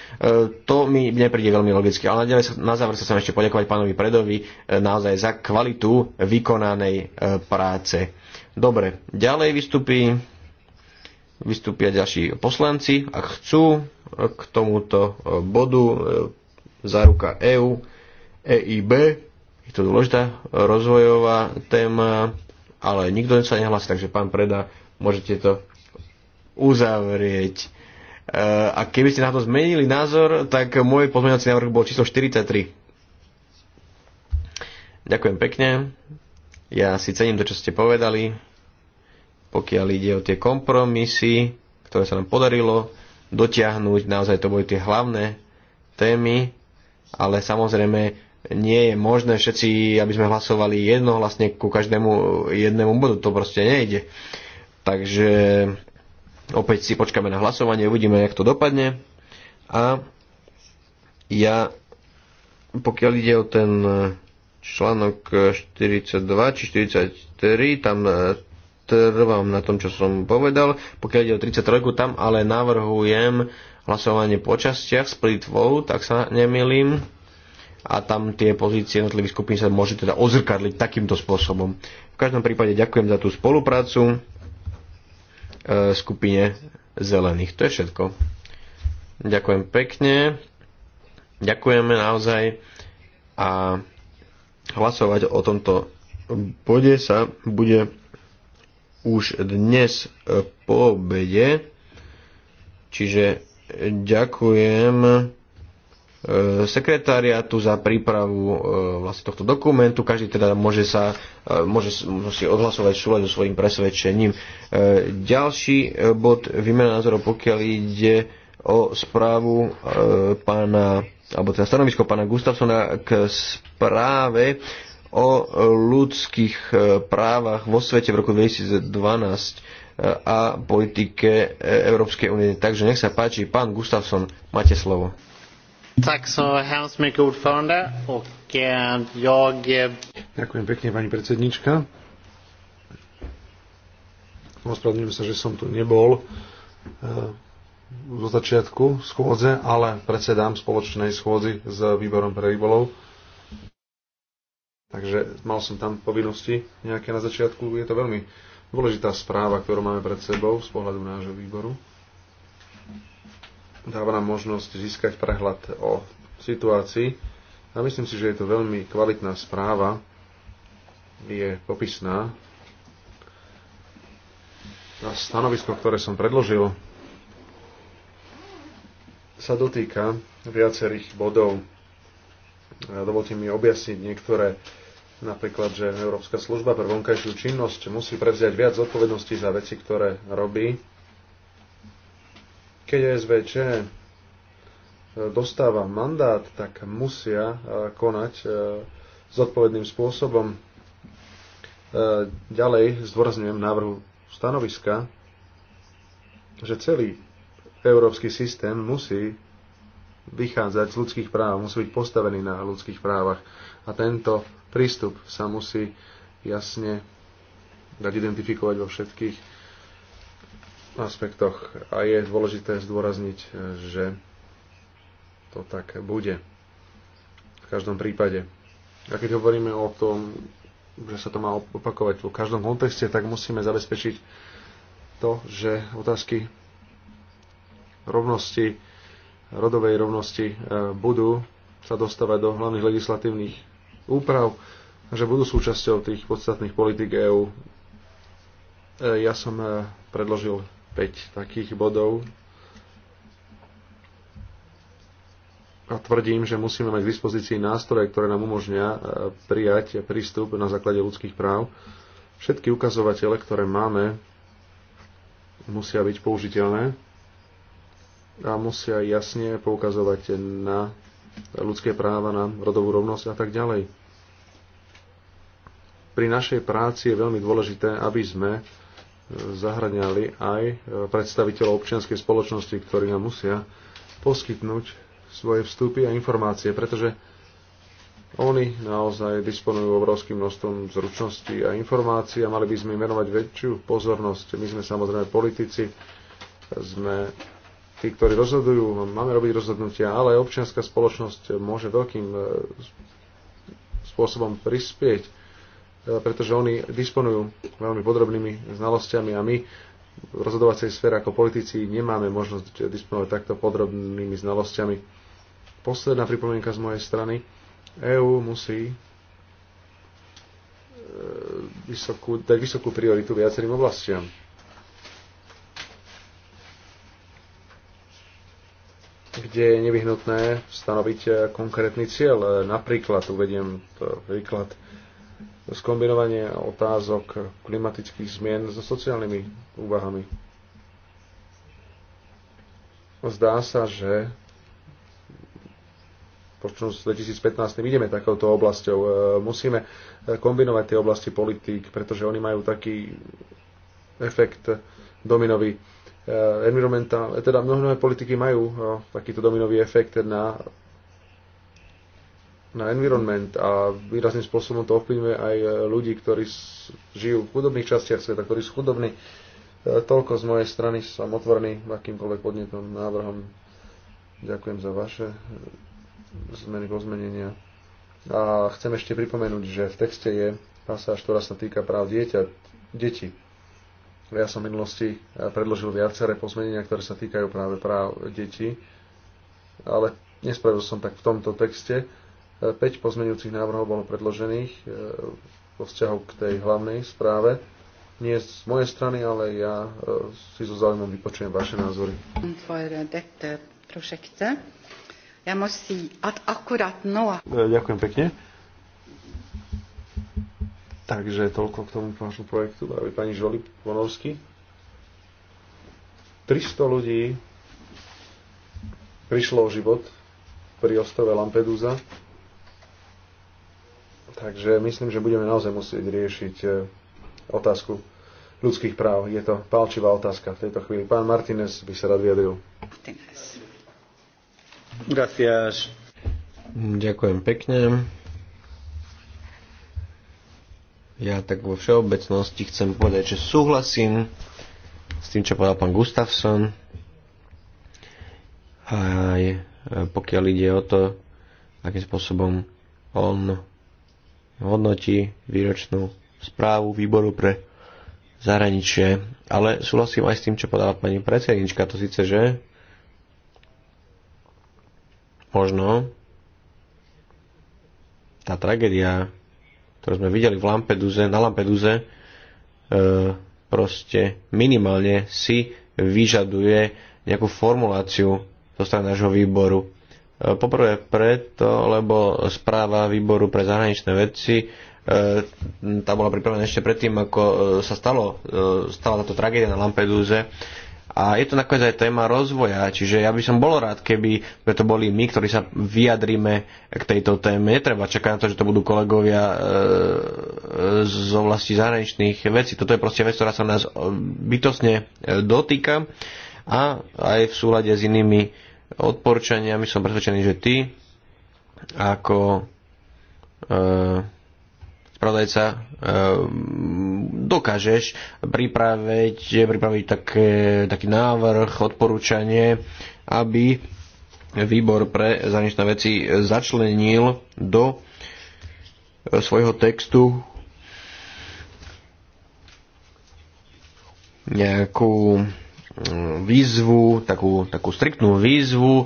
to mi nepríde veľmi logicky. Ale na záver sa chcem ešte poďakovať pánovi Predovi naozaj za kvalitu vykonanej práce. Dobre, ďalej vystupí, vystúpia ďalší poslanci, ak chcú k tomuto e, bodu e, záruka EU, EIB, je to dôležitá e, rozvojová téma, ale nikto sa nehlási, takže pán Preda, môžete to uzavrieť. A keby ste na to zmenili názor, tak môj pozmeňovací návrh bol číslo 43. Ďakujem pekne. Ja si cením to, čo ste povedali, pokiaľ ide o tie kompromisy, ktoré sa nám podarilo dotiahnuť. Naozaj to boli tie hlavné témy, ale samozrejme nie je možné všetci, aby sme hlasovali jednohlasne ku každému jednému bodu. To proste nejde. Takže opäť si počkáme na hlasovanie, uvidíme, jak to dopadne. A ja, pokiaľ ide o ten článok 42 či 43, tam trvám na tom, čo som povedal. Pokiaľ ide o 33, tam ale navrhujem hlasovanie po častiach, split vote, tak sa nemilím. A tam tie pozície jednotlivých skupín sa môže teda ozrkadliť takýmto spôsobom. V každom prípade ďakujem za tú spoluprácu e, skupine zelených. To je všetko. Ďakujem pekne. Ďakujeme naozaj a hlasovať o tomto bode sa bude už dnes e, po obede. Čiže ďakujem e, sekretariatu za prípravu e, vlastne tohto dokumentu. Každý teda môže, sa, môže si odhlasovať v súľadu svojim presvedčením. Ďalší bod výmena názorov, pokiaľ ide o správu pána alebo teda stanovisko pána Gustafsona k správe o ľudských e, právach vo svete v roku 2012 e, a politike e, Európskej únie. Takže nech sa páči, pán Gustafsson, máte slovo. Tak so hemskt Ďakujem pekne, pani predsednička. Ospravedlňujem sa, že som tu nebol zo začiatku schôdze, ale predsedám spoločnej schôdzi s výborom pre rybolov Takže mal som tam povinnosti nejaké na začiatku. Je to veľmi dôležitá správa, ktorú máme pred sebou z pohľadu nášho výboru. Dáva nám možnosť získať prehľad o situácii a myslím si, že je to veľmi kvalitná správa. Je popisná. A stanovisko, ktoré som predložil, sa dotýka viacerých bodov. Dovolte mi objasniť niektoré Napríklad, že Európska služba pre vonkajšiu činnosť musí prevziať viac zodpovedností za veci, ktoré robí. Keď SVČ e, dostáva mandát, tak musia e, konať e, zodpovedným spôsobom. Ďalej zdôrazňujem návrhu stanoviska, že celý európsky systém musí vychádzať z ľudských práv, musí byť postavený na ľudských právach. A tento prístup sa musí jasne dať identifikovať vo všetkých aspektoch. A je dôležité zdôrazniť, že to tak bude. V každom prípade. A keď hovoríme o tom, že sa to má opakovať v každom kontexte, tak musíme zabezpečiť to, že otázky rovnosti, rodovej rovnosti eh, budú sa dostávať do hlavných legislatívnych úprav, že budú súčasťou tých podstatných politik EÚ. E, ja som e, predložil 5 takých bodov a tvrdím, že musíme mať k dispozícii nástroje, ktoré nám umožňa e, prijať prístup na základe ľudských práv. Všetky ukazovatele, ktoré máme, musia byť použiteľné a musia jasne poukazovať na ľudské práva, na rodovú rovnosť a tak ďalej. Pri našej práci je veľmi dôležité, aby sme e, zahraňali aj e, predstaviteľov občianskej spoločnosti, ktorí nám musia poskytnúť svoje vstupy a informácie, pretože oni naozaj disponujú obrovským množstvom zručností a informácií a mali by sme im venovať väčšiu pozornosť. My sme samozrejme politici, sme tí, ktorí rozhodujú, máme robiť rozhodnutia, ale občianská spoločnosť môže veľkým e, spôsobom prispieť E, pretože oni disponujú veľmi podrobnými znalosťami a my v rozhodovacej sfére ako politici nemáme možnosť disponovať takto podrobnými znalosťami. Posledná pripomienka z mojej strany. EÚ musí e, vysokú, dať vysokú prioritu viacerým oblastiam. kde je nevyhnutné stanoviť konkrétny cieľ. E, napríklad, uvediem to, príklad, skombinovanie otázok klimatických zmien so sociálnymi úvahami. Zdá sa, že počnú s 2015 ideme takouto oblasťou. E, musíme kombinovať tie oblasti politík, pretože oni majú taký efekt dominový. E, Environmentál, e, teda mnohé politiky majú takýto dominový efekt na na environment a výrazným spôsobom to ovplyvňuje aj e, ľudí, ktorí žijú v chudobných častiach sveta, ktorí sú chudobní. E, toľko z mojej strany som otvorený akýmkoľvek podnetom, návrhom. Ďakujem za vaše e, zmeny, pozmenenia. A chcem ešte pripomenúť, že v texte je pasáž, ktorá sa týka práv dieťa, detí. Ja som v minulosti predložil viaceré pozmenenia, ktoré sa týkajú práve práv detí, ale nespravil som tak v tomto texte 5 pozmeňujúcich návrhov bolo predložených e, vo vzťahu k tej hlavnej správe. Nie z mojej strany, ale ja e, si so záujmom vypočujem vaše názory. E, ďakujem pekne. Takže toľko k tomu vášmu projektu, Dávaj pani Žoli Ponovsky. 300 ľudí prišlo o život pri ostrove Lampedusa Takže myslím, že budeme naozaj musieť riešiť e, otázku ľudských práv. Je to palčivá otázka v tejto chvíli. Pán Martinez by sa rád vyjadril. Gracias. Ďakujem pekne. Ja tak vo všeobecnosti chcem povedať, že súhlasím s tým, čo povedal pán Gustafsson. Aj e, pokiaľ ide o to, akým spôsobom on hodnotí výročnú správu výboru pre zahraničie. Ale súhlasím aj s tým, čo podala pani predsednička, to síce, že možno tá tragédia, ktorú sme videli v Lampeduze, na Lampeduze, e, proste minimálne si vyžaduje nejakú formuláciu zo strany nášho výboru. E, poprvé preto, lebo správa výboru pre zahraničné veci e, tá bola pripravená ešte predtým, ako e, sa stalo, stala táto tragédia na Lampedúze. A je to nakoniec aj téma rozvoja, čiže ja by som bol rád, keby to boli my, ktorí sa vyjadrime k tejto téme. Netreba čakať na to, že to budú kolegovia z oblasti zahraničných vecí. Toto je proste vec, ktorá sa nás bytosne dotýka a aj v súlade s inými odporúčaniami som presvedčený, že ty ako e, spravodajca e, dokážeš pripraviť, e, pripraviť také, taký návrh, odporúčanie, aby výbor pre zahraničné veci začlenil do e, svojho textu nejakú výzvu, takú, takú striktnú výzvu e,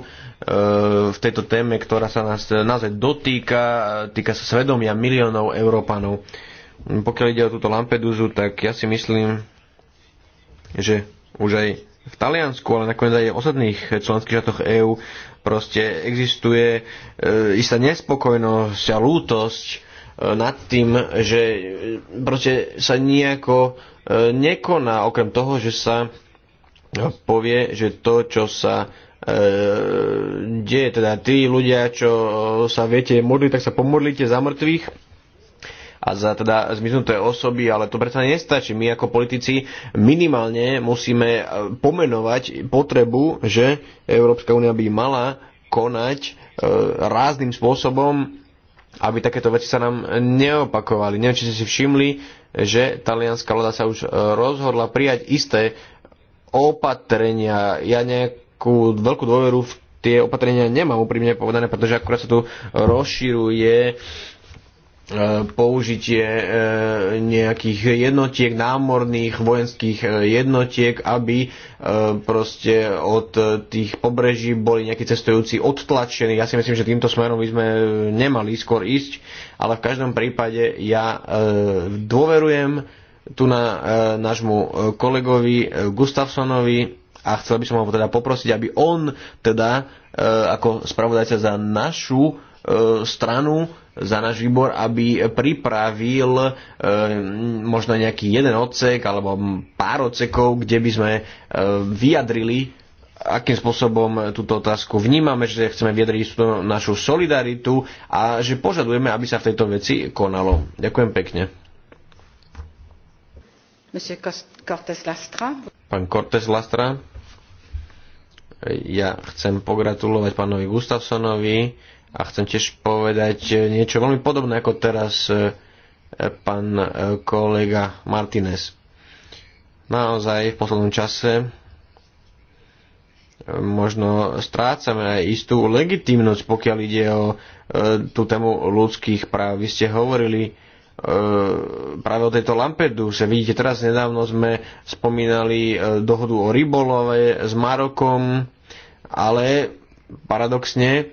v tejto téme, ktorá sa nás naozaj dotýka, týka sa svedomia miliónov Európanov. Pokiaľ ide o túto Lampeduzu, tak ja si myslím, že už aj v Taliansku, ale nakoniec aj v ostatných členských štátoch EÚ proste existuje e, istá nespokojnosť a lútosť e, nad tým, že e, proste sa nejako e, nekoná, okrem toho, že sa No, povie, že to, čo sa e, deje, teda tí ľudia, čo e, sa viete modliť, tak sa pomodlite za mŕtvych a za teda zmiznuté osoby, ale to predsa nestačí. My ako politici minimálne musíme e, pomenovať potrebu, že Európska únia by mala konať rázným spôsobom, aby takéto veci sa nám neopakovali. Neviem, či ste si všimli, že talianská vláda sa už rozhodla prijať isté opatrenia. Ja nejakú veľkú dôveru v tie opatrenia nemám úprimne povedané, pretože akurát sa tu rozširuje e, použitie e, nejakých jednotiek, námorných vojenských e, jednotiek, aby proste od tých pobreží boli nejakí cestujúci odtlačení. Ja si myslím, že týmto smerom by sme nemali skôr ísť, ale v každom prípade ja dôverujem tu na e, nášmu e, kolegovi e, Gustafsonovi a chcel by som ho teda poprosiť, aby on teda e, ako spravodajca za našu e, stranu, za náš výbor, aby pripravil e, možno nejaký jeden odsek alebo pár odsekov, kde by sme e, vyjadrili akým spôsobom túto otázku vnímame, že chceme vyjadriť našu solidaritu a že požadujeme, aby sa v tejto veci konalo. Ďakujem pekne. Pán Cortés Lastra. Ja chcem pogratulovať pánovi Gustafsonovi a chcem tiež povedať e, niečo veľmi podobné ako teraz e, pán e, kolega Martinez. Naozaj v poslednom čase možno strácame aj istú legitimnosť, pokiaľ ide o tú tému ľudských práv. Vy ste hovorili E, práve o tejto že Vidíte, teraz nedávno sme spomínali e, dohodu o rybolove s Marokom, ale paradoxne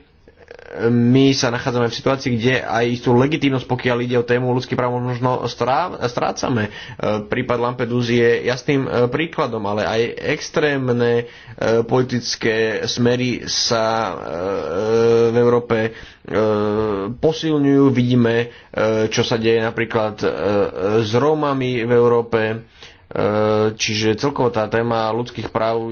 my sa nachádzame v situácii, kde aj istú legitímnosť, pokiaľ ide o tému ľudských práv, možno strácame. E, prípad Lampedusy je jasným e, príkladom, ale aj extrémne e, politické smery sa v Európe posilňujú. Vidíme, čo sa deje napríklad s Rómami v Európe E, čiže celkovo tá téma ľudských práv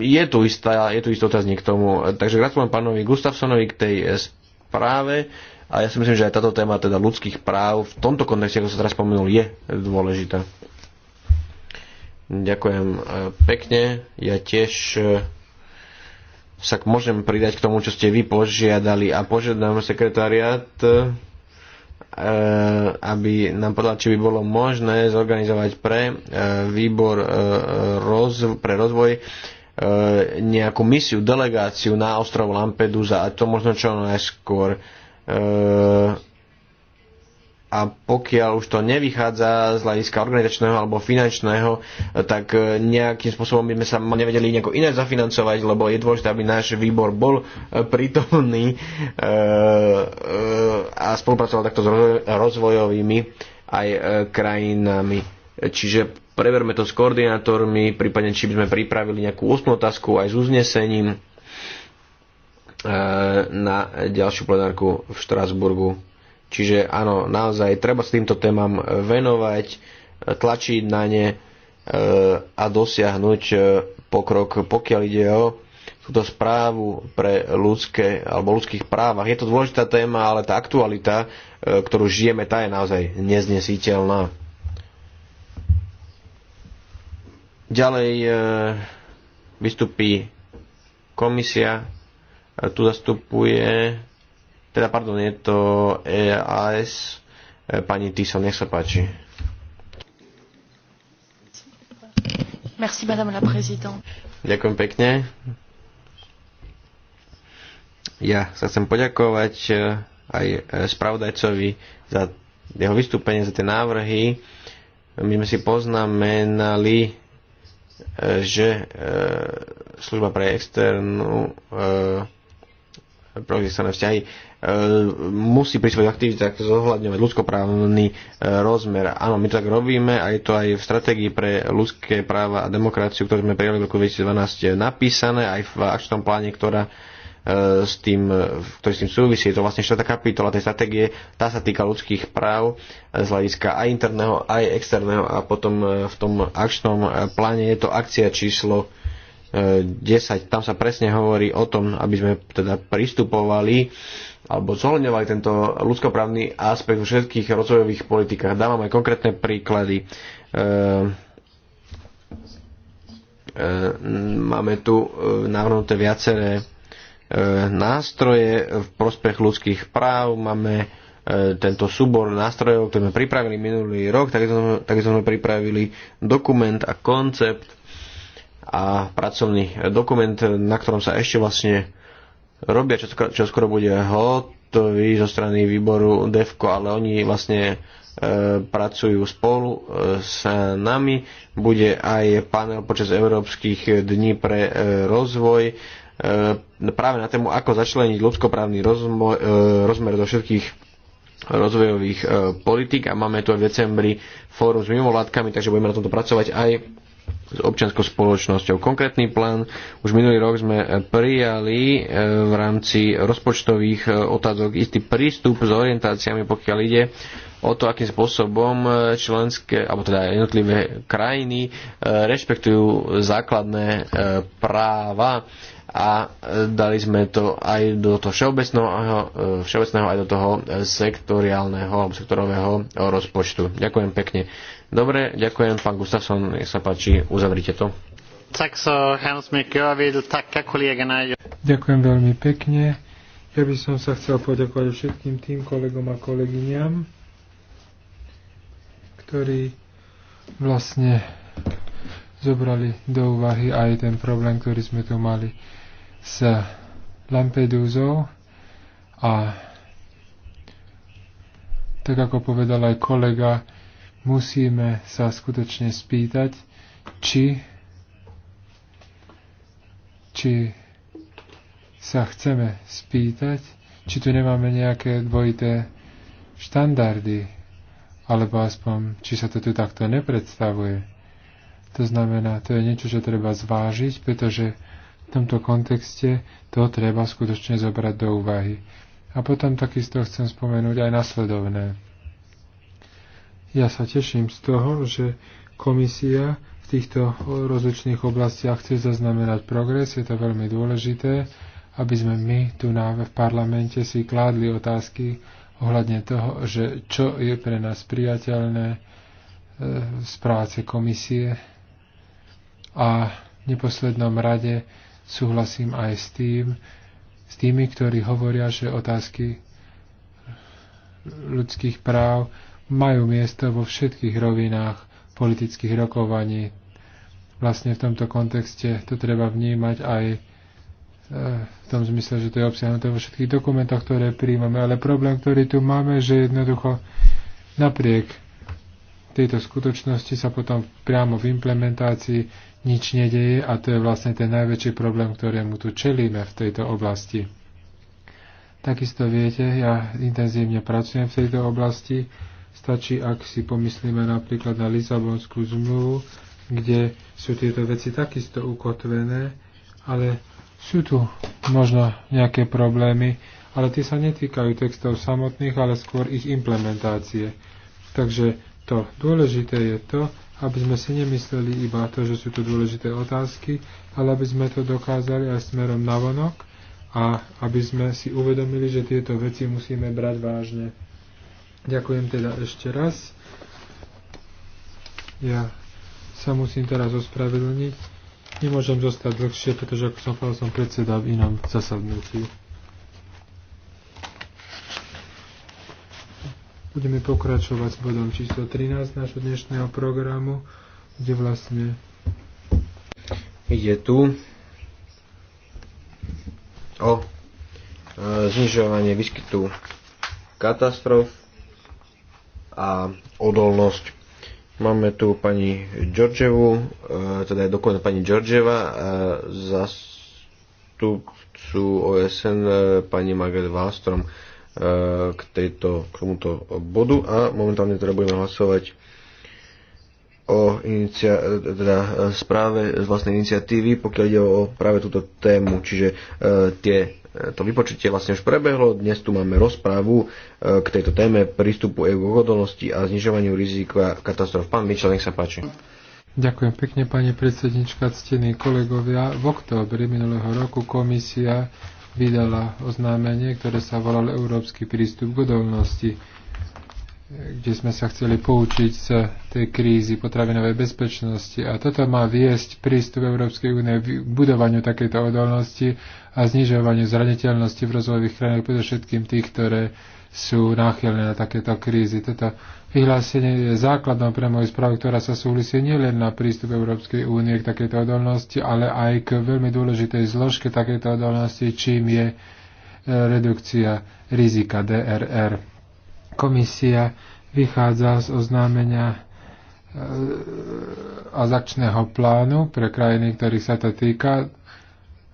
je tu, istá, je tu istá otáznik k tomu. Takže gratulujem pánovi Gustafsonovi k tej správe a ja si myslím, že aj táto téma teda ľudských práv v tomto kontexte, ako sa teraz spomenul, je dôležitá. Ďakujem e, pekne. Ja tiež e, sa môžem pridať k tomu, čo ste vy požiadali a požiadam sekretariat Eh, aby nám povedala, či by bolo možné zorganizovať pre eh, výbor eh, pre rozvoj nejakú misiu, delegáciu na ostrov Lampedusa a to možno čo najskôr a pokiaľ už to nevychádza z hľadiska organizačného alebo finančného, tak e, nejakým spôsobom by sme sa nevedeli nejako iné zafinancovať, lebo je dôležité, aby náš výbor bol e, prítomný e, a spolupracoval takto s rozvojovými aj krajinami. Čiže preverme to s koordinátormi, prípadne či by sme pripravili nejakú ústnu otázku aj s uznesením na ďalšiu plenárku v Štrasburgu. Čiže áno, naozaj treba s týmto témam venovať, tlačiť na ne e, a dosiahnuť e, pokrok, pokiaľ ide o túto správu pre ľudské alebo ľudských právach. Je to dôležitá téma, ale tá aktualita, e, ktorú žijeme, tá je naozaj neznesiteľná. Ďalej vystupí komisia, tu zastupuje teda, pardon, je to EAS. E, pani Tiso, nech sa páči. Merci, madame la présidente. Ďakujem pekne. Ja sa chcem poďakovať e, aj e, spravodajcovi za jeho vystúpenie, za tie návrhy. My sme si poznamenali, že služba pre externú protistané vzťahy E, musí pri svojich aktivitách zohľadňovať ľudskoprávny e, rozmer. Áno, my to tak robíme a je to aj v stratégii pre ľudské práva a demokraciu, ktorú sme prijali v roku 2012 e, napísané, aj v akčnom pláne, ktorá s tým, ktorý s tým súvisí. Je to vlastne štvrtá kapitola tej stratégie, tá sa týka ľudských práv z hľadiska aj interného, aj externého a potom v tom akčnom pláne je to akcia číslo 10. Tam sa presne hovorí o tom, aby sme teda pristupovali alebo zohľadňovali tento ľudskoprávny aspekt vo všetkých rozvojových politikách. Dávam aj konkrétne príklady. E, e, máme tu e, navrhnuté viaceré nástroje v prospech ľudských práv, máme tento súbor nástrojov, ktorý sme pripravili minulý rok, takisto sme, takisto sme pripravili dokument a koncept a pracovný dokument, na ktorom sa ešte vlastne robia, čo skoro, čo skoro bude hotový zo strany výboru DEFCO, ale oni vlastne e, pracujú spolu e, s nami. Bude aj panel počas Európskych dní pre e, rozvoj práve na tému, ako začleniť ľudskoprávny rozmo- rozmer do všetkých rozvojových politik a máme tu aj v decembri fórum s mimovládkami, takže budeme na tomto pracovať aj s občianskou spoločnosťou. Konkrétny plán už minulý rok sme prijali e, v rámci rozpočtových e, otázok istý prístup s orientáciami, pokiaľ ide o to, akým spôsobom e, členské, alebo teda jednotlivé krajiny rešpektujú základné práva a dali sme to aj do toho všeobecného, všeobecného aj do toho sektoriálneho alebo sektorového rozpočtu. Ďakujem pekne. Dobre, ďakujem, pán Gustafsson, nech sa páči, uzavrite to. Ďakujem veľmi pekne. Ja by som sa chcel poďakovať všetkým tým kolegom a kolegyňam, ktorí vlastne zobrali do úvahy aj ten problém, ktorý sme tu mali s Lampedúzou a tak ako povedal aj kolega, musíme sa skutočne spýtať, či, či sa chceme spýtať, či tu nemáme nejaké dvojité štandardy, alebo aspoň, či sa to tu takto nepredstavuje. To znamená, to je niečo, čo treba zvážiť, pretože v tomto kontexte to treba skutočne zobrať do úvahy. A potom takisto chcem spomenúť aj nasledovné. Ja sa teším z toho, že komisia v týchto rozličných oblastiach chce zaznamenať progres. Je to veľmi dôležité, aby sme my tu na, v parlamente si kládli otázky ohľadne toho, že čo je pre nás priateľné e, z práce komisie. A v neposlednom rade súhlasím aj s tým, s tými, ktorí hovoria, že otázky ľudských práv majú miesto vo všetkých rovinách politických rokovaní. Vlastne v tomto kontexte to treba vnímať aj e, v tom zmysle, že to je obsiahnuté vo všetkých dokumentoch, ktoré príjmame. Ale problém, ktorý tu máme, že jednoducho napriek tejto skutočnosti sa potom priamo v implementácii nič nedeje a to je vlastne ten najväčší problém, ktorému tu čelíme v tejto oblasti. Takisto viete, ja intenzívne pracujem v tejto oblasti Stačí, ak si pomyslíme napríklad na Lisabonskú zmluvu, kde sú tieto veci takisto ukotvené, ale sú tu možno nejaké problémy, ale tie sa netýkajú textov samotných, ale skôr ich implementácie. Takže to dôležité je to, aby sme si nemysleli iba to, že sú tu dôležité otázky, ale aby sme to dokázali aj smerom navonok a aby sme si uvedomili, že tieto veci musíme brať vážne. Ďakujem teda ešte raz. Ja sa musím teraz ospravedlniť. Nemôžem zostať dlhšie, pretože ako som povedal, som predseda v inom zasadnutí. Budeme pokračovať s bodom číslo 13 nášho dnešného programu, kde vlastne ide tu o e, znižovanie výskytu katastrof a odolnosť. Máme tu pani Georgievu, e, teda je dokonca pani Georgieva, e, zastupcu OSN e, pani Margaret Wallström k, tejto, k tomuto bodu a momentálne teda budeme hlasovať o inicia- teda správe z vlastnej iniciatívy, pokiaľ ide o práve túto tému, čiže e, tie to vypočutie vlastne už prebehlo. Dnes tu máme rozprávu e, k tejto téme prístupu EU k odolnosti a znižovaniu rizika katastrof. Pán Mičel, nech sa páči. Ďakujem pekne, pani predsednička, ctení kolegovia. V októbri minulého roku komisia vydala oznámenie, ktoré sa volalo Európsky prístup k odolnosti kde sme sa chceli poučiť z tej krízy potravinovej bezpečnosti. A toto má viesť prístup Európskej únie k budovaniu takejto odolnosti a znižovaniu zraniteľnosti v rozvojových krajinách, predovšetkým tých, ktoré sú náchylné na takéto krízy. Toto vyhlásenie je základnou pre moju správu, ktorá sa súvisí nielen na prístup Európskej únie k takejto odolnosti, ale aj k veľmi dôležitej zložke takejto odolnosti, čím je e, redukcia rizika DRR. Komisia vychádza z oznámenia e, a z akčného plánu pre krajiny, ktorých sa to týka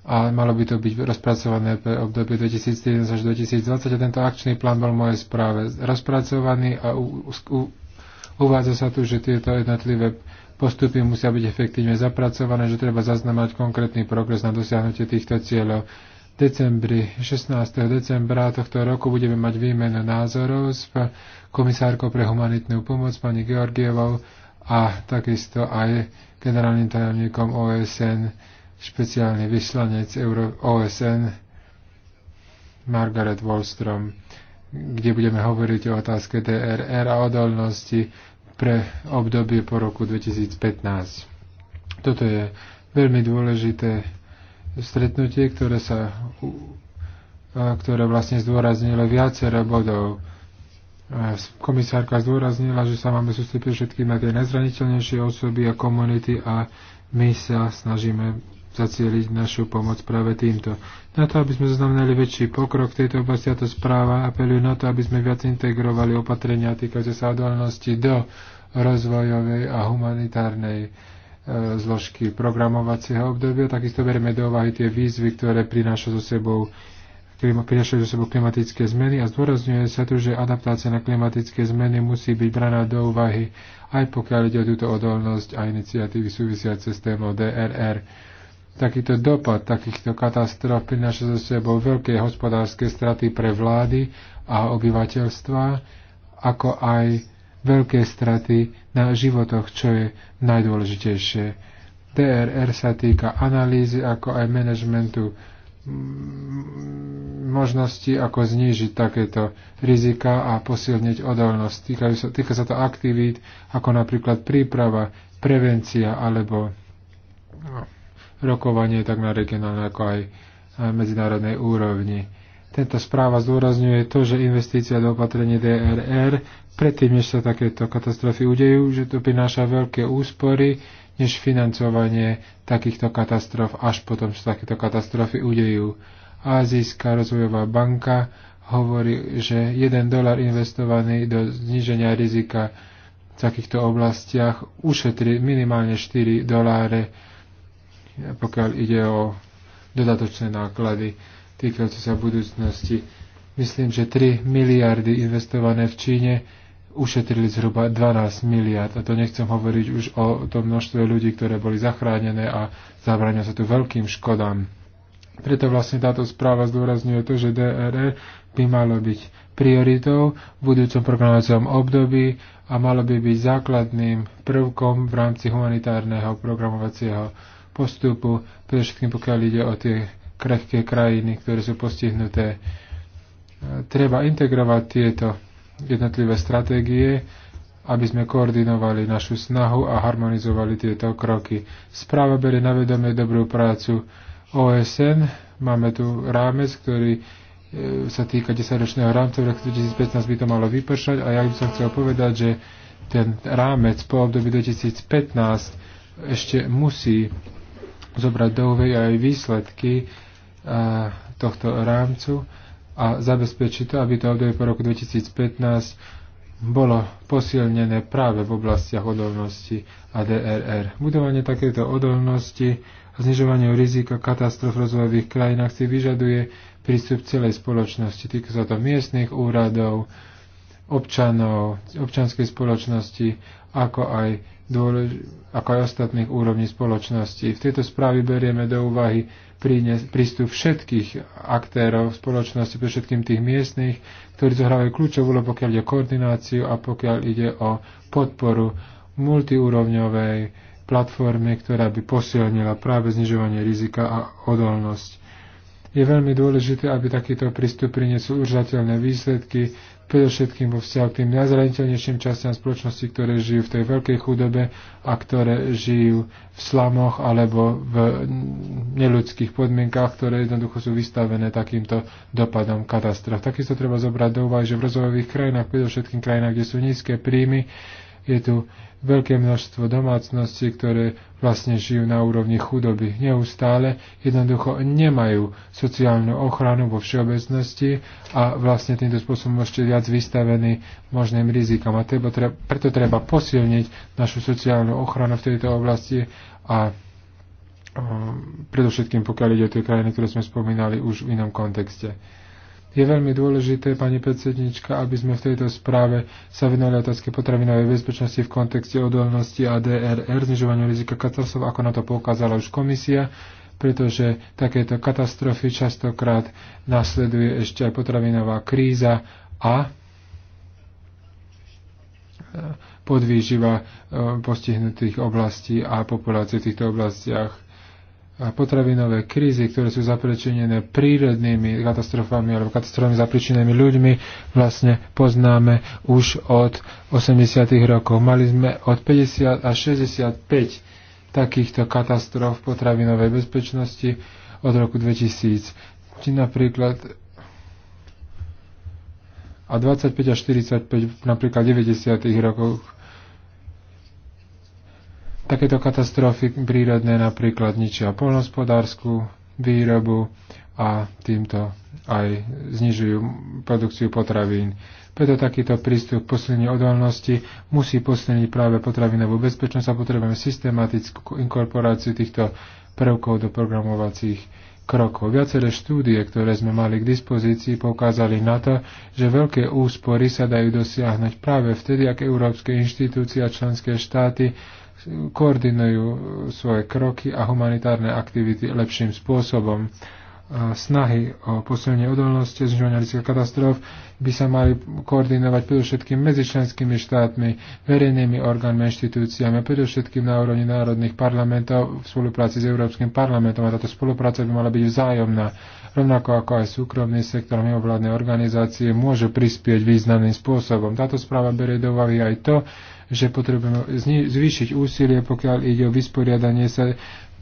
a malo by to byť rozpracované pre obdobie 2014 až 2020 a tento akčný plán bol moje správe rozpracovaný a u, u, uvádza sa tu, že tieto jednotlivé postupy musia byť efektívne zapracované, že treba zaznamať konkrétny progres na dosiahnutie týchto cieľov decembri, 16. decembra tohto roku budeme mať výmenu názorov s komisárkou pre humanitnú pomoc pani Georgievou a takisto aj generálnym tajomníkom OSN, špeciálny vyslanec Euro- OSN Margaret Wallstrom, kde budeme hovoriť o otázke DRR a odolnosti pre obdobie po roku 2015. Toto je veľmi dôležité stretnutie, ktoré sa ktoré vlastne zdôraznilo viacero bodov. Komisárka zdôraznila, že sa máme sústrediť všetkým na tie najzraniteľnejšie osoby a komunity a my sa snažíme zacieliť našu pomoc práve týmto. Na to, aby sme zaznamenali väčší pokrok v tejto oblasti, táto správa apeluje na to, aby sme viac integrovali opatrenia týkajúce sa odolnosti do rozvojovej a humanitárnej E, zložky programovacieho obdobia. Takisto berieme do úvahy tie výzvy, ktoré prinášajú so sebou prinašajú so sebou klimatické zmeny a zdôrazňuje sa tu, že adaptácia na klimatické zmeny musí byť braná do úvahy aj pokiaľ ide o túto odolnosť a iniciatívy súvisiace s témou DRR. Takýto dopad takýchto katastrof prináša so sebou veľké hospodárske straty pre vlády a obyvateľstva, ako aj veľké straty na životoch, čo je najdôležitejšie. DRR sa týka analýzy ako aj manažmentu možnosti, ako znížiť takéto rizika a posilniť odolnosť. Týka sa, týka sa to aktivít, ako napríklad príprava, prevencia alebo no, rokovanie tak na regionálnej ako aj medzinárodnej úrovni. Tento správa zdôrazňuje to, že investícia do opatrenie DRR predtým, než sa takéto katastrofy udejú, že to prináša veľké úspory, než financovanie takýchto katastrof, až potom sa takéto katastrofy udejú. Ázijská rozvojová banka hovorí, že 1 dolar investovaný do zniženia rizika v takýchto oblastiach ušetrí minimálne 4 doláre, pokiaľ ide o dodatočné náklady týkajúce sa budúcnosti. Myslím, že 3 miliardy investované v Číne ušetrili zhruba 12 miliard. A to nechcem hovoriť už o tom množstve ľudí, ktoré boli zachránené a zabránia sa tu veľkým škodám. Preto vlastne táto správa zdôrazňuje to, že DRR e by malo byť prioritou v budúcom programovacom období a malo by byť základným prvkom v rámci humanitárneho programovacieho postupu, predovšetkým pokiaľ ide o tie krehké krajiny, ktoré sú postihnuté. Treba integrovať tieto jednotlivé stratégie, aby sme koordinovali našu snahu a harmonizovali tieto kroky. Správa berie na vedomie dobrú prácu OSN. Máme tu rámec, ktorý e, sa týka 10-ročného rámca, v roku 2015 by to malo vypršať a ja by som chcel povedať, že ten rámec po období 2015 ešte musí zobrať do aj výsledky e, tohto rámcu a zabezpečiť to, aby to obdobie po roku 2015 bolo posilnené práve v oblastiach odolnosti a DRR. Budovanie takéto odolnosti a znižovanie rizika katastrof v rozvojových krajinách si vyžaduje prístup celej spoločnosti. Týka sa to miestnych úradov, občanov, občanskej spoločnosti, ako aj dôlež- ako aj ostatných úrovní spoločnosti. V tejto správe berieme do úvahy prístup všetkých aktérov spoločnosti, pre všetkým tých miestnych, ktorí zohrávajú kľúčovú úlohu, pokiaľ ide o koordináciu a pokiaľ ide o podporu multiúrovňovej platformy, ktorá by posilnila práve znižovanie rizika a odolnosť. Je veľmi dôležité, aby takýto prístup priniesol užateľné výsledky predovšetkým vo vzťahu k tým najzraniteľnejším častiam spoločnosti, ktoré žijú v tej veľkej chudobe a ktoré žijú v slamoch alebo v neludských podmienkách, ktoré jednoducho sú vystavené takýmto dopadom katastrof. Takisto treba zobrať do úvahy, že v rozvojových krajinách, predovšetkým krajinách, kde sú nízke príjmy, je tu veľké množstvo domácností, ktoré vlastne žijú na úrovni chudoby. Neustále jednoducho nemajú sociálnu ochranu vo všeobecnosti a vlastne týmto spôsobom ešte viac vystavení možným rizikom. A treba, preto treba posilniť našu sociálnu ochranu v tejto oblasti a um, predovšetkým pokiaľ ide o tie krajiny, ktoré sme spomínali už v inom kontexte. Je veľmi dôležité, pani predsednička, aby sme v tejto správe sa venovali otázke potravinovej bezpečnosti v kontexte odolnosti ADRR, znižovaniu rizika katastrof, ako na to poukázala už komisia, pretože takéto katastrofy častokrát nasleduje ešte aj potravinová kríza a e, podvýživa e, postihnutých oblastí a populácie v týchto oblastiach a potravinové krízy, ktoré sú zapričinené prírodnými katastrofami alebo katastrofami zapričinenými ľuďmi, vlastne poznáme už od 80. rokov. Mali sme od 50 až 65 takýchto katastrof potravinovej bezpečnosti od roku 2000. Či napríklad a 25 až 45 napríklad 90. rokov Takéto katastrofy prírodné napríklad ničia polnospodárskú výrobu a týmto aj znižujú produkciu potravín. Preto takýto prístup k posilneniu odolnosti musí posilniť práve potravinovú bezpečnosť a potrebujeme systematickú inkorporáciu týchto prvkov do programovacích krokov. Viaceré štúdie, ktoré sme mali k dispozícii, poukázali na to, že veľké úspory sa dajú dosiahnuť práve vtedy, ak európske inštitúcie a členské štáty koordinujú e, svoje kroky a humanitárne aktivity lepším spôsobom. E, Snahy o posilnenie odolnosti znižovania rizika katastrof by sa mali koordinovať predovšetkým medzi členskými štátmi, verejnými orgánmi, inštitúciami, predovšetkým na úrovni národných parlamentov v spolupráci s Európskym parlamentom a táto spolupráca by mala byť vzájomná. Rovnako ako aj súkromný sektor mimovládnej organizácie môžu prispieť významným spôsobom. Táto správa berie do aj to, že potrebujeme zvýšiť úsilie, pokiaľ ide o vysporiadanie sa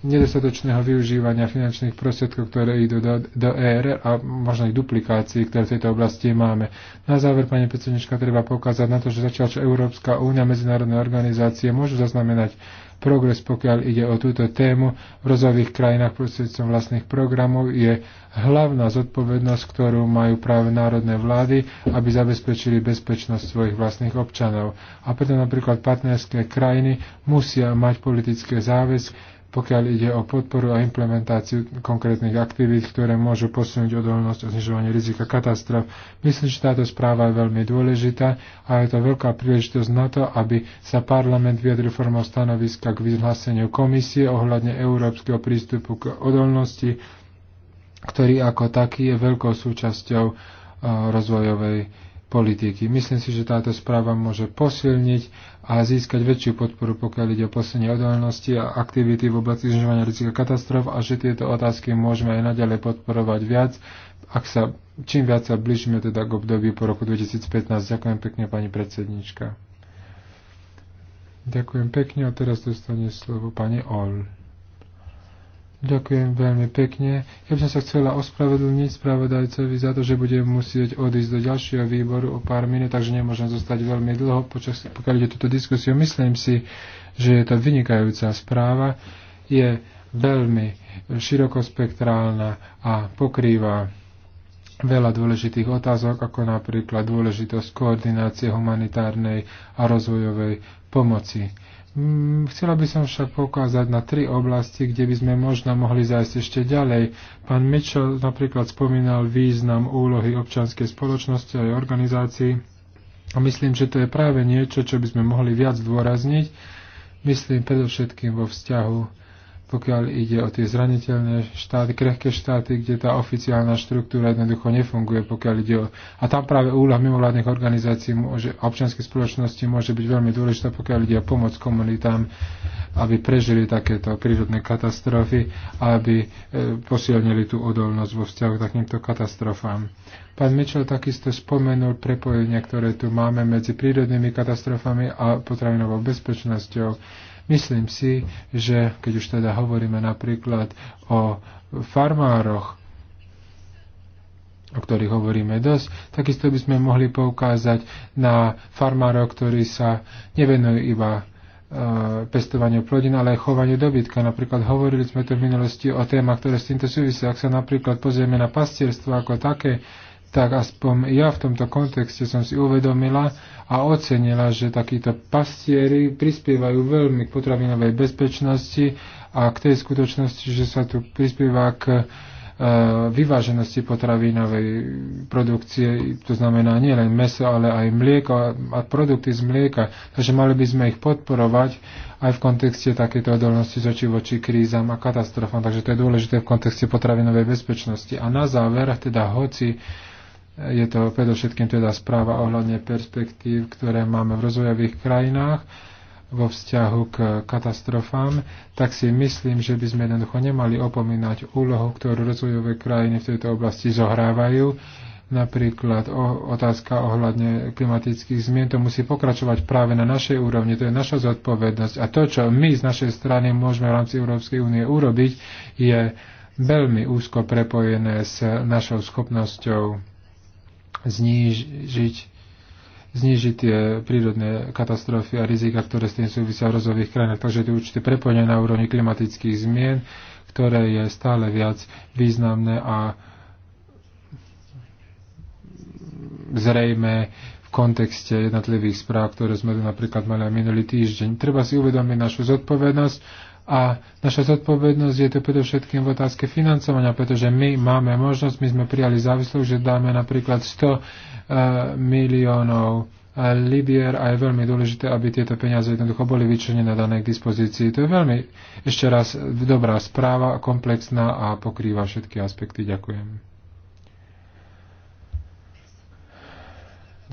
nedostatočného využívania finančných prostriedkov, ktoré idú do, do ER a možno aj duplikácií, ktoré v tejto oblasti máme. Na záver, pani predsednička, treba pokázať na to, že zatiaľ, čo Európska únia, medzinárodné organizácie môžu zaznamenať progres, pokiaľ ide o túto tému v rozových krajinách prostredstvom vlastných programov, je hlavná zodpovednosť, ktorú majú práve národné vlády, aby zabezpečili bezpečnosť svojich vlastných občanov. A preto napríklad partnerské krajiny musia mať politické záväzky, pokiaľ ide o podporu a implementáciu konkrétnych aktivít, ktoré môžu posunúť odolnosť a znižovanie rizika katastrof. Myslím, že táto správa je veľmi dôležitá a je to veľká príležitosť na to, aby sa parlament vyjadril formou stanoviska k vyhláseniu komisie ohľadne európskeho prístupu k odolnosti, ktorý ako taký je veľkou súčasťou e, rozvojovej politiky. Myslím si, že táto správa môže posilniť a získať väčšiu podporu, pokiaľ ide o posilnenie odolnosti a aktivity v oblasti znižovania rizika katastrof a že tieto otázky môžeme aj naďalej podporovať viac, ak sa, čím viac sa blížime teda k obdobiu po roku 2015. Ďakujem pekne, pani predsednička. Ďakujem pekne a teraz dostane slovo pani Ol. Ďakujem veľmi pekne. Ja by som sa chcela ospravedlniť spravodajcovi za to, že budem musieť odísť do ďalšieho výboru o pár minút, takže nemôžem zostať veľmi dlho, počas, pokiaľ ide túto diskusiu. Myslím si, že je to vynikajúca správa. Je veľmi širokospektrálna a pokrýva veľa dôležitých otázok, ako napríklad dôležitosť koordinácie humanitárnej a rozvojovej pomoci Mm, chcela by som však poukázať na tri oblasti, kde by sme možno mohli zájsť ešte ďalej. Pán Mitchell napríklad spomínal význam úlohy občianskej spoločnosti a organizácií. A myslím, že to je práve niečo, čo by sme mohli viac dôrazniť. Myslím predovšetkým vo vzťahu pokiaľ ide o tie zraniteľné štáty, krehké štáty, kde tá oficiálna štruktúra jednoducho nefunguje, pokiaľ ide o... A tam práve úloha mimovládnych organizácií môže, občianskej spoločnosti môže byť veľmi dôležitá, pokiaľ ide o pomoc komunitám, aby prežili takéto prírodné katastrofy a aby e, posilnili tú odolnosť vo vzťahu k takýmto katastrofám. Pán Mitchell takisto spomenul prepojenia, ktoré tu máme medzi prírodnými katastrofami a potravinovou bezpečnosťou Myslím si, že keď už teda hovoríme napríklad o farmároch, o ktorých hovoríme dosť, takisto by sme mohli poukázať na farmárov, ktorí sa nevenujú iba e, pestovaniu plodín, ale aj chovaniu dobytka. Napríklad hovorili sme tu v minulosti o témach, ktoré s týmto súvisia. Ak sa napríklad pozrieme na pastierstvo ako také, tak aspoň ja v tomto kontexte som si uvedomila a ocenila, že takíto pastieri prispievajú veľmi k potravinovej bezpečnosti a k tej skutočnosti, že sa tu prispieva k e, vyváženosti potravinovej produkcie, to znamená nielen meso, ale aj mlieko a produkty z mlieka. Takže mali by sme ich podporovať aj v kontexte takéto odolnosti zoči voči krízam a katastrofám. Takže to je dôležité v kontexte potravinovej bezpečnosti. A na záver, teda hoci uh, je to predovšetkým teda správa ohľadne perspektív, ktoré máme v rozvojových krajinách vo vzťahu k katastrofám, tak si myslím, že by sme jednoducho nemali opomínať úlohu, ktorú rozvojové krajiny v tejto oblasti zohrávajú. Napríklad o, otázka ohľadne klimatických zmien, to musí pokračovať práve na našej úrovni, to je naša zodpovednosť. A to, čo my z našej strany môžeme v rámci Európskej únie urobiť, je veľmi úzko prepojené s našou schopnosťou znížiť, znížiť tie prírodné katastrofy a rizika, ktoré s tým súvisia v rozvojových krajinách. Takže je to určite prepojenie na úrovni klimatických zmien, ktoré je stále viac významné a zrejme v kontexte jednotlivých správ, ktoré sme tu napríklad mali aj minulý týždeň. Treba si uvedomiť našu zodpovednosť a naša zodpovednosť je to predovšetkým v otázke financovania, pretože my máme možnosť, my sme prijali závislosť, že dáme napríklad 100 uh, e, miliónov e, libier a je veľmi dôležité, aby tieto peniaze jednoducho boli vyčlenené dané k dispozícii. To je veľmi, ešte raz, dobrá správa, komplexná a pokrýva všetky aspekty. Ďakujem.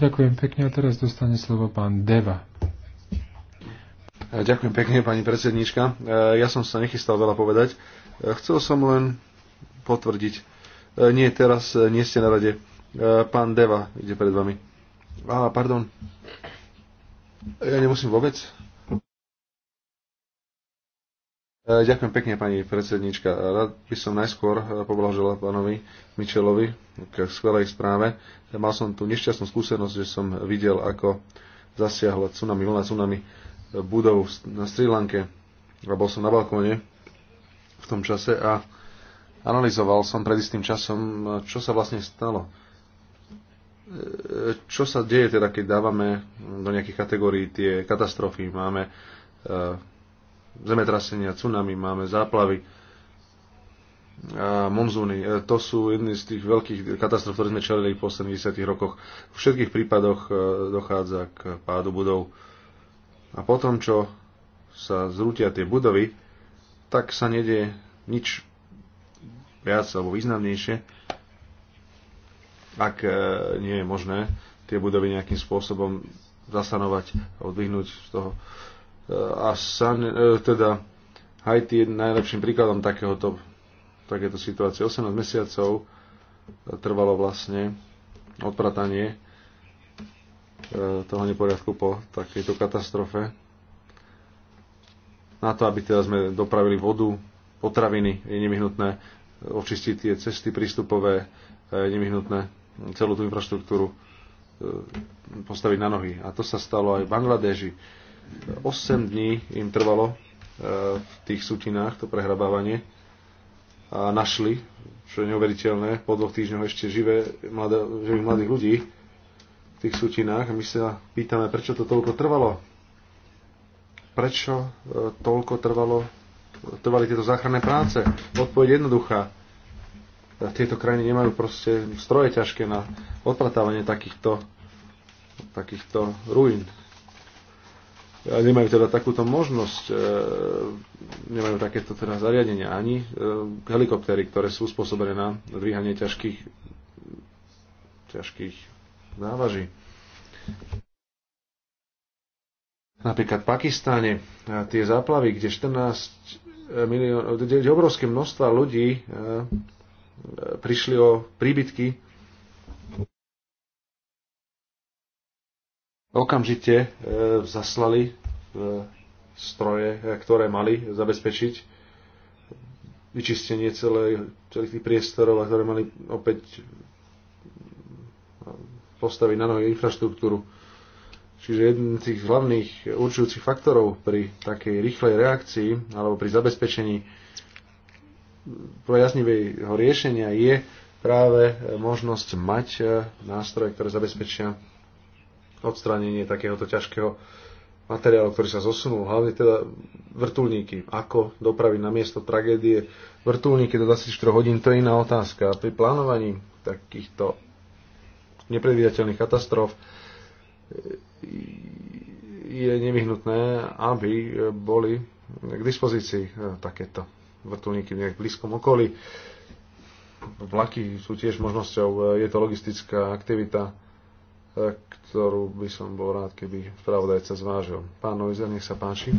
Ďakujem pekne a teraz dostane slovo pán Deva. E, ďakujem pekne, pani predsedníčka. E, ja som sa nechystal veľa povedať. E, chcel som len potvrdiť. Nie, teraz nie ste na rade. Pán Deva ide pred vami. Á, pardon. Ja nemusím vôbec? Ďakujem pekne, pani predsednička. Rád by som najskôr poblahoželal pánovi Mičelovi k skvelej správe. Mal som tú nešťastnú skúsenosť, že som videl, ako zasiahla tsunami, vlna tsunami budov na Sri Lanke. Bol som na balkóne v tom čase a analyzoval som pred istým časom, čo sa vlastne stalo. E, čo sa deje teda, keď dávame do nejakých kategórií tie katastrofy? Máme e, zemetrasenia, tsunami, máme záplavy, monzúny. E, to sú jedny z tých veľkých katastrof, ktoré sme čelili v posledných 10 rokoch. V všetkých prípadoch dochádza k pádu budov a potom, čo sa zrútia tie budovy, tak sa nedie nič viac alebo významnejšie, ak e, nie je možné tie budovy nejakým spôsobom zasanovať a odvihnúť z toho. E, a san, e, teda Haiti je najlepším príkladom takéhoto, takéto situácie. 18 mesiacov trvalo vlastne odpratanie E, toho neporiadku po takejto katastrofe. Na to, aby teda sme dopravili vodu, potraviny, je nevyhnutné očistiť tie cesty prístupové, je nevyhnutné celú tú infraštruktúru e, postaviť na nohy. A to sa stalo aj v Bangladeži. 8 dní im trvalo e, v tých sutinách to prehrabávanie a našli, čo je neuveriteľné, po dvoch týždňoch ešte živé, mladé, živých mladých ľudí, tých sutinách. My sa pýtame, prečo to toľko trvalo. Prečo e, toľko trvalo, trvali tieto záchranné práce? Odpoveď jednoduchá. Tieto krajiny nemajú proste stroje ťažké na odpratávanie takýchto, takýchto ruín. Nemajú teda takúto možnosť, e, nemajú takéto teda zariadenia ani e, helikoptery, ktoré sú spôsobené na dvíhanie ťažkých ťažkých návaží. Napríklad v Pakistane tie záplavy, kde 14 milión, kde obrovské množstva ľudí prišli o príbytky, okamžite e, zaslali e, stroje, e, ktoré mali zabezpečiť vyčistenie celé, celých tých priestorov a ktoré mali opäť postaviť na nohy infraštruktúru. Čiže jeden z tých hlavných určujúcich faktorov pri takej rýchlej reakcii alebo pri zabezpečení projaznivého riešenia je práve možnosť mať e, nástroje, ktoré zabezpečia odstránenie takéhoto ťažkého materiálu, ktorý sa zosunul, hlavne teda vrtulníky. Ako dopraviť na miesto tragédie vrtulníky do 24 hodín, to je iná otázka. Pri plánovaní takýchto nepredvídateľných katastrof, je nevyhnutné, aby boli k dispozícii e, takéto vrtulníky v nejak blízkom okolí. Vlaky sú tiež možnosťou, e, je to logistická aktivita, e, ktorú by som bol rád, keby spravodajca zvážil. Pán Noizer, nech sa páči.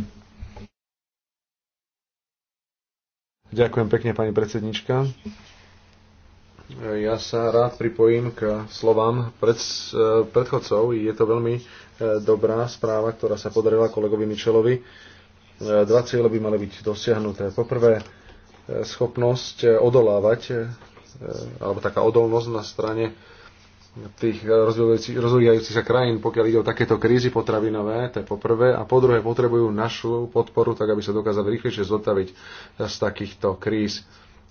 Ďakujem pekne, pani predsednička. Ja sa rád pripojím k slovám pred, eh, predchodcov. Je to veľmi eh, dobrá správa, ktorá sa podarila kolegovi Mičelovi. Eh, dva cieľe by mali byť dosiahnuté. Poprvé, schopnosť odolávať, alebo taká odolnosť na strane tých rozvíjajúcich sa krajín, pokiaľ ide o takéto krízy potravinové, to je poprvé, a po druhé potrebujú našu podporu, tak aby sa dokázali rýchlejšie zotaviť z takýchto kríz.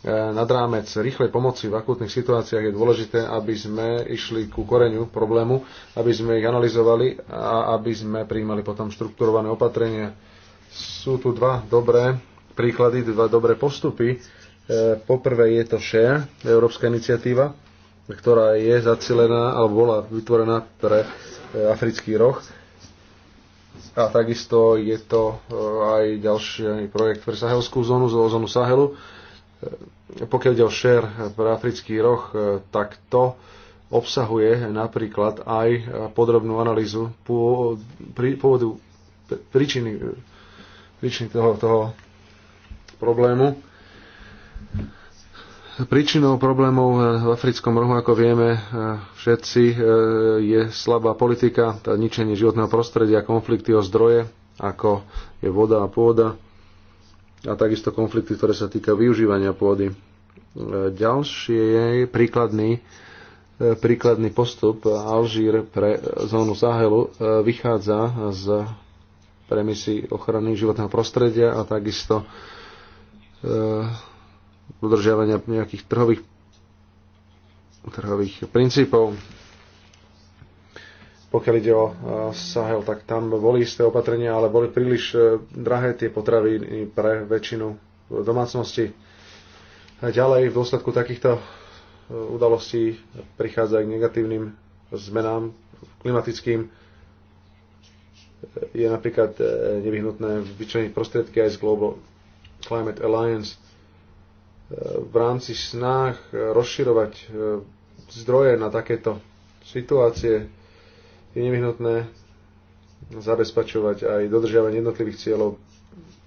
E, nad rámec rýchlej pomoci v akútnych situáciách je dôležité, aby sme išli ku koreňu problému, aby sme ich analyzovali a aby sme prijímali potom štrukturované opatrenia. Sú tu dva dobré príklady, dva dobré postupy. E, poprvé je to SHARE, európska iniciatíva, ktorá je zacilená alebo bola vytvorená pre e, africký roh. A takisto je to aj ďalší projekt pre sahelskú zónu, zónu Sahelu pokiaľ ide o šer pre africký roh, e, tak to obsahuje napríklad aj e, podrobnú analýzu pôvodu príčiny, príčiny toho, toho problému. Príčinou problémov e, v africkom rohu, ako vieme všetci, je slabá politika, tá ničenie životného prostredia, konflikty o zdroje, ako je voda a pôda, a takisto konflikty, ktoré sa týkajú využívania pôdy. E, Ďalšie je príkladný, e, príkladný postup Alžír pre zónu Sahelu e, vychádza z premisy ochrany životného prostredia a takisto udržiavania nejakých trhových, trhových princípov pokiaľ ide o e, Sahel, tak tam boli isté opatrenia, ale boli príliš e, drahé tie potraviny pre väčšinu domácnosti. Ďalej v dôsledku takýchto e, udalostí prichádza aj k negatívnym zmenám klimatickým. Je napríklad nevyhnutné vyčleniť prostriedky aj z Global Climate Alliance v rámci snách rozširovať zdroje na takéto situácie je nevyhnutné zabezpečovať aj dodržiavanie jednotlivých cieľov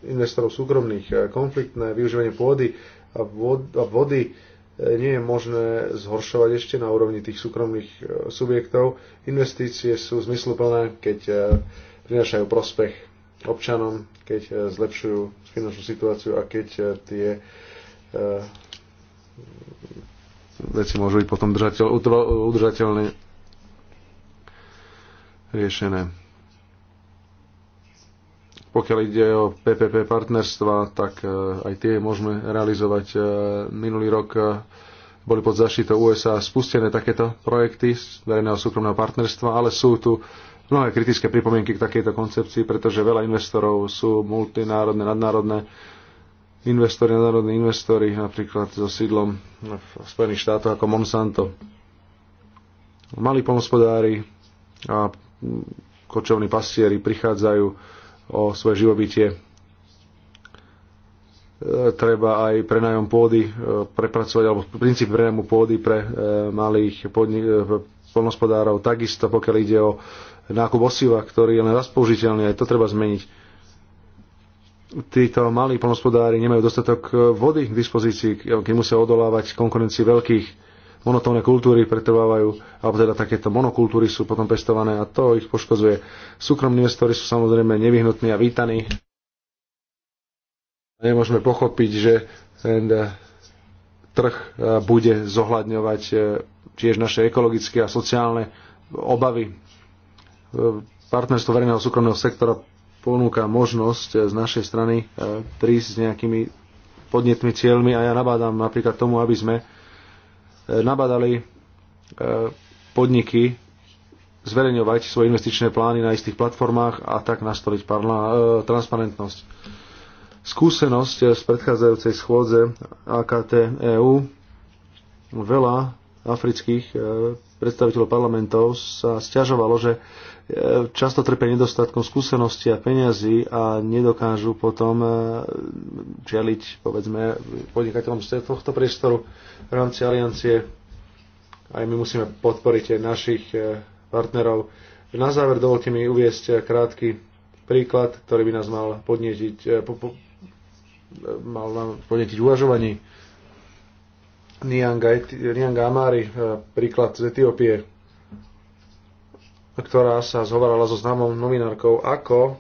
investorov súkromných, konfliktné využívanie pôdy a vody e, nie je možné zhoršovať ešte na úrovni tých súkromných e, subjektov. Investície sú zmysluplné, keď e, prinášajú prospech občanom, keď zlepšujú finančnú situáciu a keď tie veci môžu byť potom udržateľné riešené. Pokiaľ ide o PPP partnerstva, tak e, aj tie môžeme realizovať. E, minulý rok e, boli pod zaštitou USA spustené takéto projekty z verejného súkromného partnerstva, ale sú tu mnohé kritické pripomienky k takejto koncepcii, pretože veľa investorov sú multinárodné, nadnárodné investori, nadnárodné investori, napríklad so sídlom v Spojených štátoch ako Monsanto. Mali pomospodári a kočovní pastieri prichádzajú o svoje živobytie. E, treba aj prenajom pôdy e, prepracovať, alebo princíp prenajomu pôdy pre e, malých poľnospodárov. polnospodárov. Takisto, pokiaľ ide o nákup osiva, ktorý je len raz použiteľný, aj to treba zmeniť títo malí polnospodári nemajú dostatok vody k dispozícii, keď musia odolávať konkurencii veľkých monotónne kultúry pretrvávajú, alebo teda takéto monokultúry sú potom pestované a to ich poškozuje. Súkromní investori sú samozrejme nevyhnutní a vítaní. Nemôžeme pochopiť, že ten eh, trh eh, bude zohľadňovať eh, tiež naše ekologické a sociálne obavy. Partnerstvo verejného súkromného sektora ponúka možnosť z našej strany prísť s nejakými podnetmi cieľmi a ja nabádam napríklad tomu, aby sme nabadali e, podniky zverejňovať svoje investičné plány na istých platformách a tak nastoliť e, transparentnosť. Skúsenosť z predchádzajúcej schôdze AKT EU veľa afrických e, predstaviteľov parlamentov sa stiažovalo, že často trpia nedostatkom skúsenosti a peňazí a nedokážu potom e, čeliť, povedzme, podnikateľom z tohto priestoru v rámci aliancie. Aj my musíme podporiť aj našich e, partnerov. Na záver dovolte mi uviesť krátky príklad, ktorý by nás mal podnetiť, e, po, po, mal nám podnetiť uvažovaní. Nianga, Nianga Amari, príklad z Etiópie, ktorá sa zhovarala so známou novinárkou, ako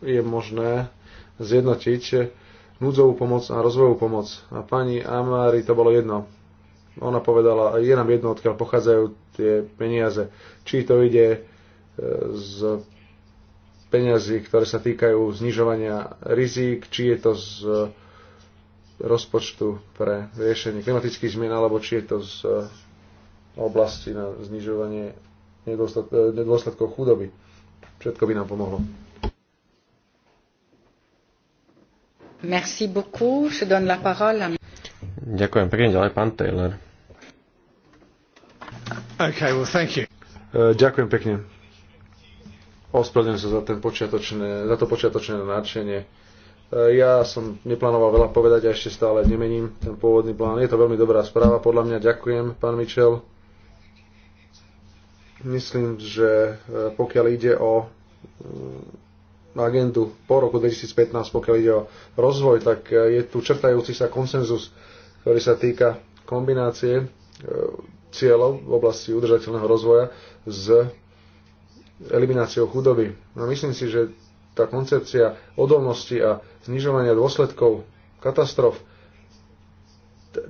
je možné zjednotiť núdzovú pomoc a rozvojovú pomoc. A pani Amári to bolo jedno. Ona povedala, je nám jedno, odkiaľ pochádzajú tie peniaze. Či to ide e, z peniazy, ktoré sa týkajú znižovania rizík, či je to z rozpočtu pre riešenie klimatických zmien, alebo či je to z oblasti na znižovanie Eh, nedôsledkov chudoby. Všetko by nám pomohlo. Merci beaucoup. Je donne la parole à... Ďakujem pekne ďalej, pán Taylor. Okay, well, thank you. Eh, ďakujem pekne. Ospravedlňujem sa za, ten počiatočné, za to počiatočné nadšenie. Eh, ja som neplánoval veľa povedať a ešte stále nemením ten pôvodný plán. Je to veľmi dobrá správa, podľa mňa. Ďakujem, pán Mičel. Myslím, že e, pokiaľ ide o mm, agendu po roku 2015, pokiaľ ide o rozvoj, tak e, je tu črtajúci sa konsenzus, ktorý sa týka kombinácie e, cieľov v oblasti udržateľného rozvoja s elimináciou chudoby. No myslím si, že tá koncepcia odolnosti a znižovania dôsledkov katastrof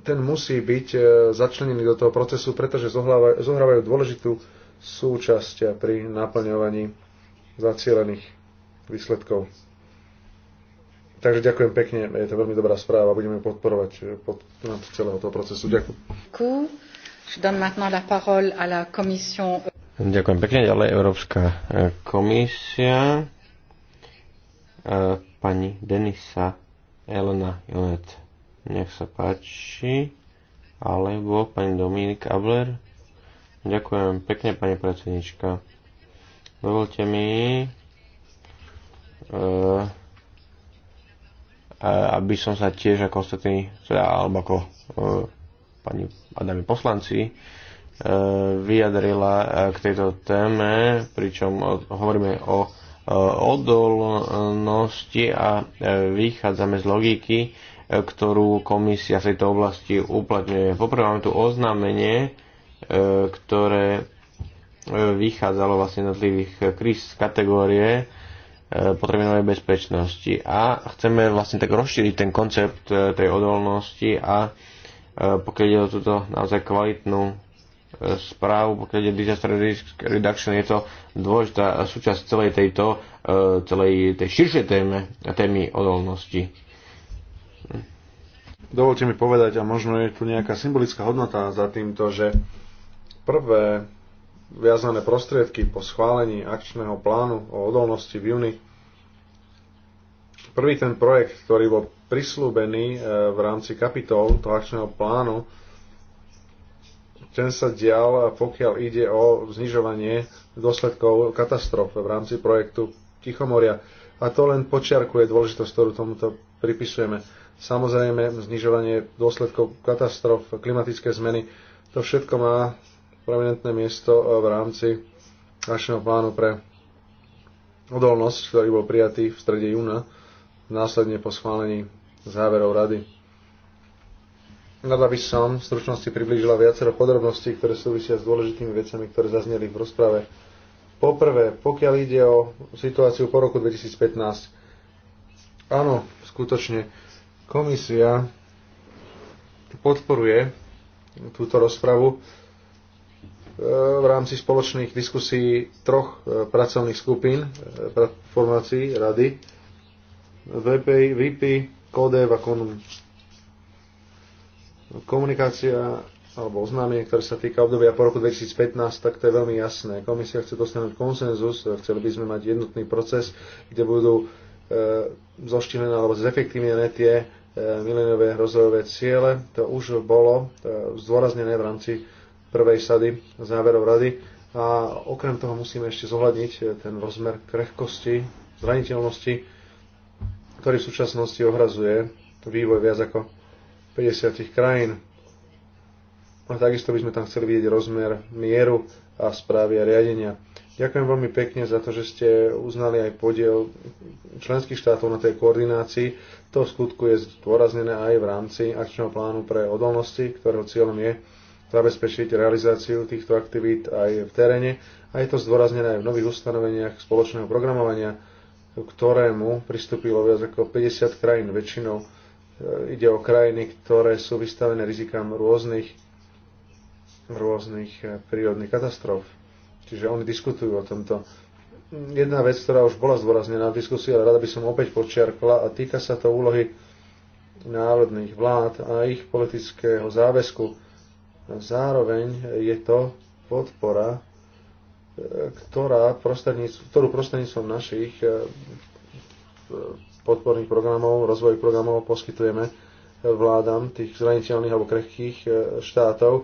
ten musí byť začlenený do toho procesu, pretože zohrávajú dôležitú súčasťa pri naplňovaní zacielených výsledkov. Takže ďakujem pekne, je to veľmi dobrá správa, budeme podporovať pod celého toho procesu. Ďakujem. Ďakujem pekne, ďalej Európska e, komisia. E, pani Denisa Elena Jonet, nech sa páči. Alebo pani Dominik Abler. Ďakujem pekne, pani predsednička. Dovolte mi, e, aby som sa tiež ako ostatní, teda, alebo ako e, pani Adami poslanci, e, vyjadrila k tejto téme, pričom hovoríme o odolnosti a vychádzame z logiky, ktorú komisia v tejto oblasti uplatňuje. Poprvé máme tu oznámenie, E, ktoré e, vychádzalo vlastne jednotlivých e, kríz z kategórie potrebenovej bezpečnosti. A chceme vlastne tak rozšíriť ten koncept tej odolnosti a pokiaľ ide o túto naozaj kvalitnú správu, pokiaľ ide disaster risk reduction, je to dôležitá súčasť celej tejto, celej tej širšej téme, témy odolnosti. Dovolte mi povedať, a možno je tu nejaká symbolická hodnota za týmto, že prvé viazané prostriedky po schválení akčného plánu o odolnosti v júni. Prvý ten projekt, ktorý bol prislúbený e, v rámci kapitol toho akčného plánu, ten sa dial, pokiaľ ide o znižovanie dôsledkov katastrof v rámci projektu Tichomoria. A to len počiarkuje dôležitosť, ktorú tomuto pripisujeme. Samozrejme, znižovanie dôsledkov katastrof, klimatické zmeny, to všetko má prominentné miesto e, v rámci našeho plánu pre odolnosť, ktorý bol prijatý v strede júna, následne po schválení záverov rady. Rada by som v stručnosti priblížila viacero podrobností, ktoré súvisia s dôležitými vecami, ktoré zazneli v rozprave. Poprvé, pokiaľ ide o situáciu po roku 2015, áno, skutočne, komisia podporuje túto rozpravu v rámci spoločných diskusí troch e, pracovných skupín e, formácií rady VP, VP, KODEV a KONUM. Komunikácia alebo oznámenie, ktoré sa týka obdobia po roku 2015, tak to je veľmi jasné. Komisia chce dosiahnuť konsenzus, e, chceli by sme mať jednotný proces, kde budú e, alebo zefektívnené tie e, mileniové rozvojové ciele. To už bolo e, zdôraznené v rámci e, prvej sady záverov rady a okrem toho musíme ešte zohľadniť eh, ten rozmer krehkosti, zraniteľnosti, ktorý v súčasnosti ohrazuje vývoj viac ako 50 krajín. A takisto by sme tam chceli vidieť rozmer mieru a správy a riadenia. Ďakujem veľmi pekne za to, že ste uznali aj podiel členských štátov na tej koordinácii. To v skutku je zdôraznené aj v rámci akčného plánu pre odolnosti, ktorého cieľom je zabezpečiť realizáciu týchto aktivít aj v teréne a je to zdôraznené aj v nových ustanoveniach spoločného programovania, ktorému pristúpilo viac ako 50 krajín. Väčšinou e, ide o krajiny, ktoré sú vystavené rizikám rôznych, rôznych e, prírodných katastrof. Čiže oni diskutujú o tomto. Jedna vec, ktorá už bola zdôraznená v diskusii, ale rada by som opäť počiarkla a týka sa to úlohy národných vlád a ich politického záväzku Zároveň je to podpora, e, ktorá prostredníc, ktorú prostredníctvom našich e, e, podporných programov, rozvojových programov poskytujeme vládam tých zraniteľných alebo krehkých štátov.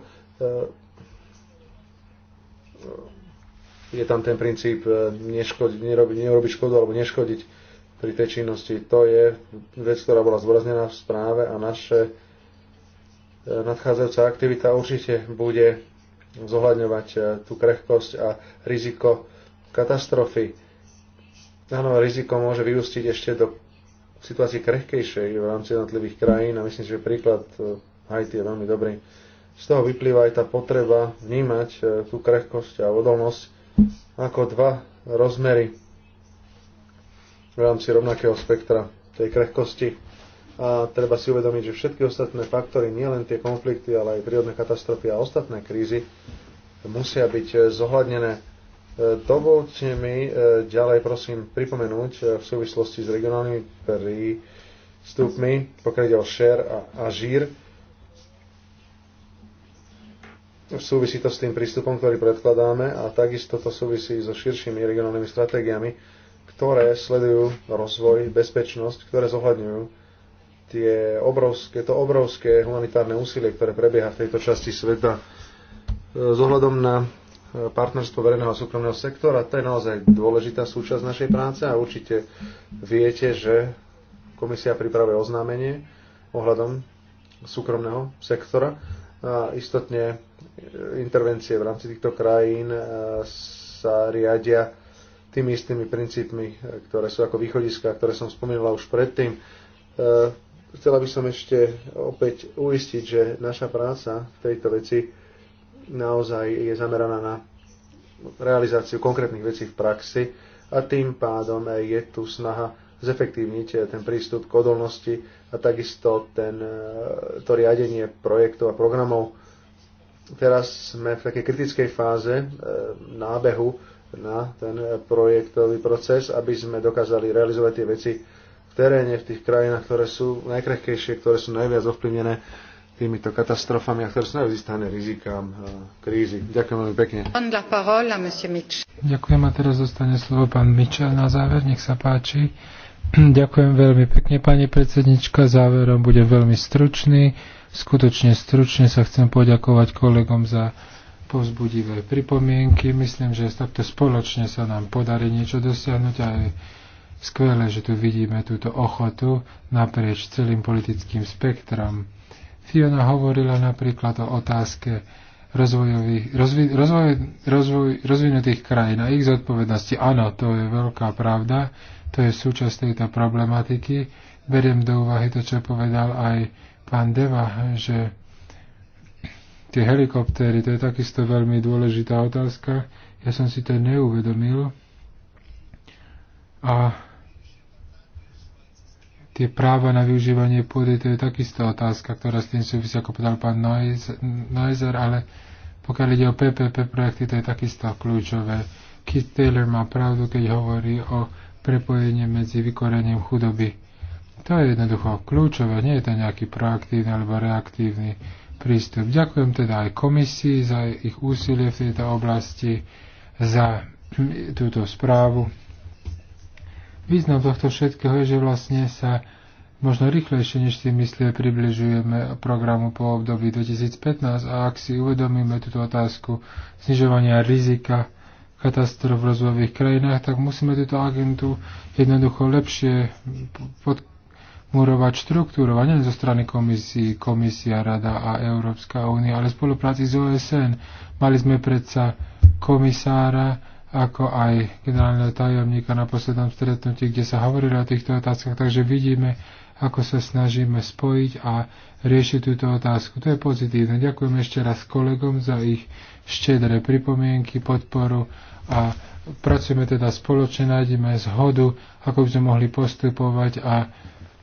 Je tam ten princíp neškodiť, nerobiť, nerobiť škodu alebo neškodiť pri tej činnosti. To je vec, ktorá bola zdôraznená v správe a naše nadchádzajúca aktivita určite bude zohľadňovať e, tú krehkosť a riziko katastrofy. Áno, riziko môže vyústiť ešte do situácie krehkejšej v rámci jednotlivých krajín a myslím si, že príklad e, Haiti je veľmi dobrý. Z toho vyplýva aj tá potreba vnímať e, tú krehkosť a odolnosť ako dva rozmery v rámci rovnakého spektra tej krehkosti a treba si uvedomiť, že všetky ostatné faktory, nielen tie konflikty, ale aj prírodné katastrofy a ostatné krízy, musia byť e, zohľadnené. E, Dovolte mi e, ďalej prosím pripomenúť v súvislosti s regionálnymi prístupmi, pokiaľ ide o šer a V súvisí to s tým prístupom, ktorý predkladáme a takisto to súvisí so širšími regionálnymi stratégiami, ktoré sledujú rozvoj, bezpečnosť, ktoré zohľadňujú tie obrovské, to obrovské humanitárne úsilie, ktoré prebieha v tejto časti sveta e, s ohľadom na e, partnerstvo verejného a súkromného sektora. To je naozaj dôležitá súčasť našej práce a určite viete, že komisia pripravuje oznámenie ohľadom súkromného sektora. A istotne e, intervencie v rámci týchto krajín sa riadia tými istými princípmi, ktoré sú ako východiska, ktoré som spomínala už predtým Chcela by som ešte opäť uistiť, že naša práca v tejto veci naozaj je zameraná na realizáciu konkrétnych vecí v praxi a tým pádom je tu snaha zefektívniť ten prístup k odolnosti a takisto ten, eh, to riadenie projektov a programov. Teraz sme v takej kritickej fáze eh, nábehu na ten projektový proces, aby sme dokázali realizovať tie veci teréne, v tých krajinách, ktoré sú najkrehkejšie, ktoré sú najviac ovplyvnené týmito katastrofami a ktoré sú najviac vystavené rizikám e, krízy. Ďakujem veľmi pekne. Ďakujem a teraz dostane slovo pán Mičel na záver, nech sa páči. <clears throat> Ďakujem veľmi pekne, pani predsednička. Záverom bude veľmi stručný. Skutočne stručne sa chcem poďakovať kolegom za povzbudivé pripomienky. Myslím, že takto spoločne sa nám podarí niečo dosiahnuť aj skvelé, že tu vidíme túto ochotu naprieč celým politickým spektrom. Fiona hovorila napríklad o otázke rozvojových, rozvi, rozvoj, rozvoj, rozvinutých krajín a ich zodpovednosti. Áno, to je veľká pravda, to je súčasť tejto problematiky. Beriem do úvahy to, čo povedal aj pán Deva, že tie helikoptéry, to je takisto veľmi dôležitá otázka. Ja som si to neuvedomil. A tie práva na využívanie pôdy, to je takisto otázka, ktorá s tým súvisí, ako povedal pán Neuser, ale pokiaľ ide o PPP projekty, to je takisto kľúčové. Keith Taylor má pravdu, keď hovorí o prepojení medzi vykorením chudoby. To je jednoducho kľúčové, nie je to nejaký proaktívny alebo reaktívny prístup. Ďakujem teda aj komisii za ich úsilie v tejto oblasti, za túto správu. Význam tohto všetkého je, že vlastne sa možno rýchlejšie, než si myslíme približujeme programu po období 2015 a ak si uvedomíme túto otázku znižovania rizika katastrof v rozvojových krajinách, tak musíme túto agentu jednoducho lepšie podmurovať štruktúrovať, nie zo strany komisii, komisia, rada a Európska únia, ale v spolupráci s OSN. Mali sme predsa komisára, ako aj generálneho tajomníka na poslednom stretnutí, kde sa hovorilo o týchto otázkach, takže vidíme, ako sa snažíme spojiť a riešiť túto otázku. To je pozitívne. Ďakujem ešte raz kolegom za ich štedré pripomienky, podporu a pracujeme teda spoločne, nájdeme zhodu, ako by sme mohli postupovať a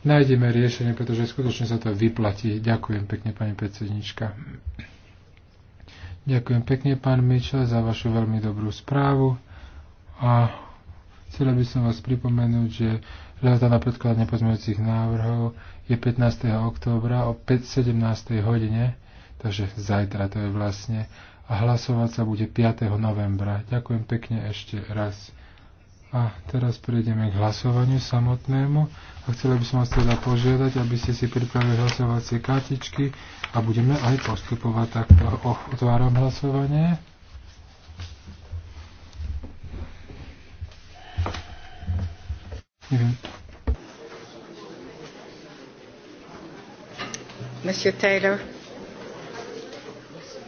nájdeme riešenie, pretože skutočne sa to vyplatí. Ďakujem pekne, pani predsednička. Ďakujem pekne, pán Mičel, za vašu veľmi dobrú správu. A chcel by som vás pripomenúť, že lehota na predkladanie pozmeňujúcich návrhov je 15. októbra o 17. hodine, takže zajtra to je vlastne, a hlasovať sa bude 5. novembra. Ďakujem pekne ešte raz. A teraz prejdeme k hlasovaniu samotnému. A chcela by som vás teda požiadať, aby ste si pripravili hlasovacie kartičky a budeme aj postupovať takto. Otváram hlasovanie. Mhm. Monsieur Taylor,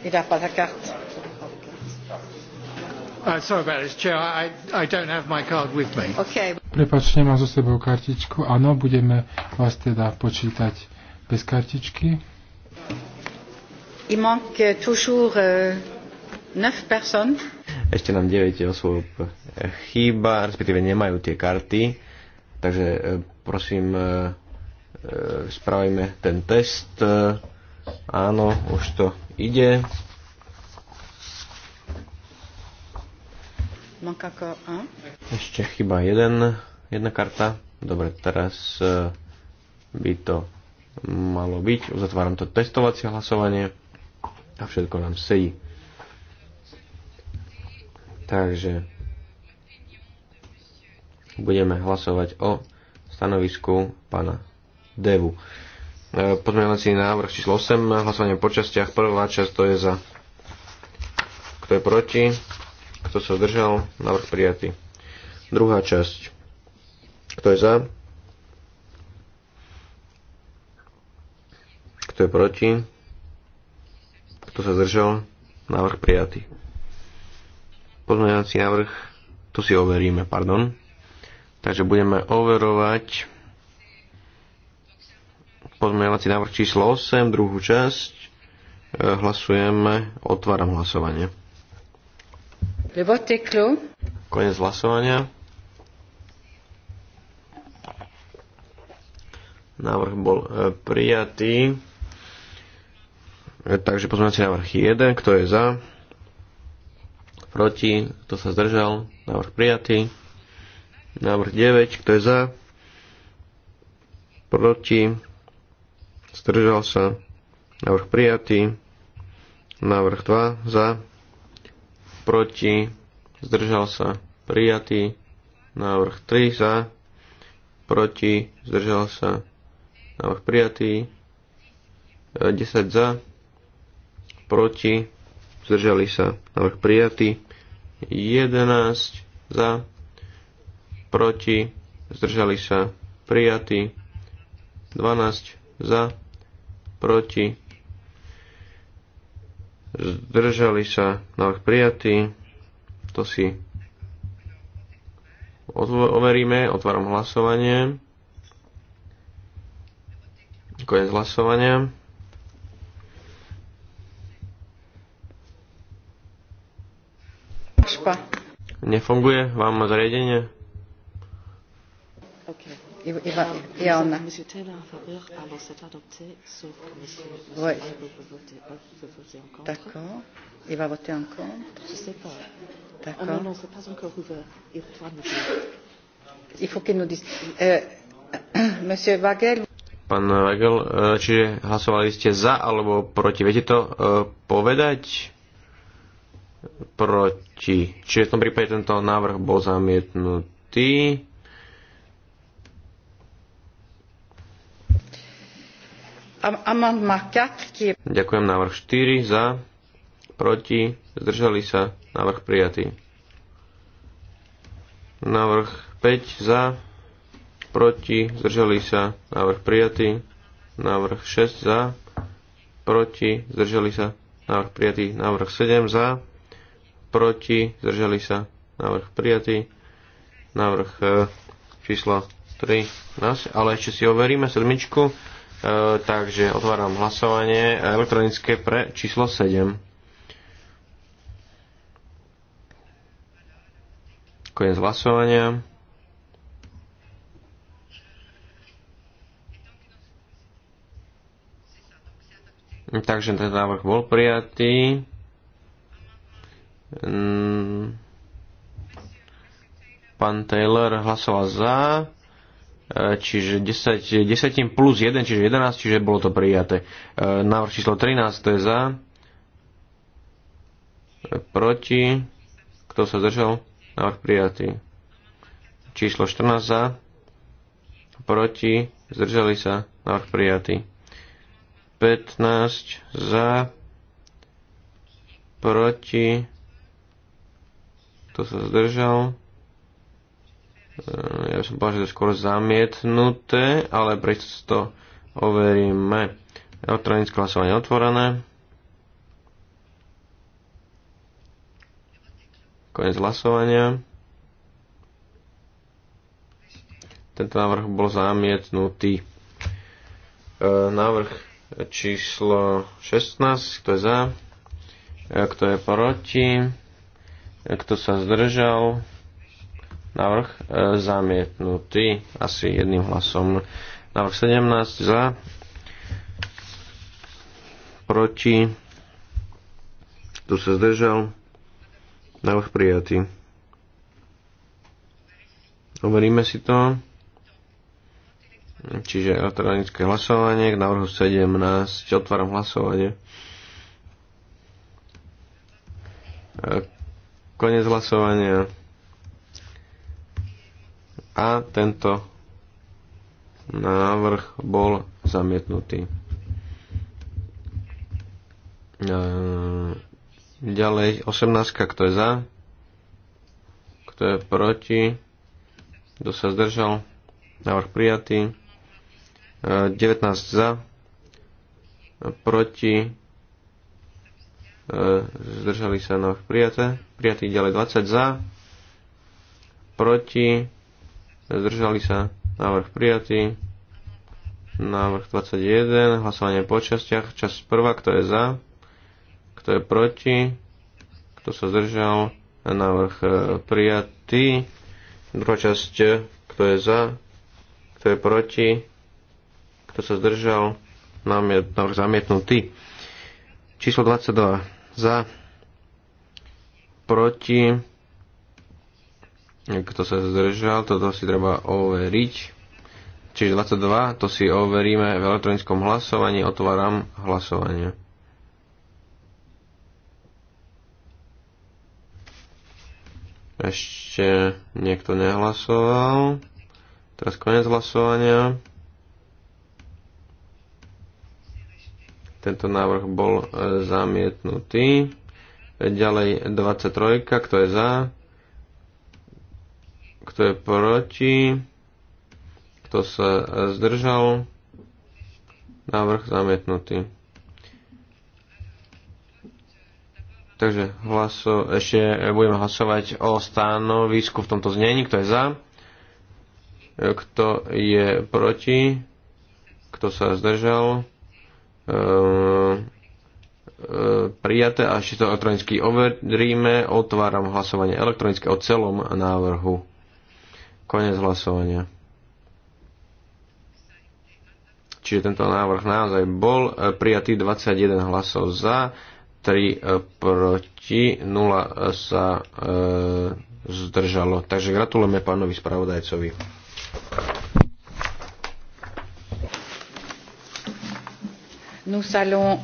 il n'a pas la carte. Uh, sorry about this, Chair. I, I don't have my card with me. Okay. Prepač, nemám so sebou kartičku. Áno, budeme vás teda počítať bez kartičky. Il manque toujours euh, 9 personnes. Ešte nám 9 osôb chýba, respektíve nemajú tie karty. Takže e, prosím, e, e, spravíme ten test. Áno, už to ide. Ešte chyba jeden, jedna karta. Dobre, teraz by to malo byť. Uzatváram to testovacie hlasovanie a všetko nám sedí. Takže budeme hlasovať o stanovisku pána Devu. E, pozmeňovací návrh číslo 8, hlasovanie po častiach. Prvá časť to je za. Kto je proti? Kto sa zdržal? Návrh prijatý. Druhá časť. Kto je za? Kto je proti? Kto sa zdržal? Návrh prijatý. Pozmeňovací návrh, to si overíme, pardon. Takže budeme overovať pozmeňovací návrh číslo 8, druhú časť. E, hlasujeme, otváram hlasovanie. Konec hlasovania. Návrh bol e, prijatý. E, takže pozmeňovací návrh 1, kto je za? Proti, kto sa zdržal? Návrh prijatý. Návrh 9, kto je za? Proti? Zdržal sa? Návrh prijatý. Návrh 2, za? Proti? Zdržal sa? Prijatý. Návrh 3, za? Proti? Zdržal sa? Návrh prijatý. 10 e, za, proti, zdržali sa. Návrh prijatý. 11 za, proti, zdržali sa prijatí, 12 za, proti, zdržali sa návrh prijatý, to si overíme, otváram hlasovanie, koniec hlasovania. Nefunguje vám zariadenie? Okay. a. Taylor en faveur, alors c'est adopté, sauf que D'accord. Il va voter en contre. Je ne sais pas. D'accord. Oh, non, non, pas encore ouvert. Il nous dire. Il faut qu'il nous dise. Euh, Wagel. Pán Vagel, čiže hlasovali ste za alebo proti? Viete to eh, povedať? Proti. Čiže v tom prípade tento návrh bol zamietnutý. Ďakujem. Návrh 4 za, proti, zdržali sa, návrh prijatý. Návrh 5 za, proti, zdržali sa, návrh prijatý. Návrh 6 za, proti, zdržali sa, návrh prijatý. Návrh 7 za, proti, zdržali sa, návrh prijatý. Návrh eh, číslo nás, ale ešte si overíme sedmičku. E, takže otváram hlasovanie elektronické pre číslo 7. Koniec hlasovania. Takže ten návrh bol prijatý. Mm. Pán Taylor hlasoval za. E, čiže 10, 10 plus 1, čiže 11, čiže bolo to prijaté. E, návrh číslo 13, to je za, e, proti, kto sa zdržal, návrh prijatý. Číslo 14 za, proti, zdržali sa, návrh prijatý. 15 za, proti, kto sa zdržal, ja som povedal, že to je skôr zamietnuté, ale prečo to overíme. Elektronické hlasovanie otvorené. Konec hlasovania. Tento návrh bol zamietnutý. E, návrh číslo 16, kto je za, e, kto je proti, e, kto sa zdržal. Návrh e, zamietnutý asi jedným hlasom. Návrh 17 za. Proti. tu sa zdržal? Návrh prijatý. Overíme si to. Čiže elektronické hlasovanie k návrhu 17. Otváram hlasovanie. E, Konec hlasovania a tento návrh bol zamietnutý. Ehm, ďalej 18, kto je za, kto je proti, kto sa zdržal, návrh prijatý. 19 ehm, za, proti, ehm, zdržali sa návrh prijaté, prijatý ďalej 20 za, proti, zdržali sa, návrh prijatý, návrh 21, hlasovanie po častiach, časť prvá, kto je za, kto je proti, kto sa zdržal, návrh e, prijatý, druhá časť, e, kto je za, kto je proti, kto sa zdržal, návrh zamietnutý. Číslo 22, za, proti, kto sa zdržal, toto si treba overiť. Čiže 22, to si overíme v elektronickom hlasovaní. Otváram hlasovanie. Ešte niekto nehlasoval. Teraz koniec hlasovania. Tento návrh bol e, zamietnutý. Ďalej 23, kto je za? Kto je proti? Kto sa zdržal? Návrh zamietnutý. Takže hlaso, ešte budeme hlasovať o stanovisku v tomto znení. Kto je za? Kto je proti? Kto sa zdržal? Ehm, e, prijaté a ešte to elektronicky overíme. Otváram hlasovanie elektronické o celom návrhu. Konec hlasovania. Čiže tento návrh naozaj bol e, prijatý 21 hlasov za, 3 e, proti, 0 sa e, zdržalo. Takže gratulujeme pánovi spravodajcovi. Nous allons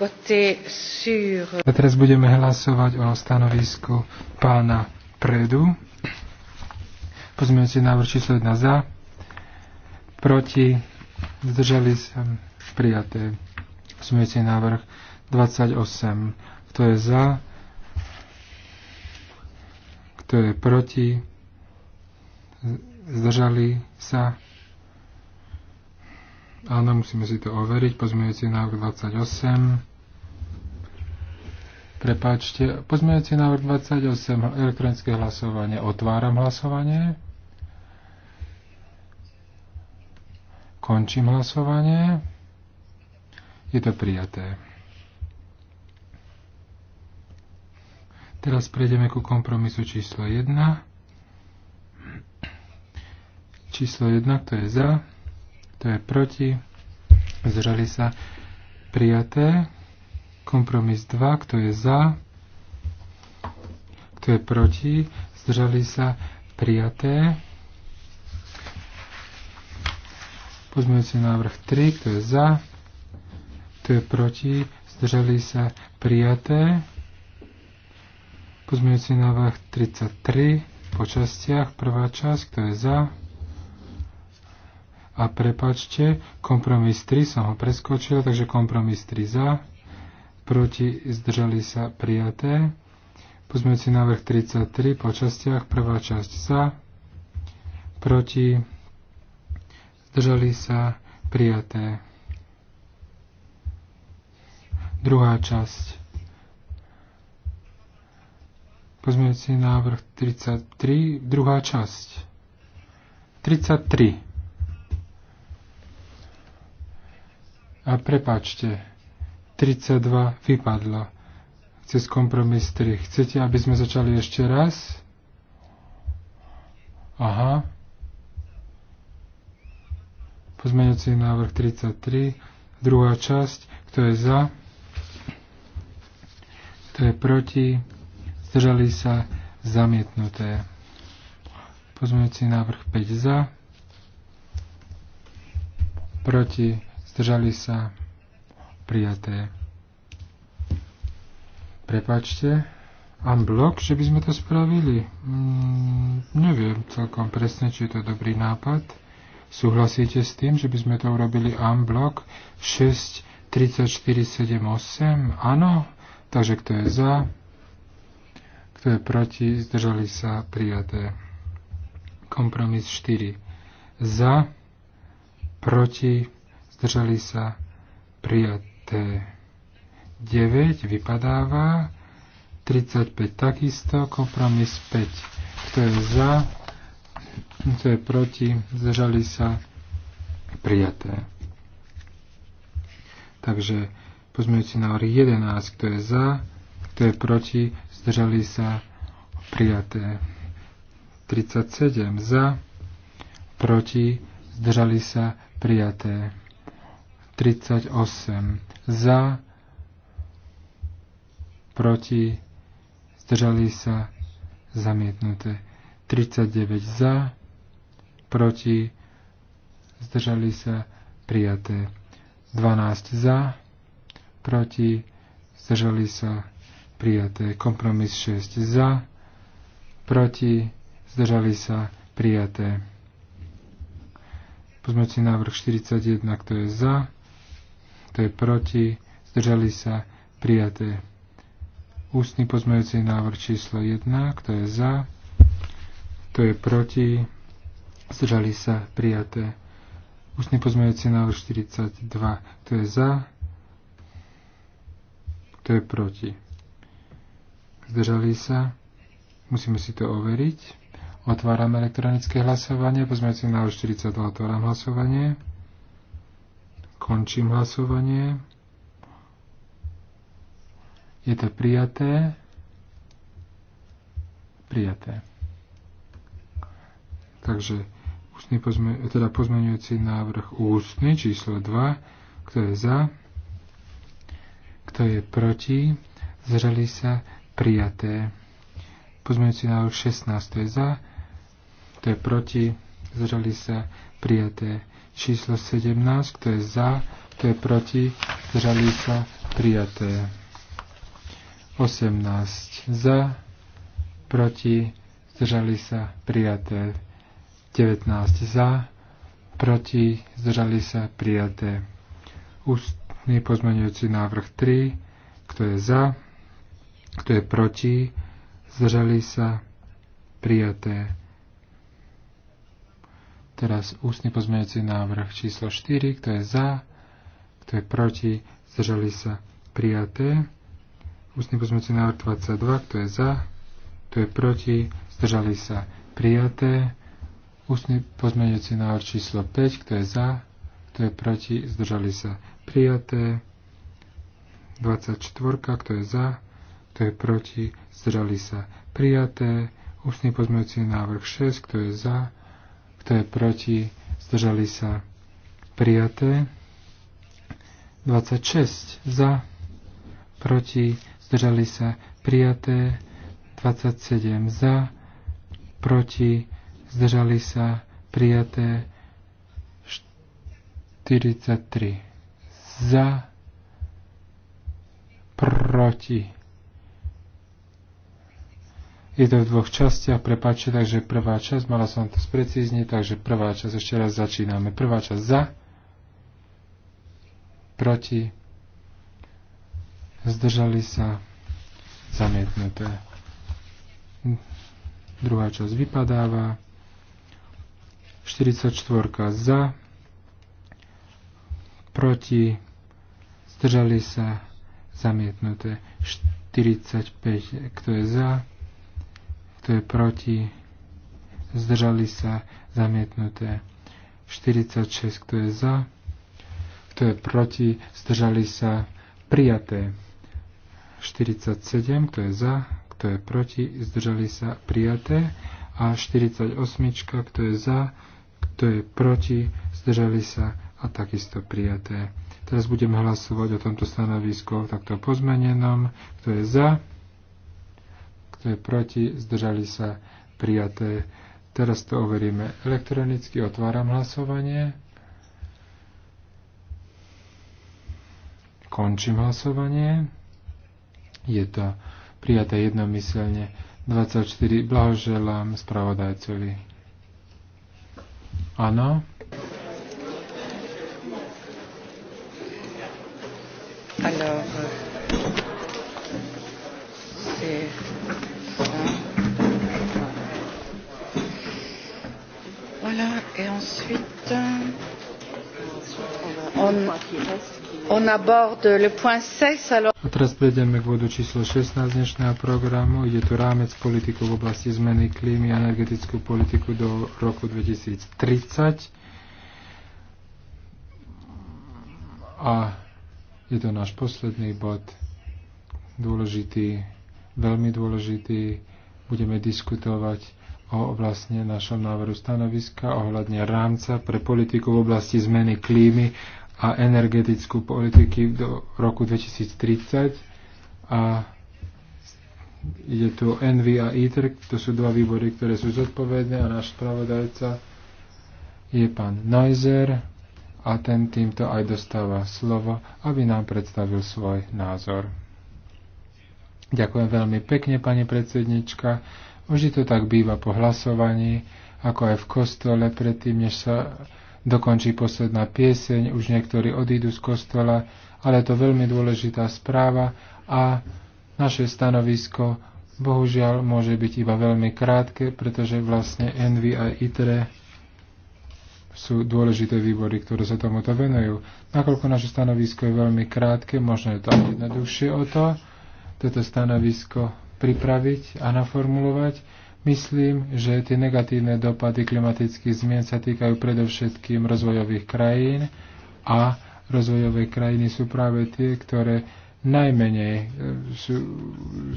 voter sur... A teraz budeme hlasovať o stanovisku pána Predu. Pozmeňujúci návrh číslo 1 za, proti, zdržali sa prijaté. Pozmeňujúci návrh 28. Kto je za? Kto je proti? Zdržali sa? Áno, musíme si to overiť. Pozmeňujúci návrh 28. Prepáčte, pozmeňujúci návrh 28, elektronické hlasovanie. Otváram hlasovanie. Končím hlasovanie. Je to prijaté. Teraz prejdeme ku kompromisu číslo 1. Číslo 1, kto je za, to je proti, zdržali sa prijaté. Kompromis 2, kto je za, kto je proti, zdržali sa prijaté. Pozmeňujúci návrh 3, kto je za, kto je proti, zdržali sa prijaté. Pozmeňujúci návrh 33 po častiach, prvá časť, kto je za. A prepačte, kompromis 3 som ho preskočil, takže kompromis 3 za, proti, zdržali sa prijaté. Pozmeňujúci návrh 33 po častiach, prvá časť za, proti, zdržali sa, prijaté. Druhá časť. Pozmeňujúci návrh 33, druhá časť. 33. A prepačte, 32 vypadlo cez kompromis 3. Chcete, aby sme začali ešte raz? Aha. Pozmeňujúci návrh 33, druhá časť, kto je za, kto je proti, zdržali sa zamietnuté. Pozmeňujúci návrh 5 za, proti, zdržali sa prijaté. Prepačte, unblock, že by sme to spravili? Mm, neviem celkom presne, či je to dobrý nápad. Súhlasíte s tým, že by sme to urobili unblock 6, 34, 7, 8? Áno? Takže kto je za? Kto je proti? Zdržali sa prijaté. Kompromis 4. Za, proti, zdržali sa prijaté. 9 vypadáva, 35 takisto, kompromis 5. Kto je za, kto je proti? Zdržali sa? Prijaté. Takže pozmeňujúci návrh 11. Kto je za? Kto je proti? Zdržali sa? Prijaté. 37. Za? Proti? Zdržali sa? Prijaté. 38. Za? Proti? Zdržali sa? Zamietnuté. 39 za, proti, zdržali sa prijaté. 12 za, proti, zdržali sa prijaté. Kompromis 6 za, proti, zdržali sa prijaté. Pozmeňujúci návrh 41, kto je za, kto je proti, zdržali sa prijaté. Ústny pozmeňujúci návrh číslo 1, kto je za, kto je proti, zdržali sa prijaté. Už nepozmejúci návrh 42, kto je za, kto je proti. Zdržali sa, musíme si to overiť. Otváram elektronické hlasovanie, Pozmejúci návrh 42, otváram hlasovanie. Končím hlasovanie. Je to prijaté. Prijaté. Takže ústny pozme, teda pozmeňujúci návrh ústny číslo 2, kto je za, kto je proti, zreli sa prijaté. Pozmeňujúci návrh 16, kto je za, kto je proti, zreli sa prijaté. Číslo 17, kto je za, kto je proti, zreli sa prijaté. 18 za, proti, zdržali sa prijaté. 19 za, proti, zdržali sa, prijaté. Ústny pozmeňujúci návrh 3, kto je za, kto je proti, zdržali sa, prijaté. Teraz ústny pozmeňujúci návrh číslo 4, kto je za, kto je proti, zdržali sa, prijaté. Ústny pozmeňujúci návrh 22, kto je za, kto je proti, zdržali sa, prijaté. Ústny pozmeňujúci návrh číslo 5, kto je za, kto je proti, zdržali sa prijaté. 24, kto je za, kto je proti, zdržali sa prijaté. Ústny pozmeňujúci návrh 6, kto je za, kto je proti, zdržali sa prijaté. 26 za, proti, zdržali sa prijaté. 27 za, proti, zdržali sa prijaté 43 za, proti. Je to v dvoch častiach, prepáčte, takže prvá časť, mala som to sprecízniť, takže prvá časť, ešte raz začíname. Prvá časť za, proti, zdržali sa, zamietnuté. Druhá časť vypadáva. 44 za, proti, zdržali sa, zamietnuté. 45, kto je za, kto je proti, zdržali sa, zamietnuté. 46, kto je za, kto je proti, zdržali sa, prijaté. 47, kto je za, kto je proti, zdržali sa, prijaté. A 48, kto je za, kto je proti, zdržali sa a takisto prijaté. Teraz budeme hlasovať o tomto stanovisku takto pozmenenom. Kto je za, kto je proti, zdržali sa prijaté. Teraz to overíme elektronicky. Otváram hlasovanie. Končím hlasovanie. Je to prijaté jednomyselne. 24. Blahoželám spravodajcovi. Áno. Áno. Voilà, et ensuite, on, on aborde le point 6. Alors teraz prejdeme k bodu číslo 16 dnešného programu. Ide tu rámec politiku v oblasti zmeny klímy a energetickú politiku do roku 2030. A je to náš posledný bod, dôležitý, veľmi dôležitý. Budeme diskutovať o vlastne našom návrhu stanoviska ohľadne rámca pre politiku v oblasti zmeny klímy a energetickú politiky do roku 2030 a ide tu Envy a Iter. to sú dva výbory, ktoré sú zodpovedné a náš spravodajca je pán Neuser a ten týmto aj dostáva slovo, aby nám predstavil svoj názor. Ďakujem veľmi pekne, pani predsednička. Vždy to tak býva po hlasovaní, ako aj v kostole predtým, než sa dokončí posledná pieseň, už niektorí odídu z kostola, ale je to veľmi dôležitá správa a naše stanovisko bohužiaľ môže byť iba veľmi krátke, pretože vlastne Envy a ITRE sú dôležité výbory, ktoré sa tomuto venujú. Nakoľko naše stanovisko je veľmi krátke, možno je to jednoduchšie o to, toto stanovisko pripraviť a naformulovať Myslím, že tie negatívne dopady klimatických zmien sa týkajú predovšetkým rozvojových krajín a rozvojové krajiny sú práve tie, ktoré najmenej e, sú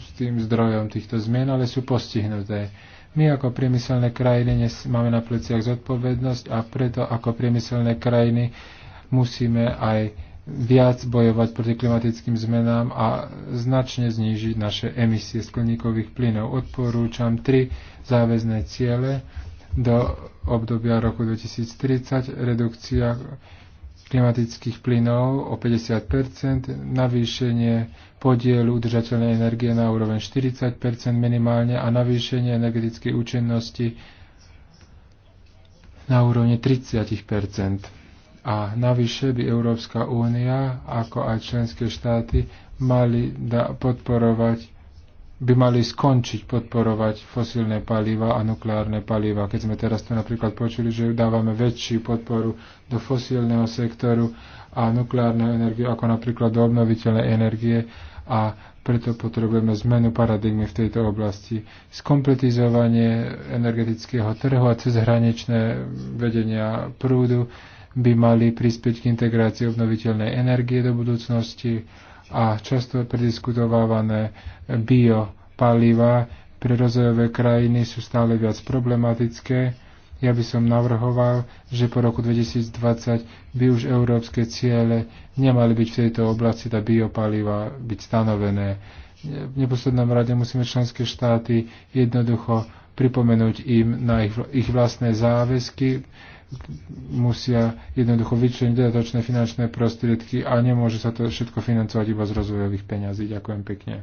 s tým zdrojom týchto zmien, ale sú postihnuté. My ako priemyselné krajiny máme na pleciach zodpovednosť a preto ako priemyselné krajiny musíme aj viac bojovať proti klimatickým zmenám a značne znížiť naše emisie skleníkových plynov. Odporúčam tri záväzné ciele do obdobia roku 2030, redukcia klimatických plynov o 50 navýšenie podielu udržateľnej energie na úroveň 40 minimálne a navýšenie energetickej účinnosti na úrovni 30 a navyše by Európska únia, ako aj členské štáty, mali da podporovať by mali skončiť podporovať fosílne paliva a nukleárne paliva. Keď sme teraz tu napríklad počuli, že dávame väčšiu podporu do fosílneho sektoru a nukleárneho energiu, ako napríklad do obnoviteľnej energie a preto potrebujeme zmenu paradigmy v tejto oblasti. Skompletizovanie energetického trhu a cezhraničné vedenia prúdu, by mali prispieť k integrácii obnoviteľnej energie do budúcnosti a často prediskutovávané biopaliva pre rozvojové krajiny sú stále viac problematické. Ja by som navrhoval, že po roku 2020 by už európske ciele nemali byť v tejto oblasti tá biopaliva byť stanovené. V neposlednom rade musíme členské štáty jednoducho pripomenúť im na ich, ich vlastné záväzky, musia jednoducho vyčleniť dodatočné finančné prostriedky a nemôže sa to všetko financovať iba z rozvojových peňazí. Ďakujem pekne.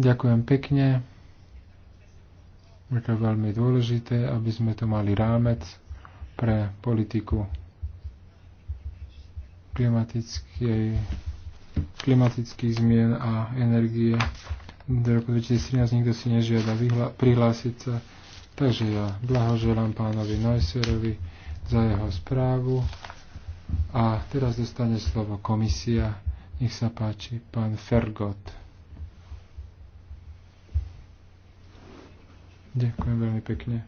Ďakujem pekne. Je to veľmi dôležité, aby sme tu mali rámec pre politiku klimatických zmien a energie. Do roku 2013 nikto si nežiada prihlásiť sa Takže ja blahoželám pánovi Neusserovi za jeho správu a teraz dostane slovo komisia. Nech sa páči, pán Fergot. Ďakujem veľmi pekne.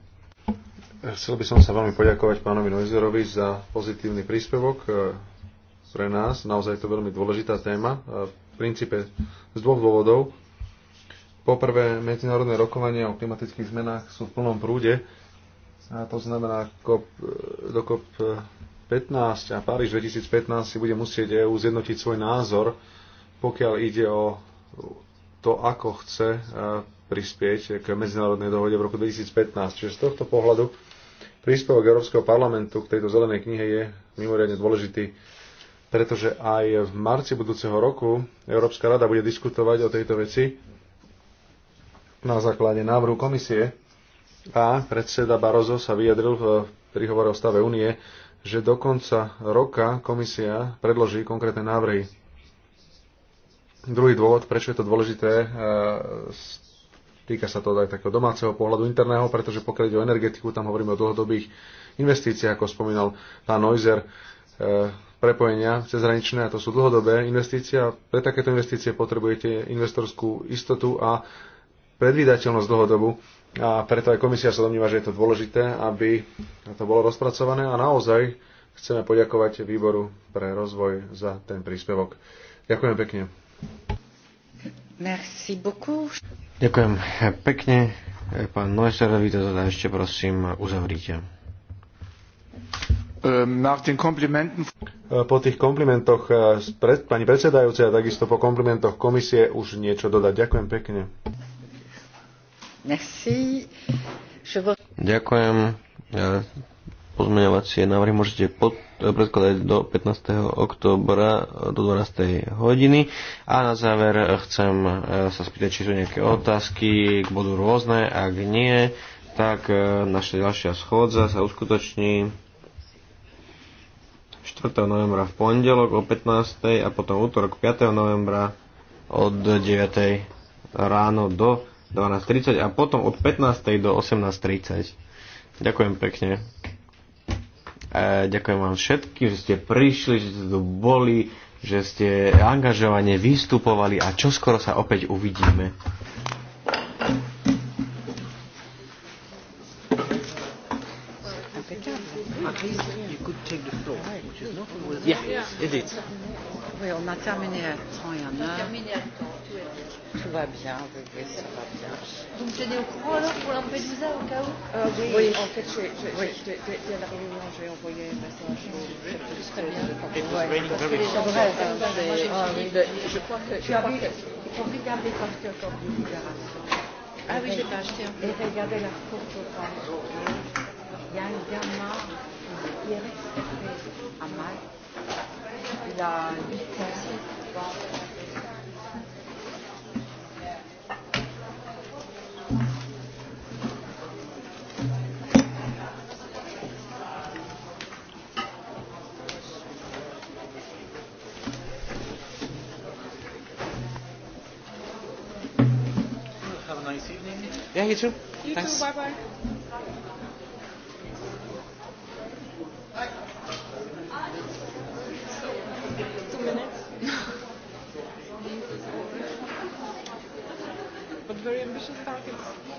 Chcel by som sa veľmi poďakovať pánovi Noizerovi za pozitívny príspevok e, pre nás. Naozaj je to veľmi dôležitá téma. E, v princípe z dvoch dôvodov. Poprvé, medzinárodné rokovania o klimatických zmenách sú v plnom prúde. A to znamená, kop, do COP 15 a Paríž 2015 si bude musieť EU zjednotiť svoj názor, pokiaľ ide o to, ako chce e, prispieť k medzinárodnej dohode v roku 2015. Čiže z tohto pohľadu príspevok Európskeho parlamentu k tejto zelenej knihe je mimoriadne dôležitý, pretože aj v marci budúceho roku Európska rada bude diskutovať o tejto veci na základe návrhu komisie a predseda Barozo sa vyjadril v príhovore o stave únie, že do konca roka komisia predloží konkrétne návrhy. Druhý dôvod, prečo je to dôležité, e, týka sa to aj takého domáceho pohľadu interného, pretože pokiaľ ide o energetiku, tam hovoríme o dlhodobých investíciách, ako spomínal pán Neuser, e, prepojenia cezhraničné, a to sú dlhodobé investície. A pre takéto investície potrebujete investorskú istotu a predvídateľnosť dlhodobu a preto aj komisia sa domníva, že je to dôležité, aby to bolo rozpracované a naozaj chceme poďakovať výboru pre rozvoj za ten príspevok. Ďakujem pekne. Merci beaucoup. Ďakujem pekne. Pán Neusserovi to teda ešte prosím uzavrite. Ehm, e, po tých komplimentoch e, pred, pani predsedajúcej a takisto po komplimentoch komisie už niečo dodať. Ďakujem pekne. Ďakujem. Pozmeňovacie návrhy môžete pod, predkladať do 15. oktobra do 12. hodiny. A na záver chcem e, sa spýtať, či sú nejaké otázky, budú rôzne, ak nie, tak e, naša ďalšia schôdza sa uskutoční 4. novembra v pondelok o 15. a potom útorok 5. novembra od 9. ráno do 12.30 a potom od 15.00 do 18.30. Ďakujem pekne. E, ďakujem vám všetkým, že ste prišli, že ste tu boli, že ste angažovane vystupovali a čoskoro sa opäť uvidíme. Yeah, it is. Well, not a terminé Not temps et Tout va bien, oui, oui, ça va bien. Vous me tenez au courant alors pour Lampedusa au cas où euh, oui, oui, en fait, j'ai, j'ai, oui. dès, dès, dès la réunion, j'ai envoyé un message. Très bien. Ouais, parce que les gens rêvent. Euh, je crois que... Tu as vu, il faut regarder comme tu as encore du libération. Ah oui, j'ai pas acheté un peu. Et regardez la photo. Il y a un gamin qui est resté à Mal. Il a 8 ans. nice evening. Yeah, you too. You Thanks. too. Bye bye. Two minutes. <laughs> but very ambitious targets.